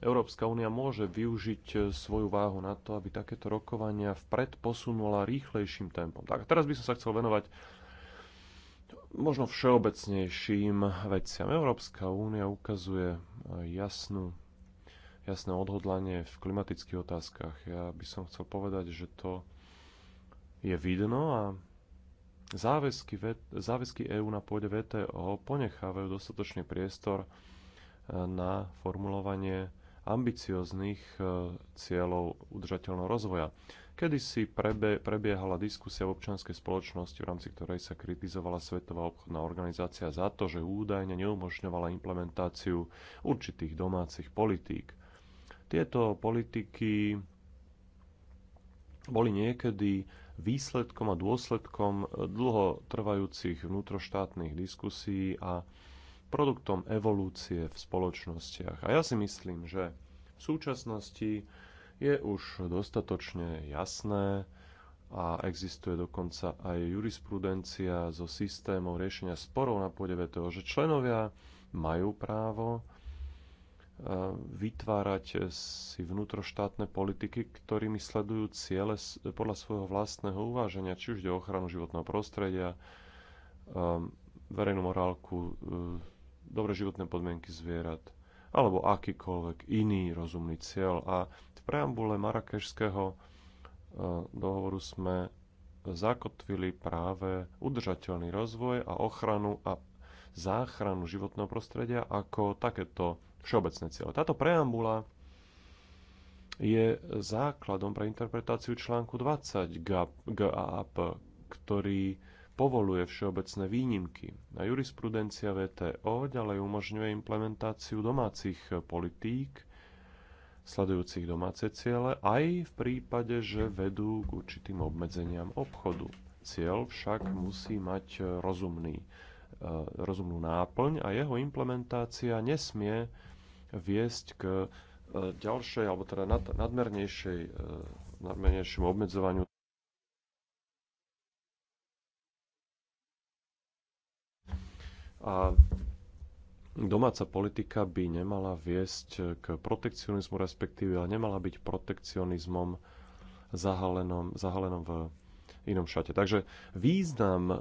Speaker 3: Európska únia môže využiť e, svoju váhu na to, aby takéto rokovania vpred posunula rýchlejším tempom. Tak, teraz by som sa chcel venovať možno všeobecnejším veciam. Európska únia ukazuje jasnú, jasné odhodlanie v klimatických otázkach. Ja by som chcel povedať, že to je vidno a záväzky, záväzky EÚ na pôde VTO ponechávajú dostatočný priestor e, na formulovanie ambicióznych e, cieľov udržateľného rozvoja. Kedy si prebe, prebiehala diskusia v občianskej spoločnosti, v rámci ktorej sa kritizovala Svetová obchodná organizácia za to, že údajne neumožňovala implementáciu určitých domácich politík. Tieto politiky boli niekedy výsledkom a dôsledkom dlhotrvajúcich vnútroštátnych diskusí a produktom evolúcie v spoločnostiach. A ja si myslím, že v súčasnosti je už dostatočne jasné a existuje dokonca aj jurisprudencia so systémov riešenia sporov na pôde VTO, že členovia majú právo e, vytvárať si vnútroštátne politiky, ktorými sledujú ciele podľa svojho vlastného uváženia, či už ide o ochranu životného prostredia, e, verejnú morálku, e, dobré životné podmienky zvierat, alebo akýkoľvek iný rozumný cieľ. A v preambule Marrakešského e, dohovoru sme zakotvili práve udržateľný rozvoj a ochranu a záchranu životného prostredia ako takéto všeobecné cieľe. Táto preambula je základom pre interpretáciu článku 20 GAP, GAP ktorý povoluje všeobecné výnimky. A jurisprudencia VTO ďalej umožňuje implementáciu domácich politík, sledujúcich domáce ciele, aj v prípade, že vedú k určitým obmedzeniam obchodu. Cieľ však musí mať rozumný, e, rozumnú náplň a jeho implementácia nesmie viesť k e, ďalšej, alebo teda nadmernejšej, e, nadmernejšiemu obmedzovaniu A domáca politika by nemala viesť k protekcionizmu, respektíve ale nemala byť protekcionizmom zahalenom, zahalenom v inom šate. Takže význam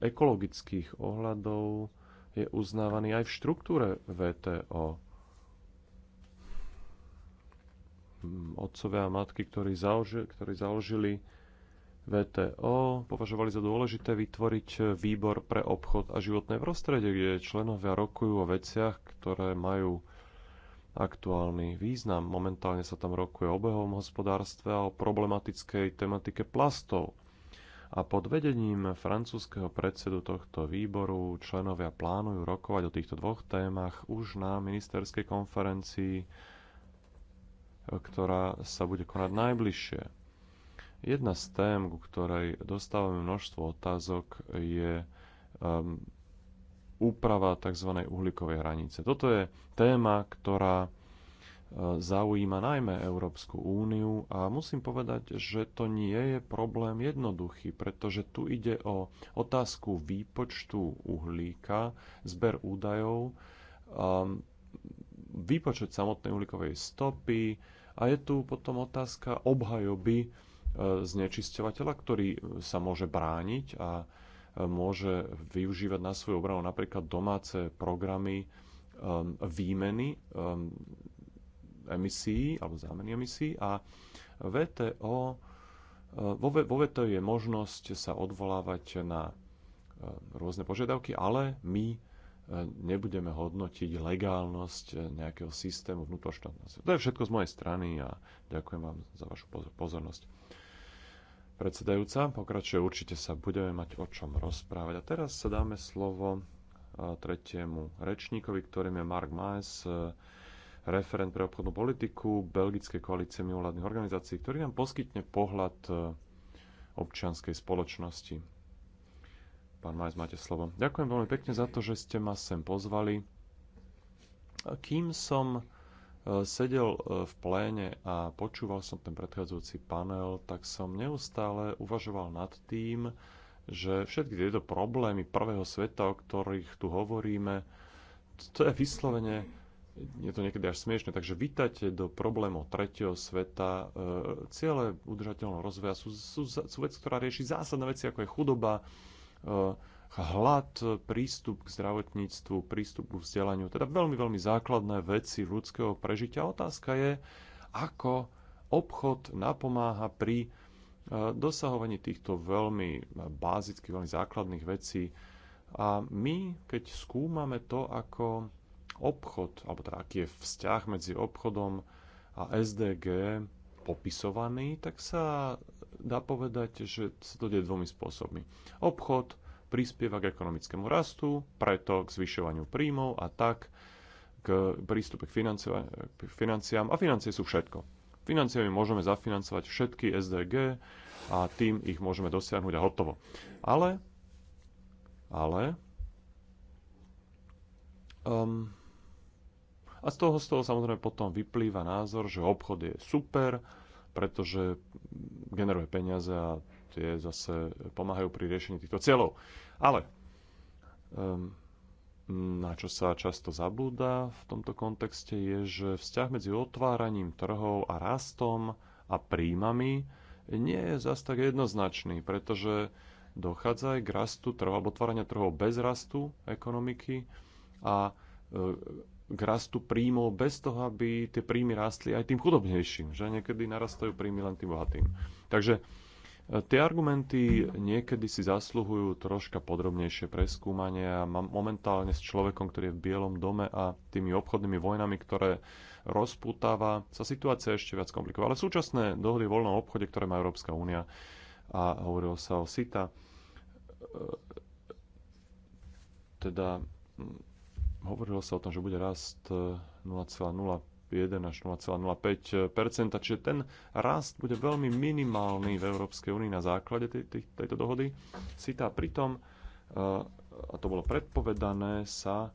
Speaker 3: ekologických ohľadov je uznávaný aj v štruktúre VTO. Otcovia a matky, ktorí, založili, ktorí založili VTO považovali za dôležité vytvoriť výbor pre obchod a životné prostredie, kde členovia rokujú o veciach, ktoré majú aktuálny význam. Momentálne sa tam rokuje o behovom hospodárstve a o problematickej tematike plastov. A pod vedením francúzského predsedu tohto výboru členovia plánujú rokovať o týchto dvoch témach už na ministerskej konferencii, ktorá sa bude konať najbližšie. Jedna z tém, ku ktorej dostávame množstvo otázok, je um, úprava tzv. uhlíkovej hranice. Toto je téma, ktorá uh, zaujíma najmä Európsku úniu a musím povedať, že to nie je problém jednoduchý, pretože tu ide o otázku výpočtu uhlíka, zber údajov, um, výpočet samotnej uhlíkovej stopy a je tu potom otázka obhajoby znečisťovateľa, ktorý sa môže brániť a môže využívať na svoju obranu napríklad domáce programy um, výmeny um, emisí alebo zámeny emisí a VTO, uh, vo VTO je možnosť sa odvolávať na uh, rôzne požiadavky, ale my uh, nebudeme hodnotiť legálnosť nejakého systému vnútroštátneho. To je všetko z mojej strany a ďakujem vám za vašu pozornosť predsedajúca. Pokračuje, určite sa budeme mať o čom rozprávať. A teraz sa dáme slovo tretiemu rečníkovi, ktorým je Mark Maes, e, referent pre obchodnú politiku Belgickej koalície mimovládnych organizácií, ktorý nám poskytne pohľad e, občianskej spoločnosti. Pán Maes, máte slovo. Ďakujem veľmi pekne za to, že ste ma sem pozvali. Kým som E, sedel e, v pléne a počúval som ten predchádzajúci panel, tak som neustále uvažoval nad tým, že všetky tieto problémy prvého sveta, o ktorých tu hovoríme, to je vyslovene, je to niekedy až smiešne, takže vítajte do problémov tretieho sveta. E, ciele udržateľného rozvoja sú, sú, sú vec, ktorá rieši zásadné veci, ako je chudoba, hlad, prístup k zdravotníctvu, prístup k vzdelaniu, teda veľmi, veľmi základné veci ľudského prežitia. Otázka je, ako obchod napomáha pri e, dosahovaní týchto veľmi bázických, veľmi základných vecí. A my, keď skúmame to, ako obchod, alebo teda aký je vzťah medzi obchodom a SDG popisovaný, tak sa dá povedať, že sa to deje dvomi spôsobmi. Obchod prispieva k ekonomickému rastu, preto k zvyšovaniu príjmov a tak k prístupe k, k financiám. A financie sú všetko. Financiami môžeme zafinancovať všetky SDG a tým ich môžeme dosiahnuť a hotovo. Ale, ale, um, a z toho, z toho samozrejme potom vyplýva názor, že obchod je super, pretože generuje peniaze a tie zase pomáhajú pri riešení týchto cieľov. Ale ehm, na čo sa často zabúda v tomto kontexte je, že vzťah medzi otváraním trhov a rastom a príjmami nie je zase tak jednoznačný, pretože dochádza aj k rastu trhu alebo otvárania trhov bez rastu ekonomiky a e, k rastu príjmov bez toho, aby tie príjmy rastli aj tým chudobnejším, že niekedy narastajú príjmy len tým bohatým. Takže Tie argumenty niekedy si zasluhujú troška podrobnejšie preskúmanie a mám momentálne s človekom, ktorý je v Bielom dome a tými obchodnými vojnami, ktoré rozputáva, sa situácia ešte viac komplikovala. Ale súčasné dohody v voľnom obchode, ktoré má Európska únia a hovorilo sa o SITA, e, teda hm, hovorilo sa o tom, že bude rast e, 0,0 1 až 0,05 čiže ten rast bude veľmi minimálny v Európskej únii na základe tej, tej, tejto dohody. SITA pritom, eh, a to bolo predpovedané, sa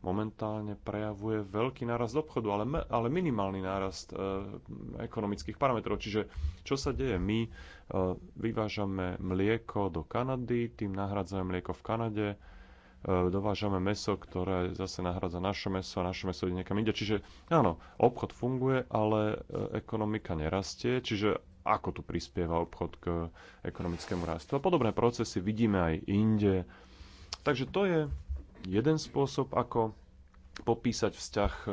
Speaker 3: momentálne prejavuje veľký nárast obchodu, ale, ale minimálny nárast e, ekonomických parametrov. Čiže čo sa deje? My e, vyvážame mlieko do Kanady, tým nahradzame mlieko v Kanade, E, dovážame meso, ktoré zase nahradza naše meso a naše meso ide niekam ide. Čiže áno, obchod funguje, ale e, ekonomika nerastie, čiže ako tu prispieva obchod k ekonomickému rastu. A podobné procesy vidíme aj inde. Takže to je jeden spôsob, ako popísať vzťah e,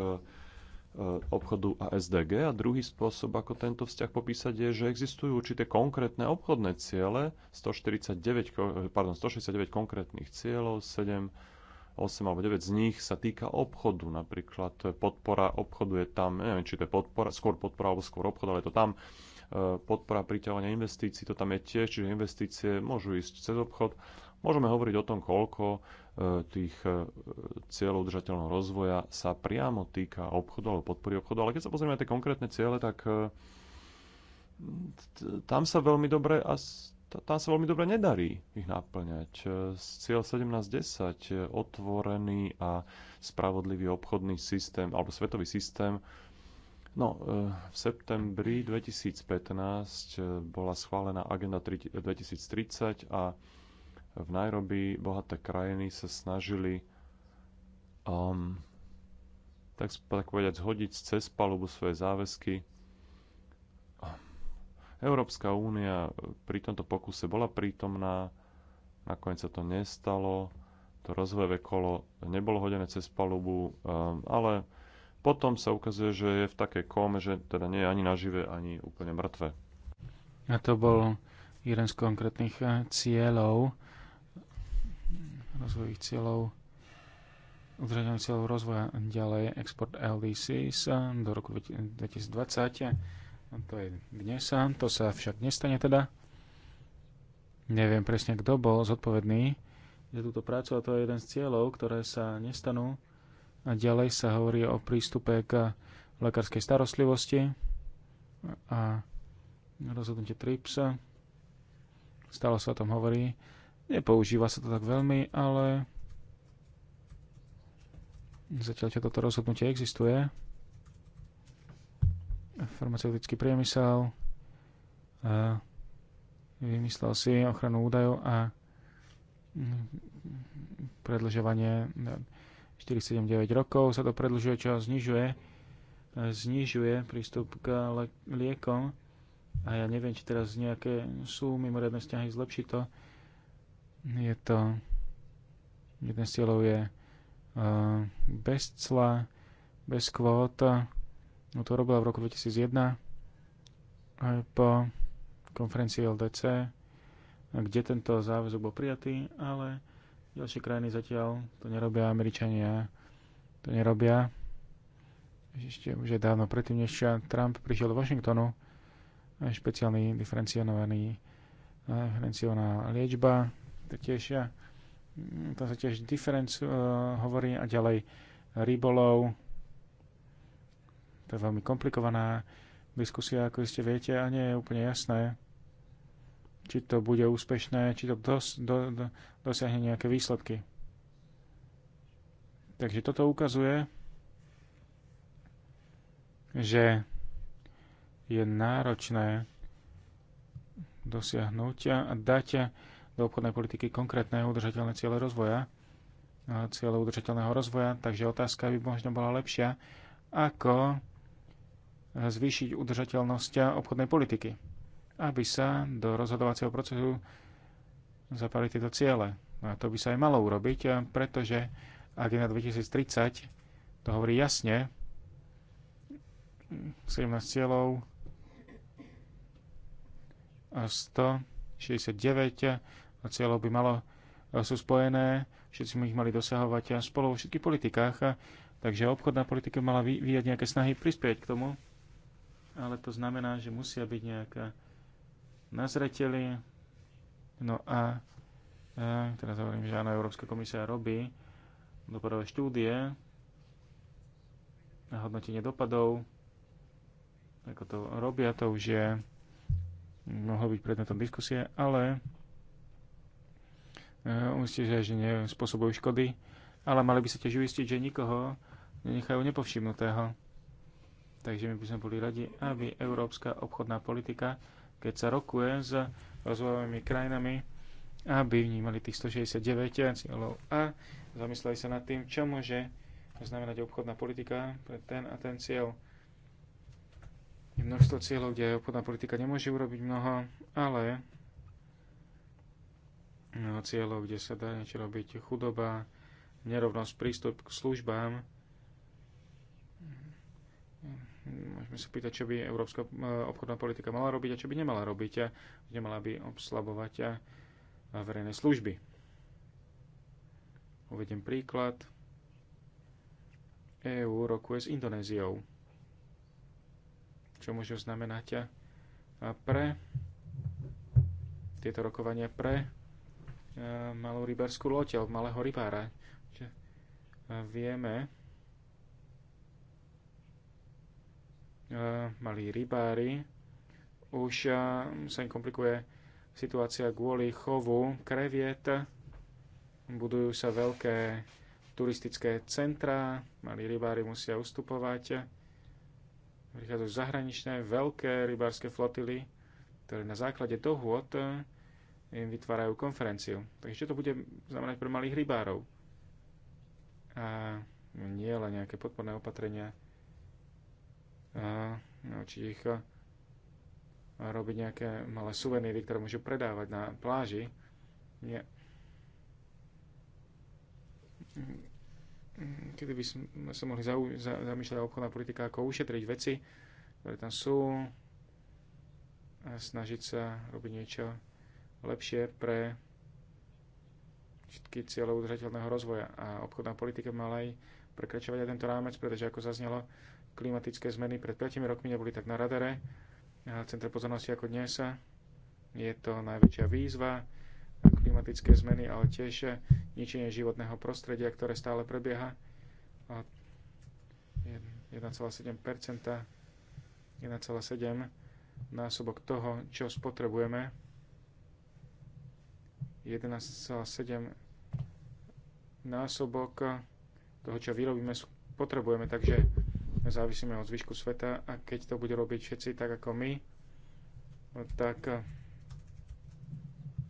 Speaker 3: E, obchodu a SDG. A druhý spôsob, ako tento vzťah popísať, je, že existujú určité konkrétne obchodné ciele, 149, e, pardon, 169 konkrétnych cieľov, 7 8 alebo 9 z nich sa týka obchodu. Napríklad podpora obchodu je tam, neviem, či to je podpora, skôr podpora alebo skôr obchod, ale je to tam e, podpora priťahovania investícií, to tam je tiež, čiže investície môžu ísť cez obchod Môžeme hovoriť o tom, koľko e, tých e, cieľov udržateľného rozvoja sa priamo týka obchodu alebo podpory obchodu, ale keď sa pozrieme na tie konkrétne ciele, tak e, tam sa veľmi dobre a tam sa veľmi dobre nedarí ich naplňať. Cieľ 1710, otvorený a spravodlivý obchodný systém, alebo svetový systém, No, v septembri 2015 bola schválená agenda 2030 a v Nairobi bohaté krajiny sa snažili um, tak, tak povedať zhodiť cez palubu svoje záväzky. Európska únia pri tomto pokuse bola prítomná, nakoniec sa to nestalo, to rozvojové kolo nebolo hodené cez palubu, um, ale potom sa ukazuje, že je v takej kóme, že teda nie je ani nažive, ani úplne mŕtve.
Speaker 1: A to bol jeden z konkrétnych eh, cieľov rozvojových cieľov udržateľných cieľov rozvoja ďalej export LDCs eh, do roku 2020. Eh, to je dnes, eh, to sa však nestane teda. Neviem presne, kto bol zodpovedný za túto prácu a to je jeden z cieľov, ktoré sa nestanú. A ďalej sa hovorí o prístupe k lekárskej starostlivosti a rozhodnutie TRIPS. Stále sa o tom hovorí Nepoužíva sa to tak veľmi, ale zatiaľ ťa toto rozhodnutie existuje, farmaceutický priemysel vymyslel si ochranu údajov a predlžovanie 479 no, rokov sa to predlžuje, čo znižuje, znižuje prístup k liekom a ja neviem, či teraz nejaké sú mimoriadne vzťahy zlepší to je to... Jeden z cieľov je eh, bez cla, bez kvót. No to robila v roku 2001 aj po konferencii LDC, kde tento záväzok bol prijatý, ale ďalšie krajiny zatiaľ to nerobia, Američania to nerobia. Ešte už je dávno predtým, než Trump prišiel do Washingtonu, špeciálny diferenciovaný eh, diferenciovaná liečba to tiež, eh, to sa tiež uh, hovorí a ďalej rybolov. To je veľmi komplikovaná diskusia, ako ste viete, a nie je úplne jasné, či to bude úspešné, či to dos, do, do, dosiahne nejaké výsledky. Takže toto ukazuje, že je náročné dosiahnuť a dať do obchodnej politiky konkrétne udržateľné ciele rozvoja, ciele udržateľného rozvoja, takže otázka by možno bola lepšia, ako zvýšiť udržateľnosť obchodnej politiky, aby sa do rozhodovacieho procesu zapali tieto ciele. a to by sa aj malo urobiť, pretože Agenda 2030 to hovorí jasne, 17 cieľov a 169 cieľov by malo, e, sú spojené, všetci sme ich mali dosahovať a spolu vo všetkých politikách. A, takže obchodná politika mala vyjať nejaké snahy prispieť k tomu, ale to znamená, že musia byť nejaká nazreteli. No a, a e, teraz hovorím, že áno, Európska komisia robí dopadové štúdie na hodnotenie dopadov, ako to robia, to už je mohlo byť predmetom diskusie, ale Eh, uistiť, že nespôsobujú škody, ale mali by sa tiež uistiť, že nikoho nenechajú nepovšimnutého. Takže my by sme boli radi, aby európska obchodná politika, keď sa rokuje s rozvojovými krajinami, aby vnímali tých 169 cieľov a zamysleli sa nad tým, čo môže znamenať obchodná politika pre ten a ten cieľ. Je množstvo cieľov, kde obchodná politika nemôže urobiť mnoho, ale No, cieľov, kde sa dá niečo robiť. Chudoba, nerovnosť, prístup k službám. Môžeme sa pýtať, čo by európska e, obchodná politika mala robiť a čo by nemala robiť a nemala by obslabovať a verejné služby. Uvediem príklad. EÚ rokuje s Indonéziou, čo môže znamenať pre tieto rokovania pre Eh, malú rybárskú alebo malého rybára. Eh, vieme, eh, malí rybári, už sa im komplikuje situácia kvôli chovu kreviet, budujú sa veľké turistické centrá, malí rybári musia ustupovať, prichádzajú zahraničné veľké rybárske flotily, ktoré na základe dohôd im vytvárajú konferenciu. Takže čo to bude znamenať pre malých rybárov? A nie len nejaké podporné opatrenia, a naučiť no, ich robiť nejaké malé suveníry, ktoré môžu predávať na pláži. Nie. Kedy by sme sa mohli zamýšľať obchodná politika, ako ušetriť veci, ktoré tam sú, a snažiť sa robiť niečo lepšie pre všetky cieľe udržateľného rozvoja. A obchodná politika mala aj prekračovať aj tento rámec, pretože ako zaznelo, klimatické zmeny pred 5 rokmi neboli tak na radare a centre pozornosti ako dnes. Je to najväčšia výzva klimatické zmeny, ale tiež ničenie životného prostredia, ktoré stále prebieha. 1,7 1,7 násobok toho, čo spotrebujeme 11,7 násobok toho, čo vyrobíme, potrebujeme, takže závisíme od zvyšku sveta a keď to budú robiť všetci tak ako my, no tak eh,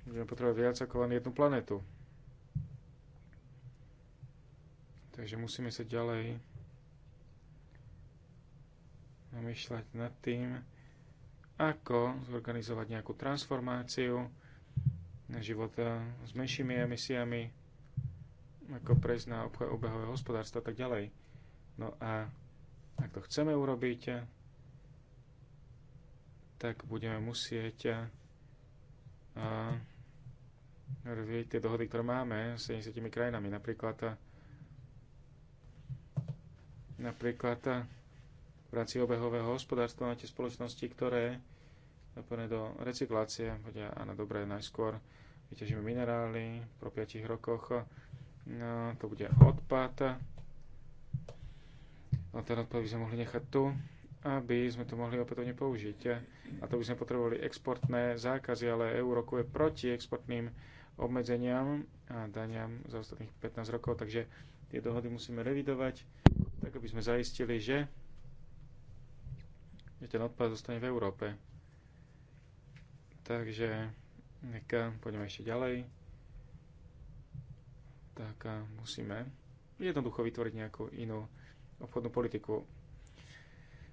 Speaker 1: budeme potrebovať viac ako len jednu planetu. Takže musíme sa ďalej namýšľať nad tým, ako zorganizovať nejakú transformáciu, života e, s menšími emisiami, ako prejsť na obchod obehové hospodárstva a tak ďalej. No a ak to chceme urobiť, e, tak budeme musieť e, rozvieť tie dohody, ktoré máme s 70 krajinami. Napríklad, napríklad v rámci obehového hospodárstva máte spoločnosti, ktoré zapojené do recyklácie. Bude, áno, dobré, najskôr vyťažíme minerály po 5 rokoch. No, to bude odpad. No, ten odpad by sme mohli nechať tu, aby sme to mohli opätovne použiť. A to by sme potrebovali exportné zákazy, ale EU rokuje proti exportným obmedzeniam a daniam za ostatných 15 rokov, takže tie dohody musíme revidovať, tak aby sme zaistili, že, že ten odpad zostane v Európe. Takže neka, poďme ešte ďalej. Tak musíme jednoducho vytvoriť nejakú inú obchodnú politiku.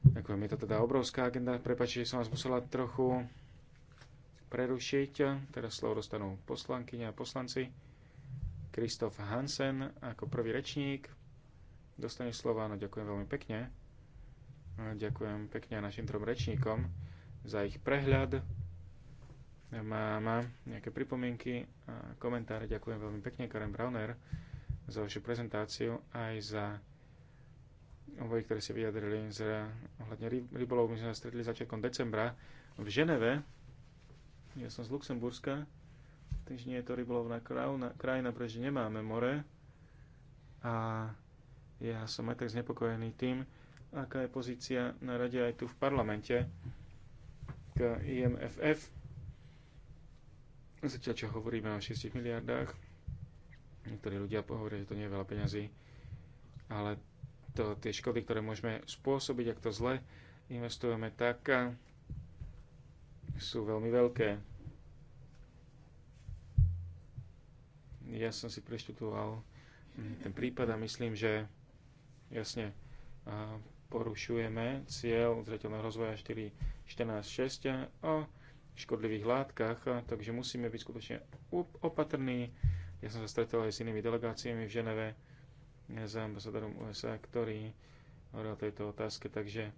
Speaker 1: Ďakujem, je to teda obrovská agenda. Prepačte, že som vás musela trochu prerušiť. Teraz slovo dostanú poslankyne a poslanci. Kristof Hansen ako prvý rečník. Dostane slovo, áno, ďakujem veľmi pekne. Ďakujem pekne našim trom rečníkom za ich prehľad má, má nejaké pripomienky a komentáre. Ďakujem veľmi pekne, Karen Browner, za vašu prezentáciu aj za obojí, ktoré ste vyjadrili z, ohľadne rybolov. My sme sa stretli začiatkom decembra v Ženeve. Ja som z Luxemburska, takže nie je to rybolovná krajina, krajina pretože nemáme more. A ja som aj tak znepokojený tým, aká je pozícia na rade aj tu v parlamente k IMFF Zatiaľ, čo hovoríme o 6 miliardách, niektorí ľudia pohovoria, že to nie je veľa peňazí, ale to, tie škody, ktoré môžeme spôsobiť, ak to zle investujeme, tak eh, sú veľmi veľké. Ja som si preštudoval hm, ten prípad a myslím, že jasne eh, porušujeme cieľ zreteľného rozvoja 4.14.6 o škodlivých látkach, takže musíme byť skutočne opatrní. Ja som sa stretol aj s inými delegáciami v Ženeve, s ambasadorom USA, ktorý hovoril o tejto otázke, takže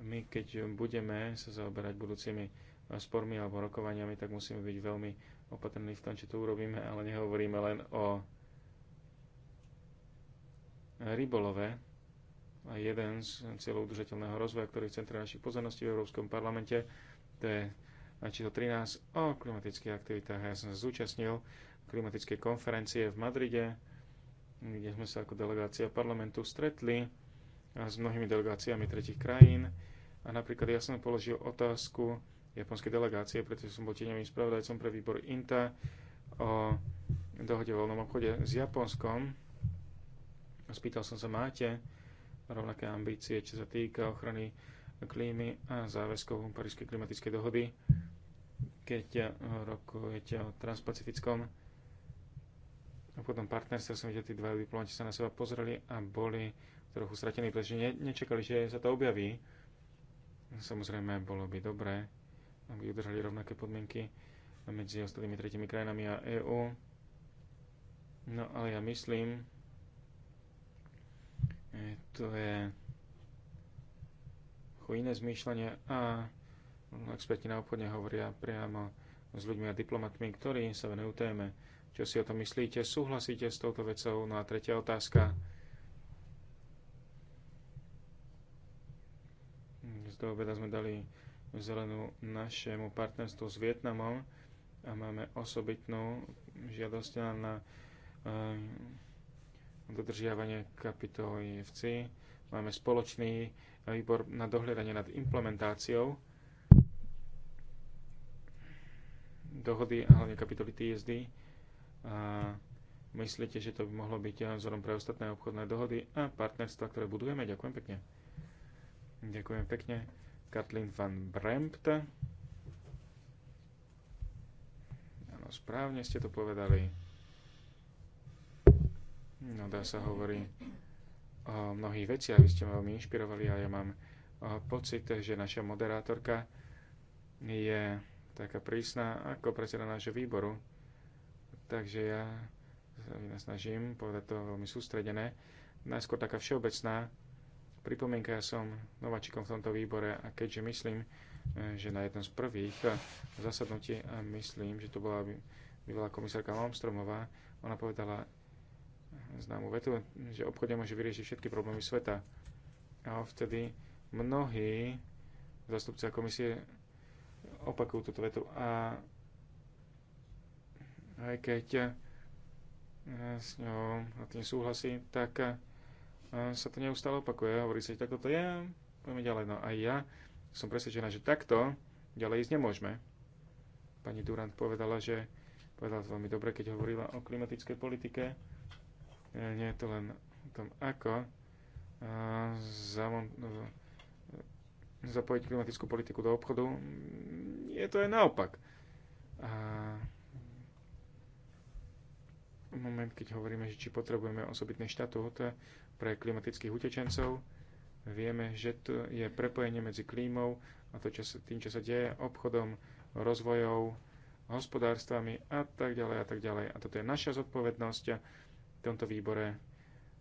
Speaker 1: my keď budeme sa zaoberať budúcimi spormi alebo rokovaniami, tak musíme byť veľmi opatrní v tom, čo to urobíme, ale nehovoríme len o rybolove. A jeden z cieľov udržateľného rozvoja, ktorý je v centre našich pozorností v Európskom parlamente, to je číslo 13 o klimatických aktivitách. Ja som zúčastnil klimatickej konferencie v Madride, kde sme sa ako delegácia parlamentu stretli s mnohými delegáciami tretich krajín. A napríklad ja som položil otázku japonskej delegácie, pretože som bol tieňovým spravodajcom pre výbor INTA o dohode o voľnom obchode s Japonskom. Spýtal som sa, máte rovnaké ambície, čo sa týka ochrany klímy a záväzkov Parískej klimatickej dohody keď rokujete o transpacifickom A potom partnerstve, som videl, tí dva diplomati sa na seba pozreli a boli trochu stratení, pretože ne, nečakali, že sa to objaví. Samozrejme, bolo by dobré, aby udržali rovnaké podmienky medzi ostatnými tretimi krajinami a EÚ. No ale ja myslím, e, to je iné zmýšľanie a experti na obchodne hovoria priamo s ľuďmi a diplomatmi, ktorí sa venujú téme. Čo si o tom myslíte? Súhlasíte s touto vecou? No a tretia otázka. Z toho obeda sme dali zelenú našemu partnerstvu s Vietnamom a máme osobitnú žiadosť na eh, dodržiavanie kapitoly FC. Máme spoločný výbor na dohľadanie nad implementáciou dohody a hlavne kapitoly TSD. A myslíte, že to by mohlo byť vzorom pre ostatné obchodné dohody a partnerstva, ktoré budujeme? Ďakujem pekne. Ďakujem pekne. Katlin van Brempt. Áno, správne ste to povedali. No dá sa hovorí o mnohých veciach, vy ste ma veľmi inšpirovali a ja mám pocit, že naša moderátorka je taká prísna ako predseda nášho výboru. Takže ja sa snažím povedať to veľmi sústredené. Najskôr taká všeobecná pripomienka, ja som nováčikom v tomto výbore a keďže myslím, eh, že na jednom z prvých eh, zasadnutí, a myslím, že to bola bývalá komisárka Malmstromová, ona povedala známu vetu, že obchod môže vyriešiť všetky problémy sveta. A vtedy mnohí zastupcia komisie opakujú túto vetu. A aj keď e, s ňou na tým súhlasí, tak e, sa to neustále opakuje. Hovorí že takto to je, poďme ďalej. No aj ja som presvedčená, že takto ďalej ísť nemôžeme. Pani Durant povedala, že povedala to veľmi dobre, keď hovorila o klimatickej politike. E, nie je to len o tom, ako zapojiť klimatickú politiku do obchodu. Je to aj naopak. A moment, keď hovoríme, že či potrebujeme osobitný štatút pre klimatických utečencov, vieme, že to je prepojenie medzi klímou a to, čo sa, tým, čo sa deje, obchodom, rozvojov, hospodárstvami a tak ďalej a tak ďalej. A toto je naša zodpovednosť v tomto výbore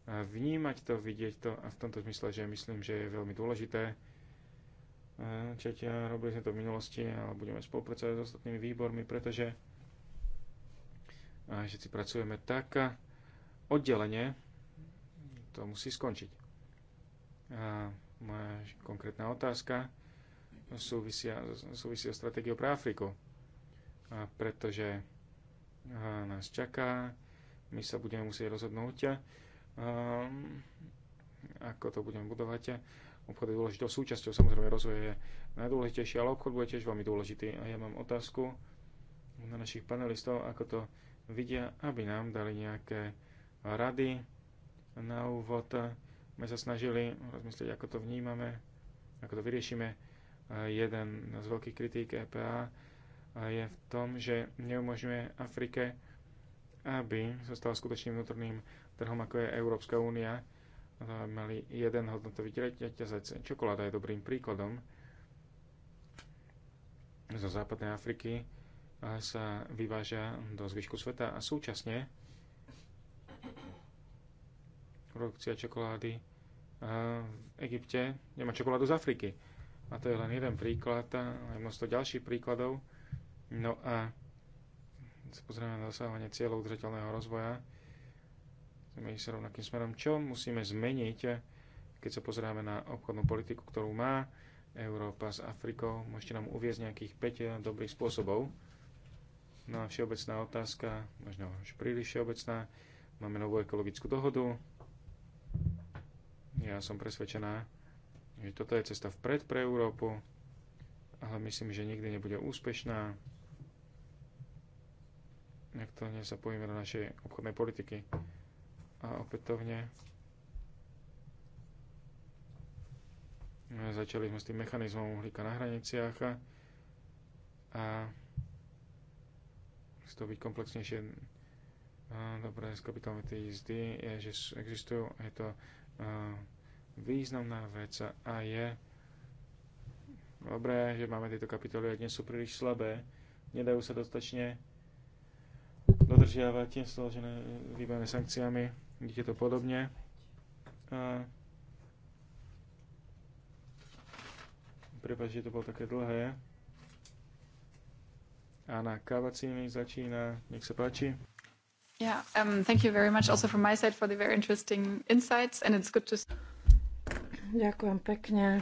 Speaker 1: vnímať to, vidieť to a v tomto zmysle, že myslím, že je veľmi dôležité čiť eh, robili sme to v minulosti, a budeme spolupracovať s ostatnými výbormi, pretože eh, všetci pracujeme tak eh, oddelenie, to musí skončiť. A moja konkrétna otázka súvisia, súvisia stratégiu pre Afriku. A pretože a nás čaká, my sa budeme musieť rozhodnúť, a, ako to budeme budovať. Obchod je dôležitou súčasťou, samozrejme rozvoj je najdôležitejší, ale obchod bude tiež veľmi dôležitý. A ja mám otázku na našich panelistov, ako to vidia, aby nám dali nejaké rady na úvod. My sa snažili rozmyslieť, ako to vnímame, ako to vyriešime. Jeden z veľkých kritík EPA je v tom, že neumožňuje Afrike, aby sa stala skutočným vnútorným trhom, ako je Európska únia mali jeden hodnotový reťazec. Čokoláda je dobrým príkladom. Zo západnej Afriky sa vyváža do zvyšku sveta a súčasne produkcia čokolády v Egypte nemá čokoládu z Afriky. A to je len jeden príklad, je množstvo ďalších príkladov. No a sa pozrieme na dosahovanie cieľov udržateľného rozvoja my sa rovnakým smerom. Čo musíme zmeniť, keď sa pozeráme na obchodnú politiku, ktorú má Európa s Afrikou? Môžete nám uviezť nejakých 5 dobrých spôsobov. No a všeobecná otázka, možno už príliš všeobecná. Máme novú ekologickú dohodu. Ja som presvedčená, že toto je cesta vpred pre Európu, ale myslím, že nikdy nebude úspešná ak to nezapojíme do našej obchodnej politiky a opätovne začali sme s tým mechanizmom uhlíka na hraniciach a, a to byť komplexnejšie dobre z kapitálnej jízdy je, že existujú, je to významná vec a je dobré, že máme tieto kapitoly a dnes sú príliš slabé, nedajú sa dostačne dodržiavať, složené vybavené sankciami vidíte to podobne. Prepač, že to bolo také dlhé. Anna Kavacini začína, nech sa páči.
Speaker 2: Yeah, um, thank you very much also from my side for the very interesting insights and it's good to... Ďakujem pekne.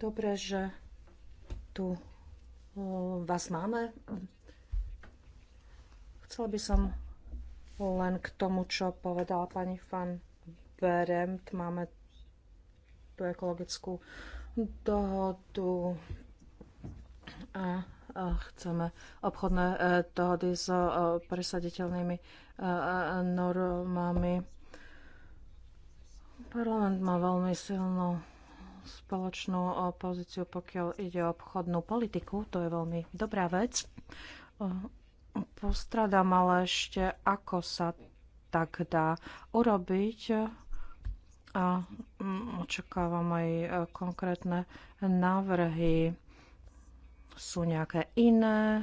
Speaker 2: Dobre, že tu uh, vás máme. Chcela by som len k tomu, čo povedala pani Fan Beremt, máme tú ekologickú dohodu a chceme obchodné e, dohody s e, presaditeľnými e, normami. Parlament má veľmi silnú spoločnú pozíciu, pokiaľ ide o obchodnú politiku. To je veľmi dobrá vec postradám, ale ešte ako sa tak dá urobiť. A mm, očakávam aj e, konkrétne návrhy. Sú nejaké iné e,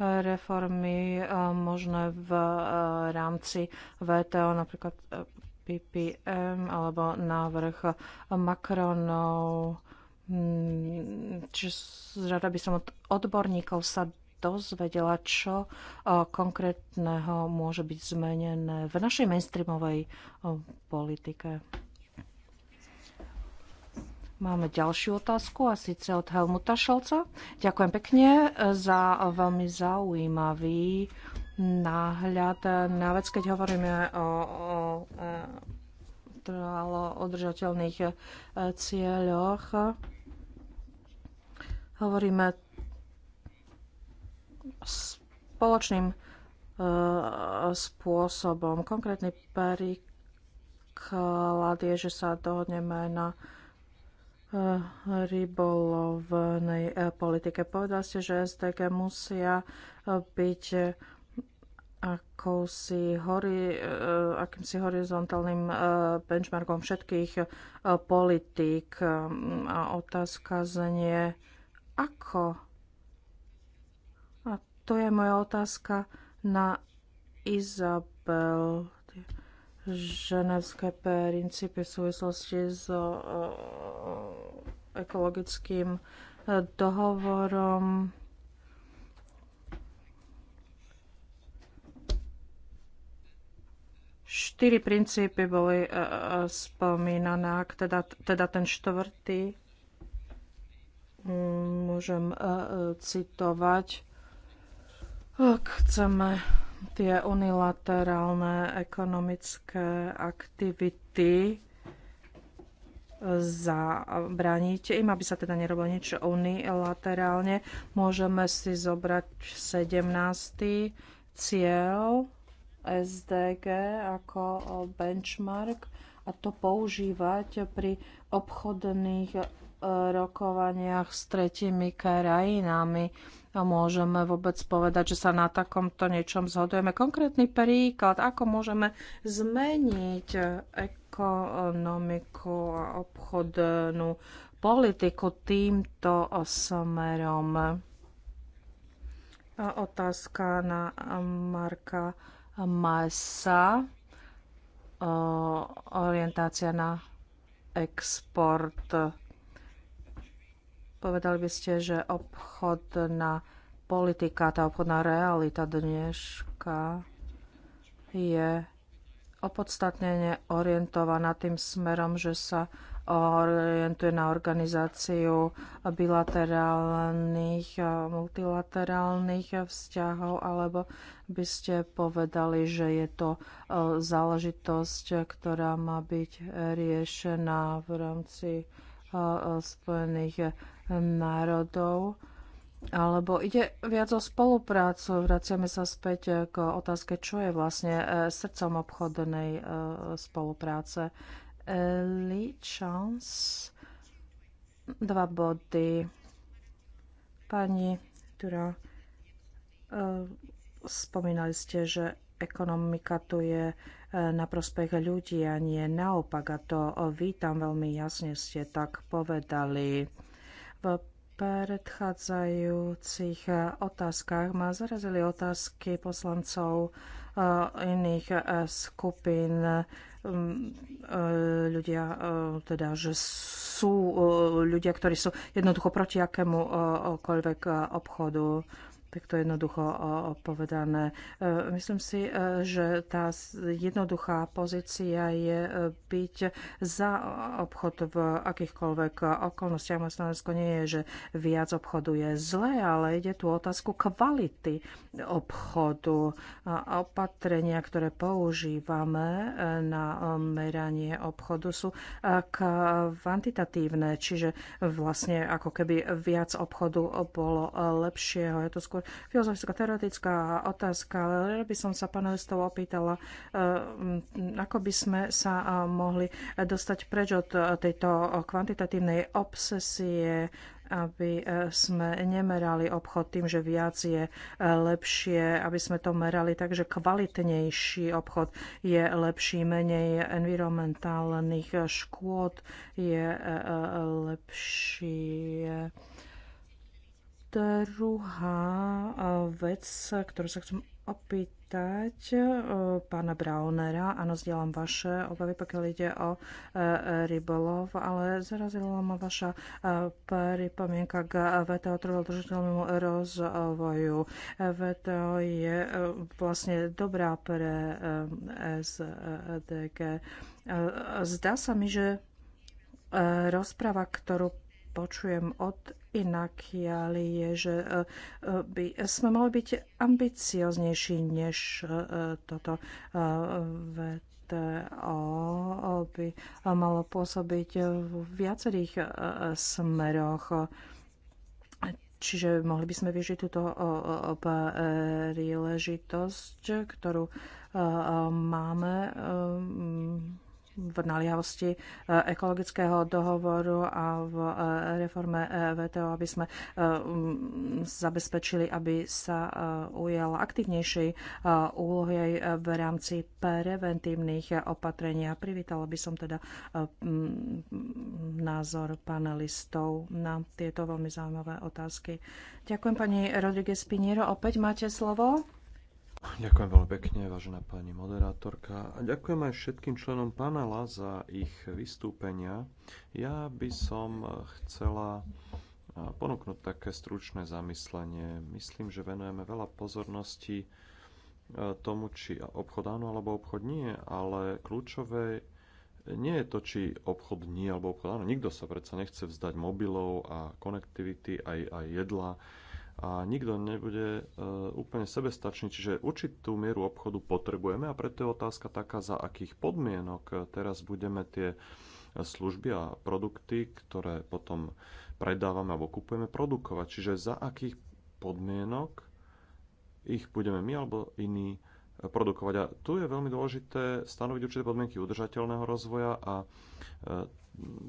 Speaker 2: reformy e, možné v rámci VTO, napríklad PPM alebo návrh Macronov. Mm, čiže rada by som od odborníkov sa dozvedela, čo konkrétneho môže byť zmenené v našej mainstreamovej politike. Máme ďalšiu otázku a síce od Helmuta Šolca. Ďakujem pekne e, za veľmi zaujímavý náhľad na vec, keď hovoríme o, o e, trvalo udržateľných e, cieľoch. Hovoríme spoločným e, spôsobom. Konkrétny príklad je, že sa dohodneme na e, rybolovnej e, politike. Povedal ste, že SDG musia byť akousi hori, akýmsi horizontálnym benchmarkom všetkých politík. A otázka znie, ako to je moja otázka na Izabel. Ženevské princípy v súvislosti s eh, ekologickým eh, dohovorom. Štyri princípy boli eh, spomínané, ak teda, teda ten štvrtý mm, môžem citovať ak chceme tie unilaterálne ekonomické aktivity zabraniť im, aby sa teda nerobilo nič unilaterálne. Môžeme si zobrať 17. cieľ SDG ako benchmark a to používať pri obchodných rokovaniach s tretimi krajinami a môžeme vôbec povedať, že sa na takomto niečom zhodujeme. Konkrétny príklad, ako môžeme zmeniť ekonomiku a obchodnú politiku týmto smerom. A otázka na Marka Masa. Orientácia na export Povedali by ste, že obchodná politika, tá obchodná realita dneška je opodstatnene orientovaná tým smerom, že sa orientuje na organizáciu bilaterálnych a multilaterálnych vzťahov, alebo by ste povedali, že je to e, záležitosť, ktorá má byť riešená v rámci e, e, Spojených národov. Alebo ide viac o spoluprácu. Vraciame sa späť eh, k otázke, čo je vlastne eh, srdcom obchodnej eh, spolupráce. Lee Chance. Dva body. Pani, ktorá spomínali ste, že ekonomika tu je na prospech ľudí a nie naopak. A to vítam veľmi jasne ste tak povedali. V predchádzajúcich eh, otázkach ma zarazili otázky poslancov eh, iných eh, skupín. Mm, ľudia, teda, že sú ľudia, ktorí sú jednoducho proti akémukoľvek obchodu. Tak to jednoducho povedané. E, myslím si, e, že tá jednoduchá pozícia je e, byť za obchod v akýchkoľvek okolnostiach. Slovensko nie je, že viac obchodu je zlé, ale ide tu o otázku kvality obchodu a opatrenia, ktoré používame na meranie obchodu sú kvantitatívne, čiže vlastne ako keby viac obchodu bolo lepšieho. Je to skôr skôr filozofická, teoretická otázka, ale by som sa panelistov opýtala, e, ako by sme sa e, mohli dostať preč od e, tejto kvantitatívnej obsesie aby sme nemerali obchod tým, že viac je lepšie, aby sme to merali tak, že kvalitnejší obchod je lepší, menej environmentálnych škôd je lepšie Druhá e, vec, ktorú sa chcem opýtať e, pána Braunera. Áno, zdieľam vaše obavy, pokiaľ ide o e, rybolov, ale zarazila ma vaša pripomienka k VTO držiteľnému rozvoju. VTO je vlastne dobrá pre SDG. Zdá sa mi, že rozpráva, ktorú počujem od inakiali je, že e, e, by sme mohli byť ambicioznejší než e, toto VTO by malo pôsobiť v viacerých smeroch. Čiže mohli by sme vyžiť túto príležitosť, ktorú máme pod naliehavosti e, ekologického dohovoru a v e, reforme e, VTO, aby sme zabezpečili, aby sa ujala aktívnejšej úlohy aj v rámci preventívnych opatrení. A privítala by som teda názor panelistov na tieto veľmi zaujímavé otázky. Ďakujem pani Rodriguez Piniero. Opäť máte slovo. Ďakujem
Speaker 3: veľmi pekne, vážená pani moderátorka. A ďakujem aj všetkým členom panela za ich vystúpenia. Ja by som chcela ponúknuť také stručné zamyslenie. Myslím, že venujeme veľa pozornosti e, tomu, či obchod áno alebo obchod nie, ale kľúčové nie je to, či obchod nie alebo obchod áno. Nikto sa predsa nechce vzdať mobilov a konektivity, aj, aj jedla a nikto nebude e, úplne sebestačný, čiže určitú mieru obchodu potrebujeme a preto je otázka taká, za akých podmienok teraz budeme tie služby a produkty, ktoré potom predávame alebo kupujeme, produkovať. Čiže za akých podmienok ich budeme my alebo iní e, produkovať. A tu je veľmi dôležité stanoviť určité podmienky udržateľného rozvoja a e,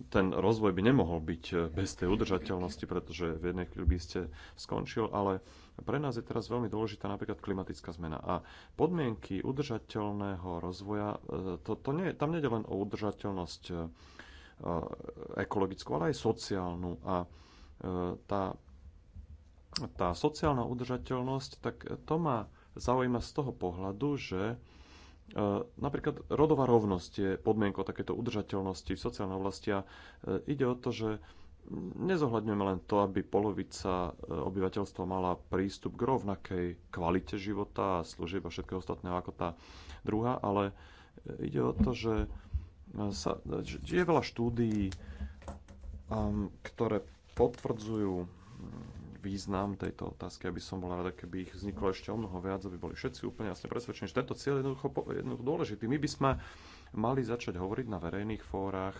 Speaker 3: ten rozvoj by nemohol byť e, bez tej udržateľnosti, pretože v jednej chvíli by ste skončil, ale pre nás je teraz veľmi dôležitá napríklad klimatická zmena. A podmienky udržateľného rozvoja, e, to, to nie, tam nie je len o udržateľnosť e, ekologickú, ale aj sociálnu. A tá, tá sociálna udržateľnosť, tak to ma zaujíma z toho pohľadu, že E, napríklad rodová rovnosť je podmienkou takéto udržateľnosti v sociálnej oblasti a e, ide o to, že nezohľadňujeme len to, aby polovica e, obyvateľstva mala prístup k rovnakej kvalite života a služieb a všetkého ostatného ako tá druhá, ale ide o to, že, sa, že je veľa štúdií, ktoré potvrdzujú význam tejto otázky, aby som bol rada, keby ich vzniklo ešte o mnoho viac, aby boli všetci úplne jasne presvedčení, že tento cieľ je jednoducho, jednoducho dôležitý. My by sme mali začať hovoriť na verejných fórach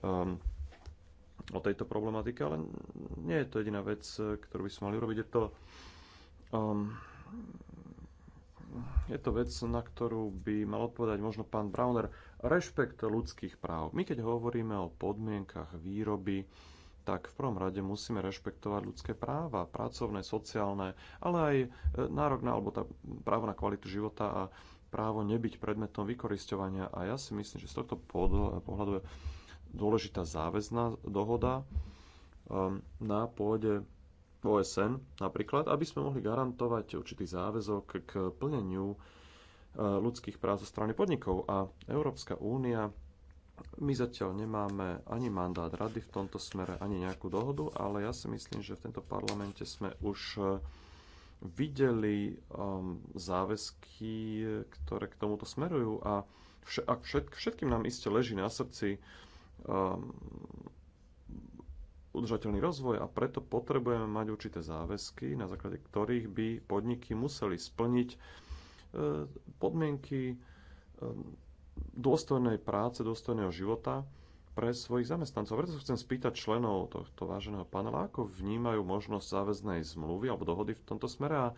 Speaker 3: um, o tejto problematike, ale nie je to jediná vec, ktorú by sme mali urobiť. Je to, um, je to vec, na ktorú by mal odpovedať možno pán Browner. Rešpekt ľudských práv. My keď hovoríme o podmienkach výroby, tak v prvom rade musíme rešpektovať ľudské práva, pracovné, sociálne, ale aj e, nárok na, alebo tá, právo na kvalitu života a právo nebyť predmetom vykoristovania. A ja si myslím, že z tohto pohľadu je dôležitá záväzná dohoda e, na pôde OSN napríklad, aby sme mohli garantovať určitý záväzok k plneniu e, ľudských práv zo strany podnikov. A Európska únia my zatiaľ nemáme ani mandát rady v tomto smere, ani nejakú dohodu, ale ja si myslím, že v tento parlamente sme už e, videli um, záväzky, ktoré k tomuto smerujú a, všetkým nám iste leží na srdci um, udržateľný rozvoj a preto potrebujeme mať určité záväzky, na základe ktorých by podniky museli splniť e, podmienky um, dôstojnej práce, dôstojného života pre svojich zamestnancov. Preto sa chcem spýtať členov tohto váženého panela, ako vnímajú možnosť záväznej zmluvy alebo dohody v tomto smere a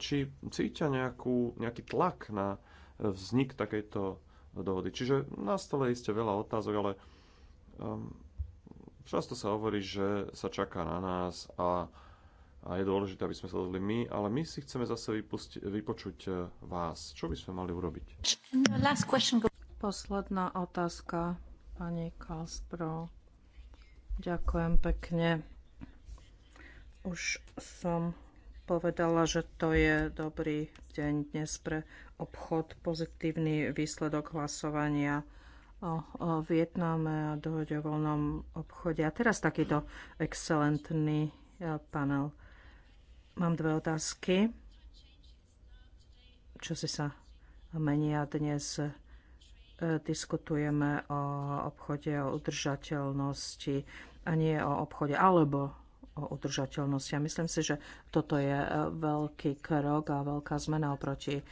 Speaker 3: či cítia nejakú, nejaký tlak na vznik takejto dohody. Čiže na stole iste veľa otázok, ale um, často sa hovorí, že sa čaká na nás a a je dôležité, aby sme sa dohodli my, ale my si chceme zase vypusti- vypočuť e, vás. Čo by sme mali urobiť?
Speaker 2: Posledná otázka, pani Kalspro. Ďakujem pekne. Už som povedala, že to je dobrý deň dnes pre obchod, pozitívny výsledok hlasovania o, o Vietname a dohode o voľnom obchode. A teraz takýto excelentný e, panel. Mám dve otázky. Čo si sa menia dnes? E, diskutujeme o obchode, o udržateľnosti a nie o obchode. Alebo o udržateľnosti. A myslím si, že toto je e, veľký krok a veľká zmena oproti e,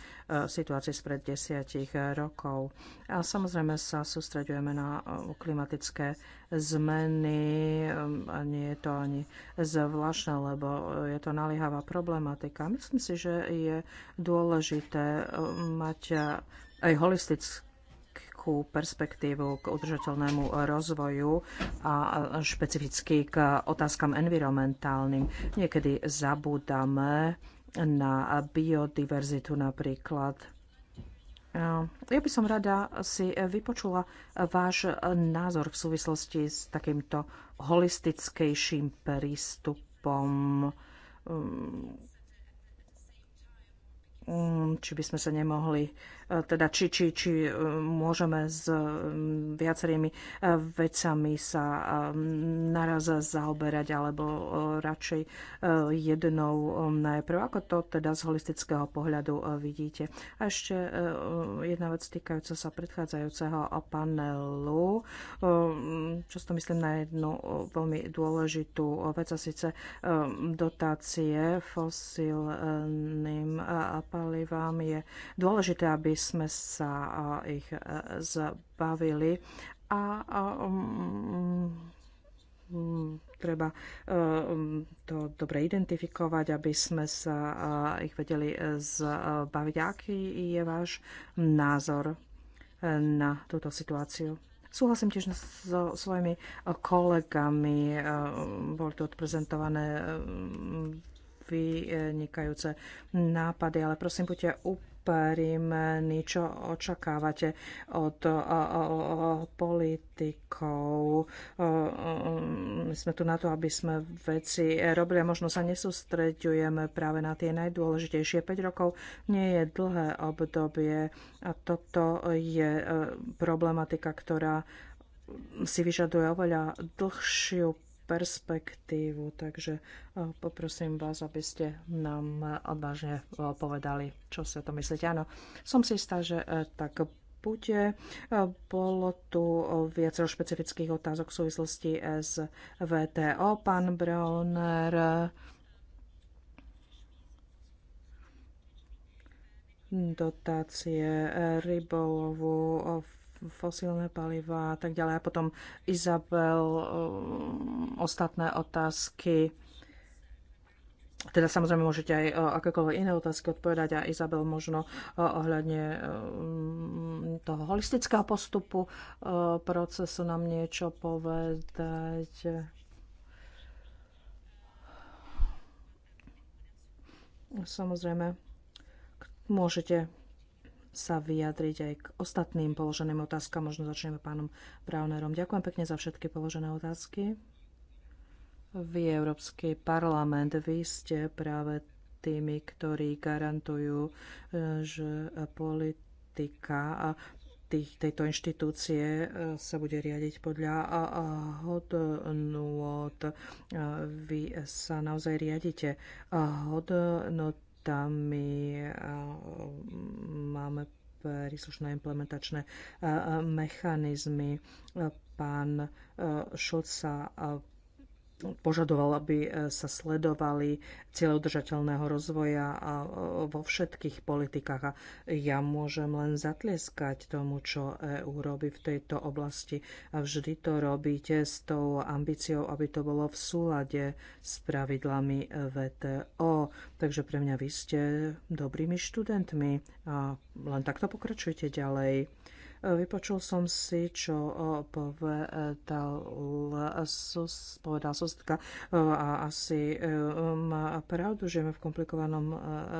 Speaker 2: situácii spred desiatich rokov. A samozrejme sa sústreďujeme na e, klimatické zmeny. Nie je to ani zvláštne, lebo je to naliehavá problematika. Myslím si, že je dôležité mať aj holistické takú perspektívu k udržateľnému rozvoju a špecificky k otázkam environmentálnym. Niekedy zabúdame na biodiverzitu napríklad. Ja by som rada si vypočula váš názor v súvislosti s takýmto holistickejším prístupom Mm, či by sme sa nemohli, e, teda či, či, či e, môžeme s e, viacerými vecami sa naraz zaoberať, alebo radšej jednou najprv. Ako to teda z holistického pohľadu vidíte? A ešte jedna vec týkajúca sa predchádzajúceho panelu. Často myslím na jednu veľmi dôležitú vec, a síce dotácie fosilným biopalivám je dôležité, aby sme sa ich e, zbavili a, um, um, treba e, um, to dobre identifikovať, aby sme sa ich vedeli e, zbaviť. Aký je váš názor na túto situáciu? Súhlasím tiež so svojimi kolegami. Boli tu odprezentované vynikajúce nápady, ale prosím, buďte úprimní, čo očakávate od politikov. My sme tu na to, aby sme veci robili a možno sa nesústreďujeme práve na tie najdôležitejšie. 5 rokov nie je dlhé obdobie a toto je e, problematika, ktorá si vyžaduje oveľa dlhšiu perspektívu. Takže e, poprosím vás, aby ste nám odvážne e, povedali, čo si o to myslíte. Áno, som si istá, že e, tak bude. Bolo tu viacero špecifických otázok v súvislosti s VTO. Pán Brauner, dotácie rybolovu fosílne paliva a tak ďalej. A potom Izabel, um, ostatné otázky. Teda samozrejme môžete aj uh, akékoľvek iné otázky odpovedať a Izabel možno uh, ohľadne um, toho holistického postupu uh, procesu nám niečo povedať. Samozrejme, môžete sa vyjadriť aj k ostatným položeným otázkam. Možno začneme pánom Braunerom. Ďakujem pekne za všetky položené otázky. Vy, Európsky parlament, vy ste práve tými, ktorí garantujú, e, že politika a tých, tejto inštitúcie e, sa bude riadiť podľa hodnot. E, vy sa naozaj riadite hodnot tam my máme príslušné implementačné mechanizmy. Pán Šulc sa požadoval, aby e, sa sledovali cieľe udržateľného rozvoja a e, vo všetkých politikách. A ja môžem len zatlieskať tomu, čo EÚ robí v tejto oblasti. A vždy to robíte s tou ambíciou, aby to bolo v súlade s pravidlami VTO. Takže pre mňa vy ste dobrými študentmi. A len takto pokračujte ďalej. Vypočul som si, čo eh, povedal, eh, povedal sostka eh, a asi má pravdu, že v komplikovanom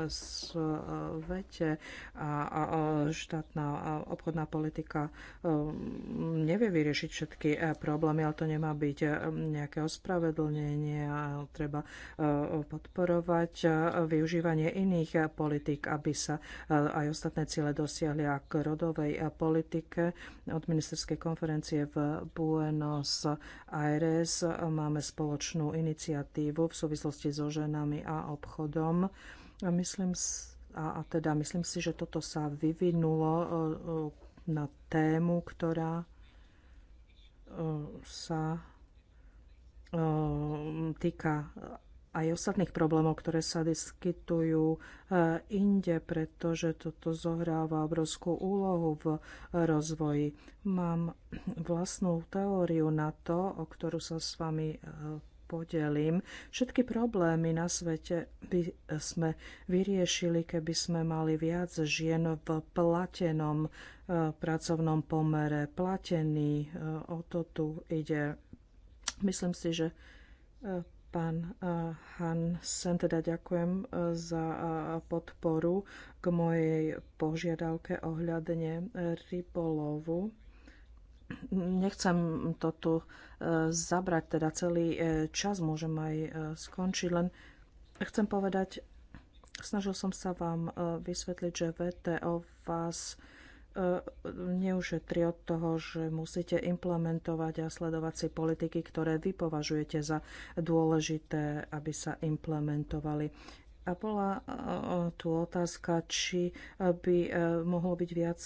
Speaker 2: svete a štátna obchodná politika nevie vyriešiť všetky problémy, ale to nemá byť nejaké ospravedlnenie a treba podporovať využívanie iných politik, aby sa aj ostatné ciele dosiahli a k rodovej politike politike od ministerskej konferencie v Buenos Aires. Máme spoločnú iniciatívu v súvislosti so ženami a obchodom. Myslím, a, a teda myslím si, že toto sa vyvinulo na tému, ktorá sa týka aj ostatných problémov, ktoré sa diskutujú e, inde, pretože toto zohráva obrovskú úlohu v rozvoji. Mám vlastnú teóriu na to, o ktorú sa s vami e, podelím. Všetky problémy na svete by sme vyriešili, keby sme mali viac žien v platenom e, pracovnom pomere. Platený, o to tu ide. Myslím si, že Pán eh, Hansen, teda ďakujem eh, za eh, podporu k mojej požiadavke ohľadne rybolovu. Nechcem to tu zabrať, teda celý čas môžem aj skončiť, len chcem povedať, snažil som sa vám vysvetliť, že VTO vás E, neušetri od toho, že musíte implementovať a sledovať si politiky, ktoré vy považujete za dôležité, aby sa implementovali. A bola e, e, tu otázka, či e, by mohlo byť viac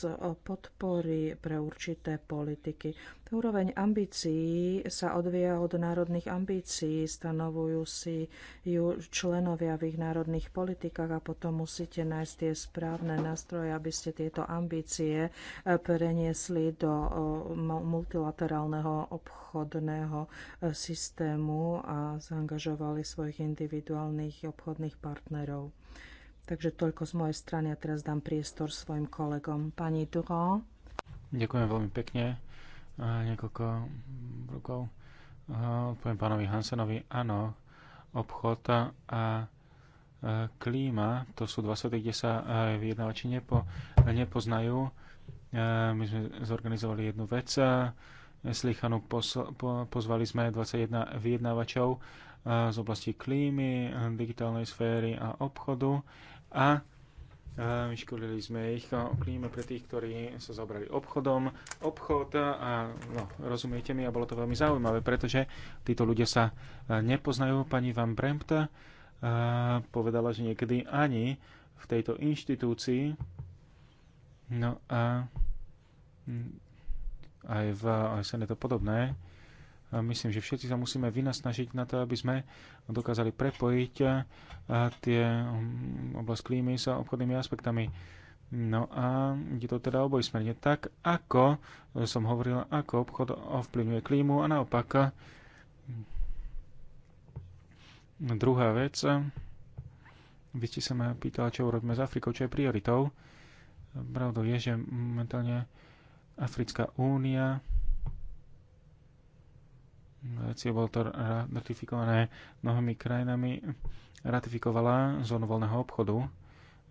Speaker 2: podpory pre určité politiky. Úroveň ambícií sa odvíja od národných ambícií, stanovujú si ju členovia v ich národných politikách a potom musíte nájsť tie správne nástroje, aby ste tieto ambície preniesli do multilaterálneho obchodného systému a zaangažovali svojich individuálnych obchodných partnerov partnerov. Takže toľko z mojej strany a teraz dám priestor svojim kolegom. Pani Duro.
Speaker 1: Ďakujem veľmi pekne. Niekoľko rokov. Poviem pánovi Hansenovi, áno, obchod a klíma, to sú dva svety, kde sa vyjednávači nepo, nepoznajú. My sme zorganizovali jednu vec, Slychanu pozvali sme 21 vyjednávačov z oblasti klímy, digitálnej sféry a obchodu a vyškolili sme ich o klíme pre tých, ktorí sa zaobrali obchodom, obchod a no, rozumiete mi a bolo to veľmi zaujímavé, pretože títo ľudia sa nepoznajú. Pani Van Brempt povedala, že niekedy ani v tejto inštitúcii no a aj v aj je to podobné myslím, že všetci sa musíme vynasnažiť na to, aby sme dokázali prepojiť eh, tie hm, oblasť klímy sa obchodnými aspektami. No a je to teda obojsmerne. Tak ako som hovoril, ako obchod ovplyvňuje klímu a naopak hm, druhá vec, vy ste sa ma pýtala, čo urobíme s Afrikou, čo je prioritou. Pravdou je, že momentálne Africká únia Vecí bolo to ratifikované mnohými krajinami. Ratifikovala zónu voľného obchodu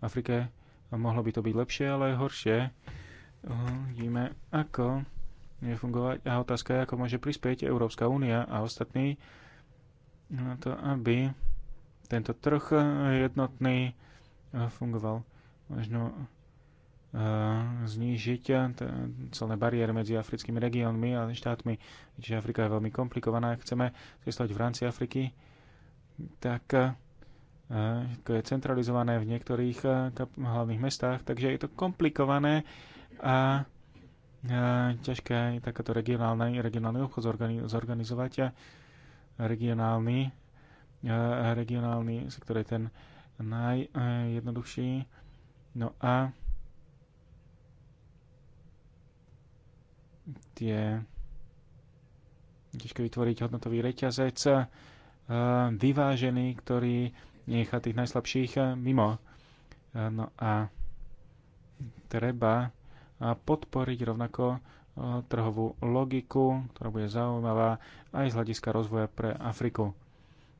Speaker 1: v Afrike. Mohlo by to byť lepšie, ale aj horšie. Vidíme, ako fungovať. A otázka je, ako môže prispieť Európska únia a ostatní na to, aby tento trh jednotný fungoval. Možno Eh, znížiť celé bariéry medzi africkými regiónmi a štátmi. Čiže Afrika je veľmi komplikovaná. Ak chceme cestovať v rámci Afriky, tak eh, to je centralizované v niektorých eh, hlavných mestách, takže je to komplikované a ťažké je takáto regionálny, regionálny obchod zorganizovať a regionálny, regionálny sektor je ten najjednoduchší. No a tie ťažké vytvoriť hodnotový reťazec eh, vyvážený, ktorý nechá tých najslabších eh, mimo. Eh, no a treba podporiť rovnako trhovú logiku, ktorá bude zaujímavá aj z hľadiska rozvoja pre Afriku.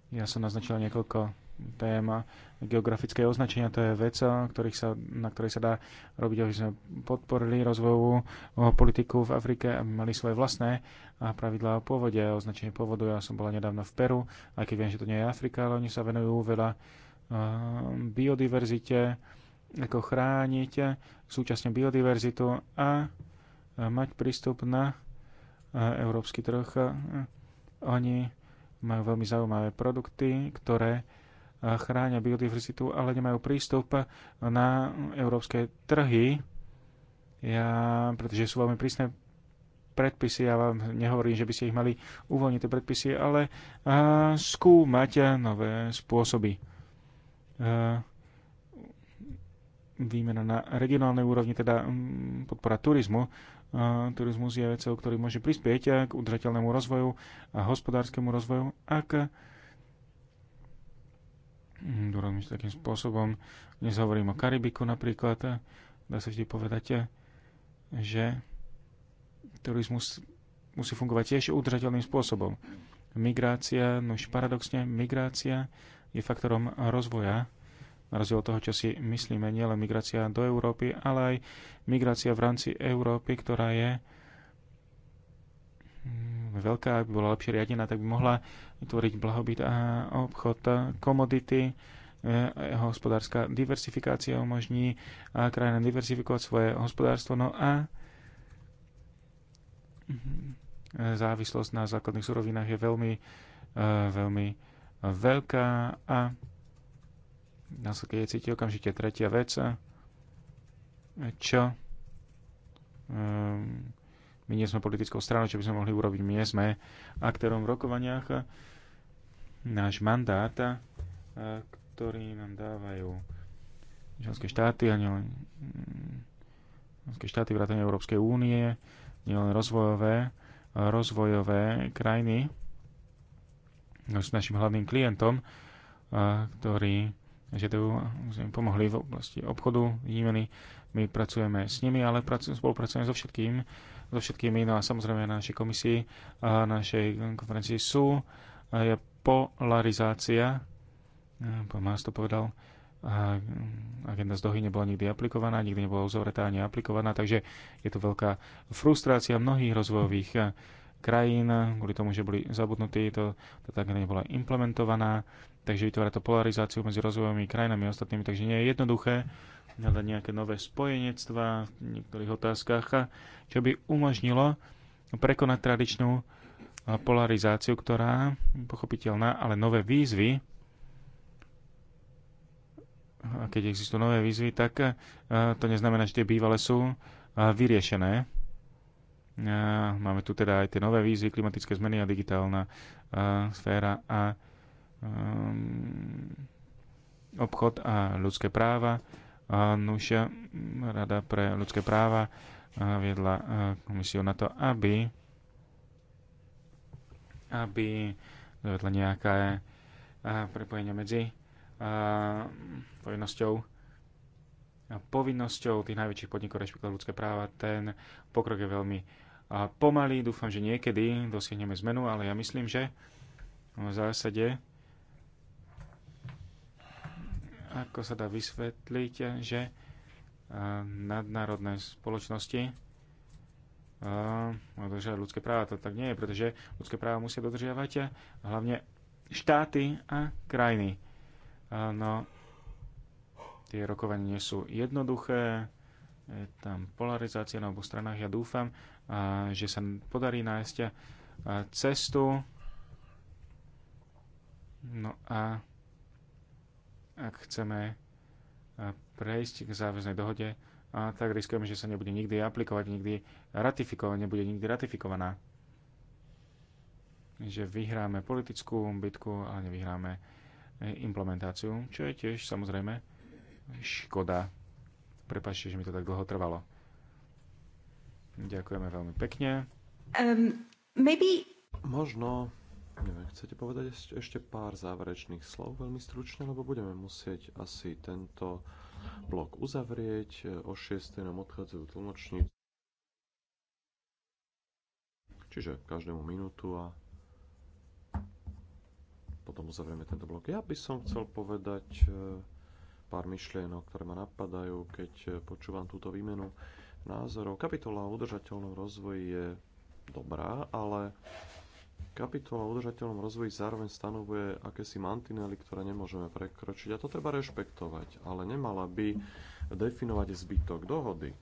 Speaker 1: Ja som naznačil niekoľko téma geografické označenia, to je vec, ktorých sa, na ktorej sa dá robiť, aby sme podporili rozvojovú politiku v Afrike, aby mali svoje vlastné a pravidlá o pôvode, označenie pôvodu. Ja som bola nedávno v Peru, aj keď viem, že to nie je Afrika, ale oni sa venujú veľa biodiverzite, ako chrániť súčasne biodiverzitu a mať prístup na európsky trh. Oni majú veľmi zaujímavé produkty, ktoré chránia biodiverzitu, ale nemajú prístup na európske trhy, ja, pretože sú veľmi prísne predpisy, ja vám nehovorím, že by ste ich mali uvoľniť, tie predpisy, ale uh, skúmať nové spôsoby. Uh, výmena na regionálnej úrovni, teda um, podpora turizmu. Uh, turizmus je vecou, ktorý môže prispieť k udržateľnému rozvoju a hospodárskemu rozvoju, ak dorobím mm, takým spôsobom. Dnes hovorím o Karibiku napríklad. Dá sa vždy povedať, že turizmus musí fungovať tiež udržateľným spôsobom. Migrácia, no už paradoxne, migrácia je faktorom rozvoja, na rozdiel od toho, čo si myslíme, nielen migrácia do Európy, ale aj migrácia v rámci Európy, ktorá je Mm, veľká, aby bola lepšie riadená, tak by mohla vytvoriť blahobyt a obchod, komodity, e, hospodárska diversifikácia umožní a krajina diversifikovať svoje hospodárstvo, no a mhm, závislosť na základných surovinách je veľmi, e, veľmi veľká a následky je cíti okamžite tretia vec, e, čo um, my nie sme politickou stranou, čo by sme mohli urobiť. My nie sme aktérom v rokovaniach. Náš mandát, ktorý nám dávajú členské štáty a nielen mm, členské štáty vrátane Európskej únie, nielen rozvojové, rozvojové krajiny no, s našim hlavným klientom, ktorý Židov sme pomohli v oblasti obchodu výmeny. My pracujeme s nimi, ale spolupracujeme so, všetkým, so všetkými. No a samozrejme na našej komisii, a na našej konferencii sú je polarizácia, pán Más to povedal, a agenda z Dohy nebola nikdy aplikovaná, nikdy nebola uzavretá ani aplikovaná, takže je tu veľká frustrácia mnohých rozvojových e, krajín, kvôli tomu, že boli zabudnutí, to, to tak nebola implementovaná takže vytvára to polarizáciu medzi rozvojovými krajinami a ostatnými, takže nie je jednoduché hľadať nejaké nové spojenectvá v niektorých otázkach, čo by umožnilo prekonať tradičnú polarizáciu, ktorá je pochopiteľná, ale nové výzvy, a keď existujú nové výzvy, tak to neznamená, že tie bývalé sú vyriešené. Máme tu teda aj tie nové výzvy, klimatické zmeny a digitálna sféra a Ehm, obchod a ľudské práva. Nuša, Rada pre ľudské práva, eh, viedla eh, komisiu na to, aby aby zavedla nejaké eh, prepojenie medzi povinnosťou povinnosťou tých najväčších podnikov rešpektovať ľudské práva. Ten pokrok je veľmi pomalý. Dúfam, že niekedy dosiahneme zmenu, ale ja myslím, že v zásade ako sa dá vysvetliť, že eh, nadnárodné spoločnosti eh, dodržiavajú ľudské práva. To tak nie je, pretože ľudské práva musia dodržiavať eh, hlavne štáty a krajiny. No, tie rokovania nie sú jednoduché, je tam polarizácia na oboch stranách. Ja dúfam, že sa podarí nájsť cestu. No a ak chceme eh, prejsť k záväznej dohode, a tak riskujeme, že sa nebude nikdy aplikovať, nikdy ratifikovať, nebude nikdy ratifikovaná. Že vyhráme politickú bitku, ale nevyhráme eh, implementáciu, čo je tiež samozrejme škoda. Prepačte, že mi to tak dlho
Speaker 3: trvalo. Ďakujeme veľmi pekne.
Speaker 2: Um, maybe...
Speaker 3: Možno Neviem, chcete povedať ešte pár záverečných slov veľmi stručne, lebo budeme musieť asi tento blok uzavrieť. O 6. nám odchádzajú tlmočníci. Čiže každému minútu a potom uzavrieme tento blok. Ja by som chcel povedať e, pár myšlienok, ktoré ma napadajú, keď e, počúvam túto výmenu názorov. Kapitola o udržateľnom rozvoji je dobrá, ale Kapitola o udržateľnom rozvoji zároveň stanovuje akési mantinely, ktoré nemôžeme prekročiť a to treba rešpektovať, ale nemala by definovať zbytok dohody.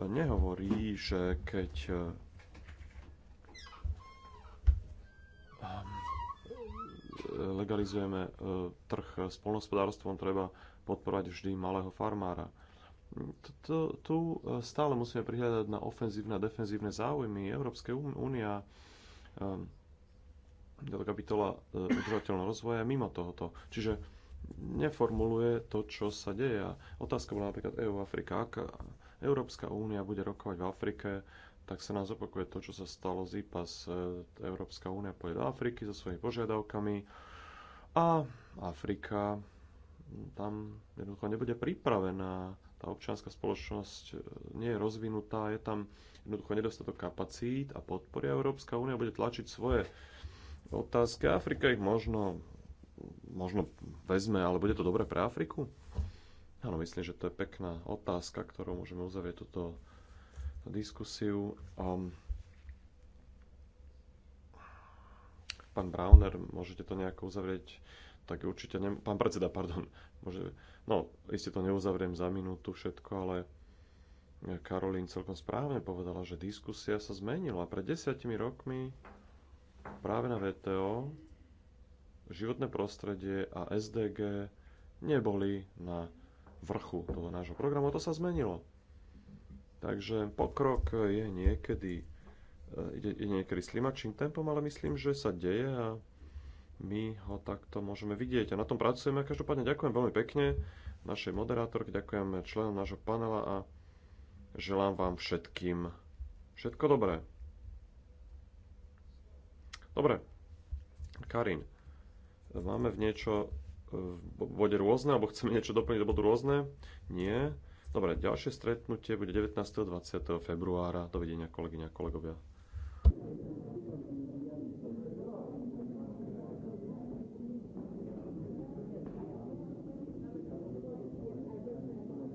Speaker 3: Nehovorí, že keď ehm, legalizujeme e, trh s polnospodárstvom, treba podporovať vždy malého farmára. Tu e, stále musíme prihľadať na ofenzívne a defenzívne záujmy. Európska únia ehm, táto kapitola e, udržateľného rozvoja mimo tohoto. Čiže neformuluje to, čo sa deje. A otázka bola napríklad EU, Afrika. Ak Európska únia bude rokovať v Afrike, tak sa nám zopakuje to, čo sa stalo z IPAS. E, Európska únia pôjde do Afriky so svojimi požiadavkami a Afrika tam jednoducho nebude pripravená. Tá občianská spoločnosť e, nie je rozvinutá, je tam jednoducho nedostatok kapacít a podpory Európska únia bude tlačiť svoje Otázka Afrika ich možno, možno vezme, ale bude to dobré pre Afriku? Áno, myslím, že to je pekná otázka, ktorou môžeme uzavrieť túto diskusiu. Um, pán Browner, môžete to nejako uzavrieť, tak určite ne... Pán predseda, pardon. Môže... No, iste to neuzavriem za minútu všetko, ale Karolín celkom správne povedala, že diskusia sa zmenila. Pred desiatimi rokmi práve na VTO životné prostredie a SDG neboli na vrchu toho nášho programu. A to sa zmenilo. Takže pokrok je niekedy, e, je niekedy slimačným tempom, ale myslím, že sa deje a my ho takto môžeme vidieť. A na tom pracujeme. Každopádne ďakujem veľmi pekne našej moderátorke, ďakujem členom nášho panela a želám vám všetkým všetko dobré. Dobre, Karin, máme v niečo e, v bode rôzne, alebo chceme niečo doplniť do bodu rôzne? Nie. Dobre, ďalšie stretnutie bude 19. 20. februára. Dovidenia kolegyňa kolegovia.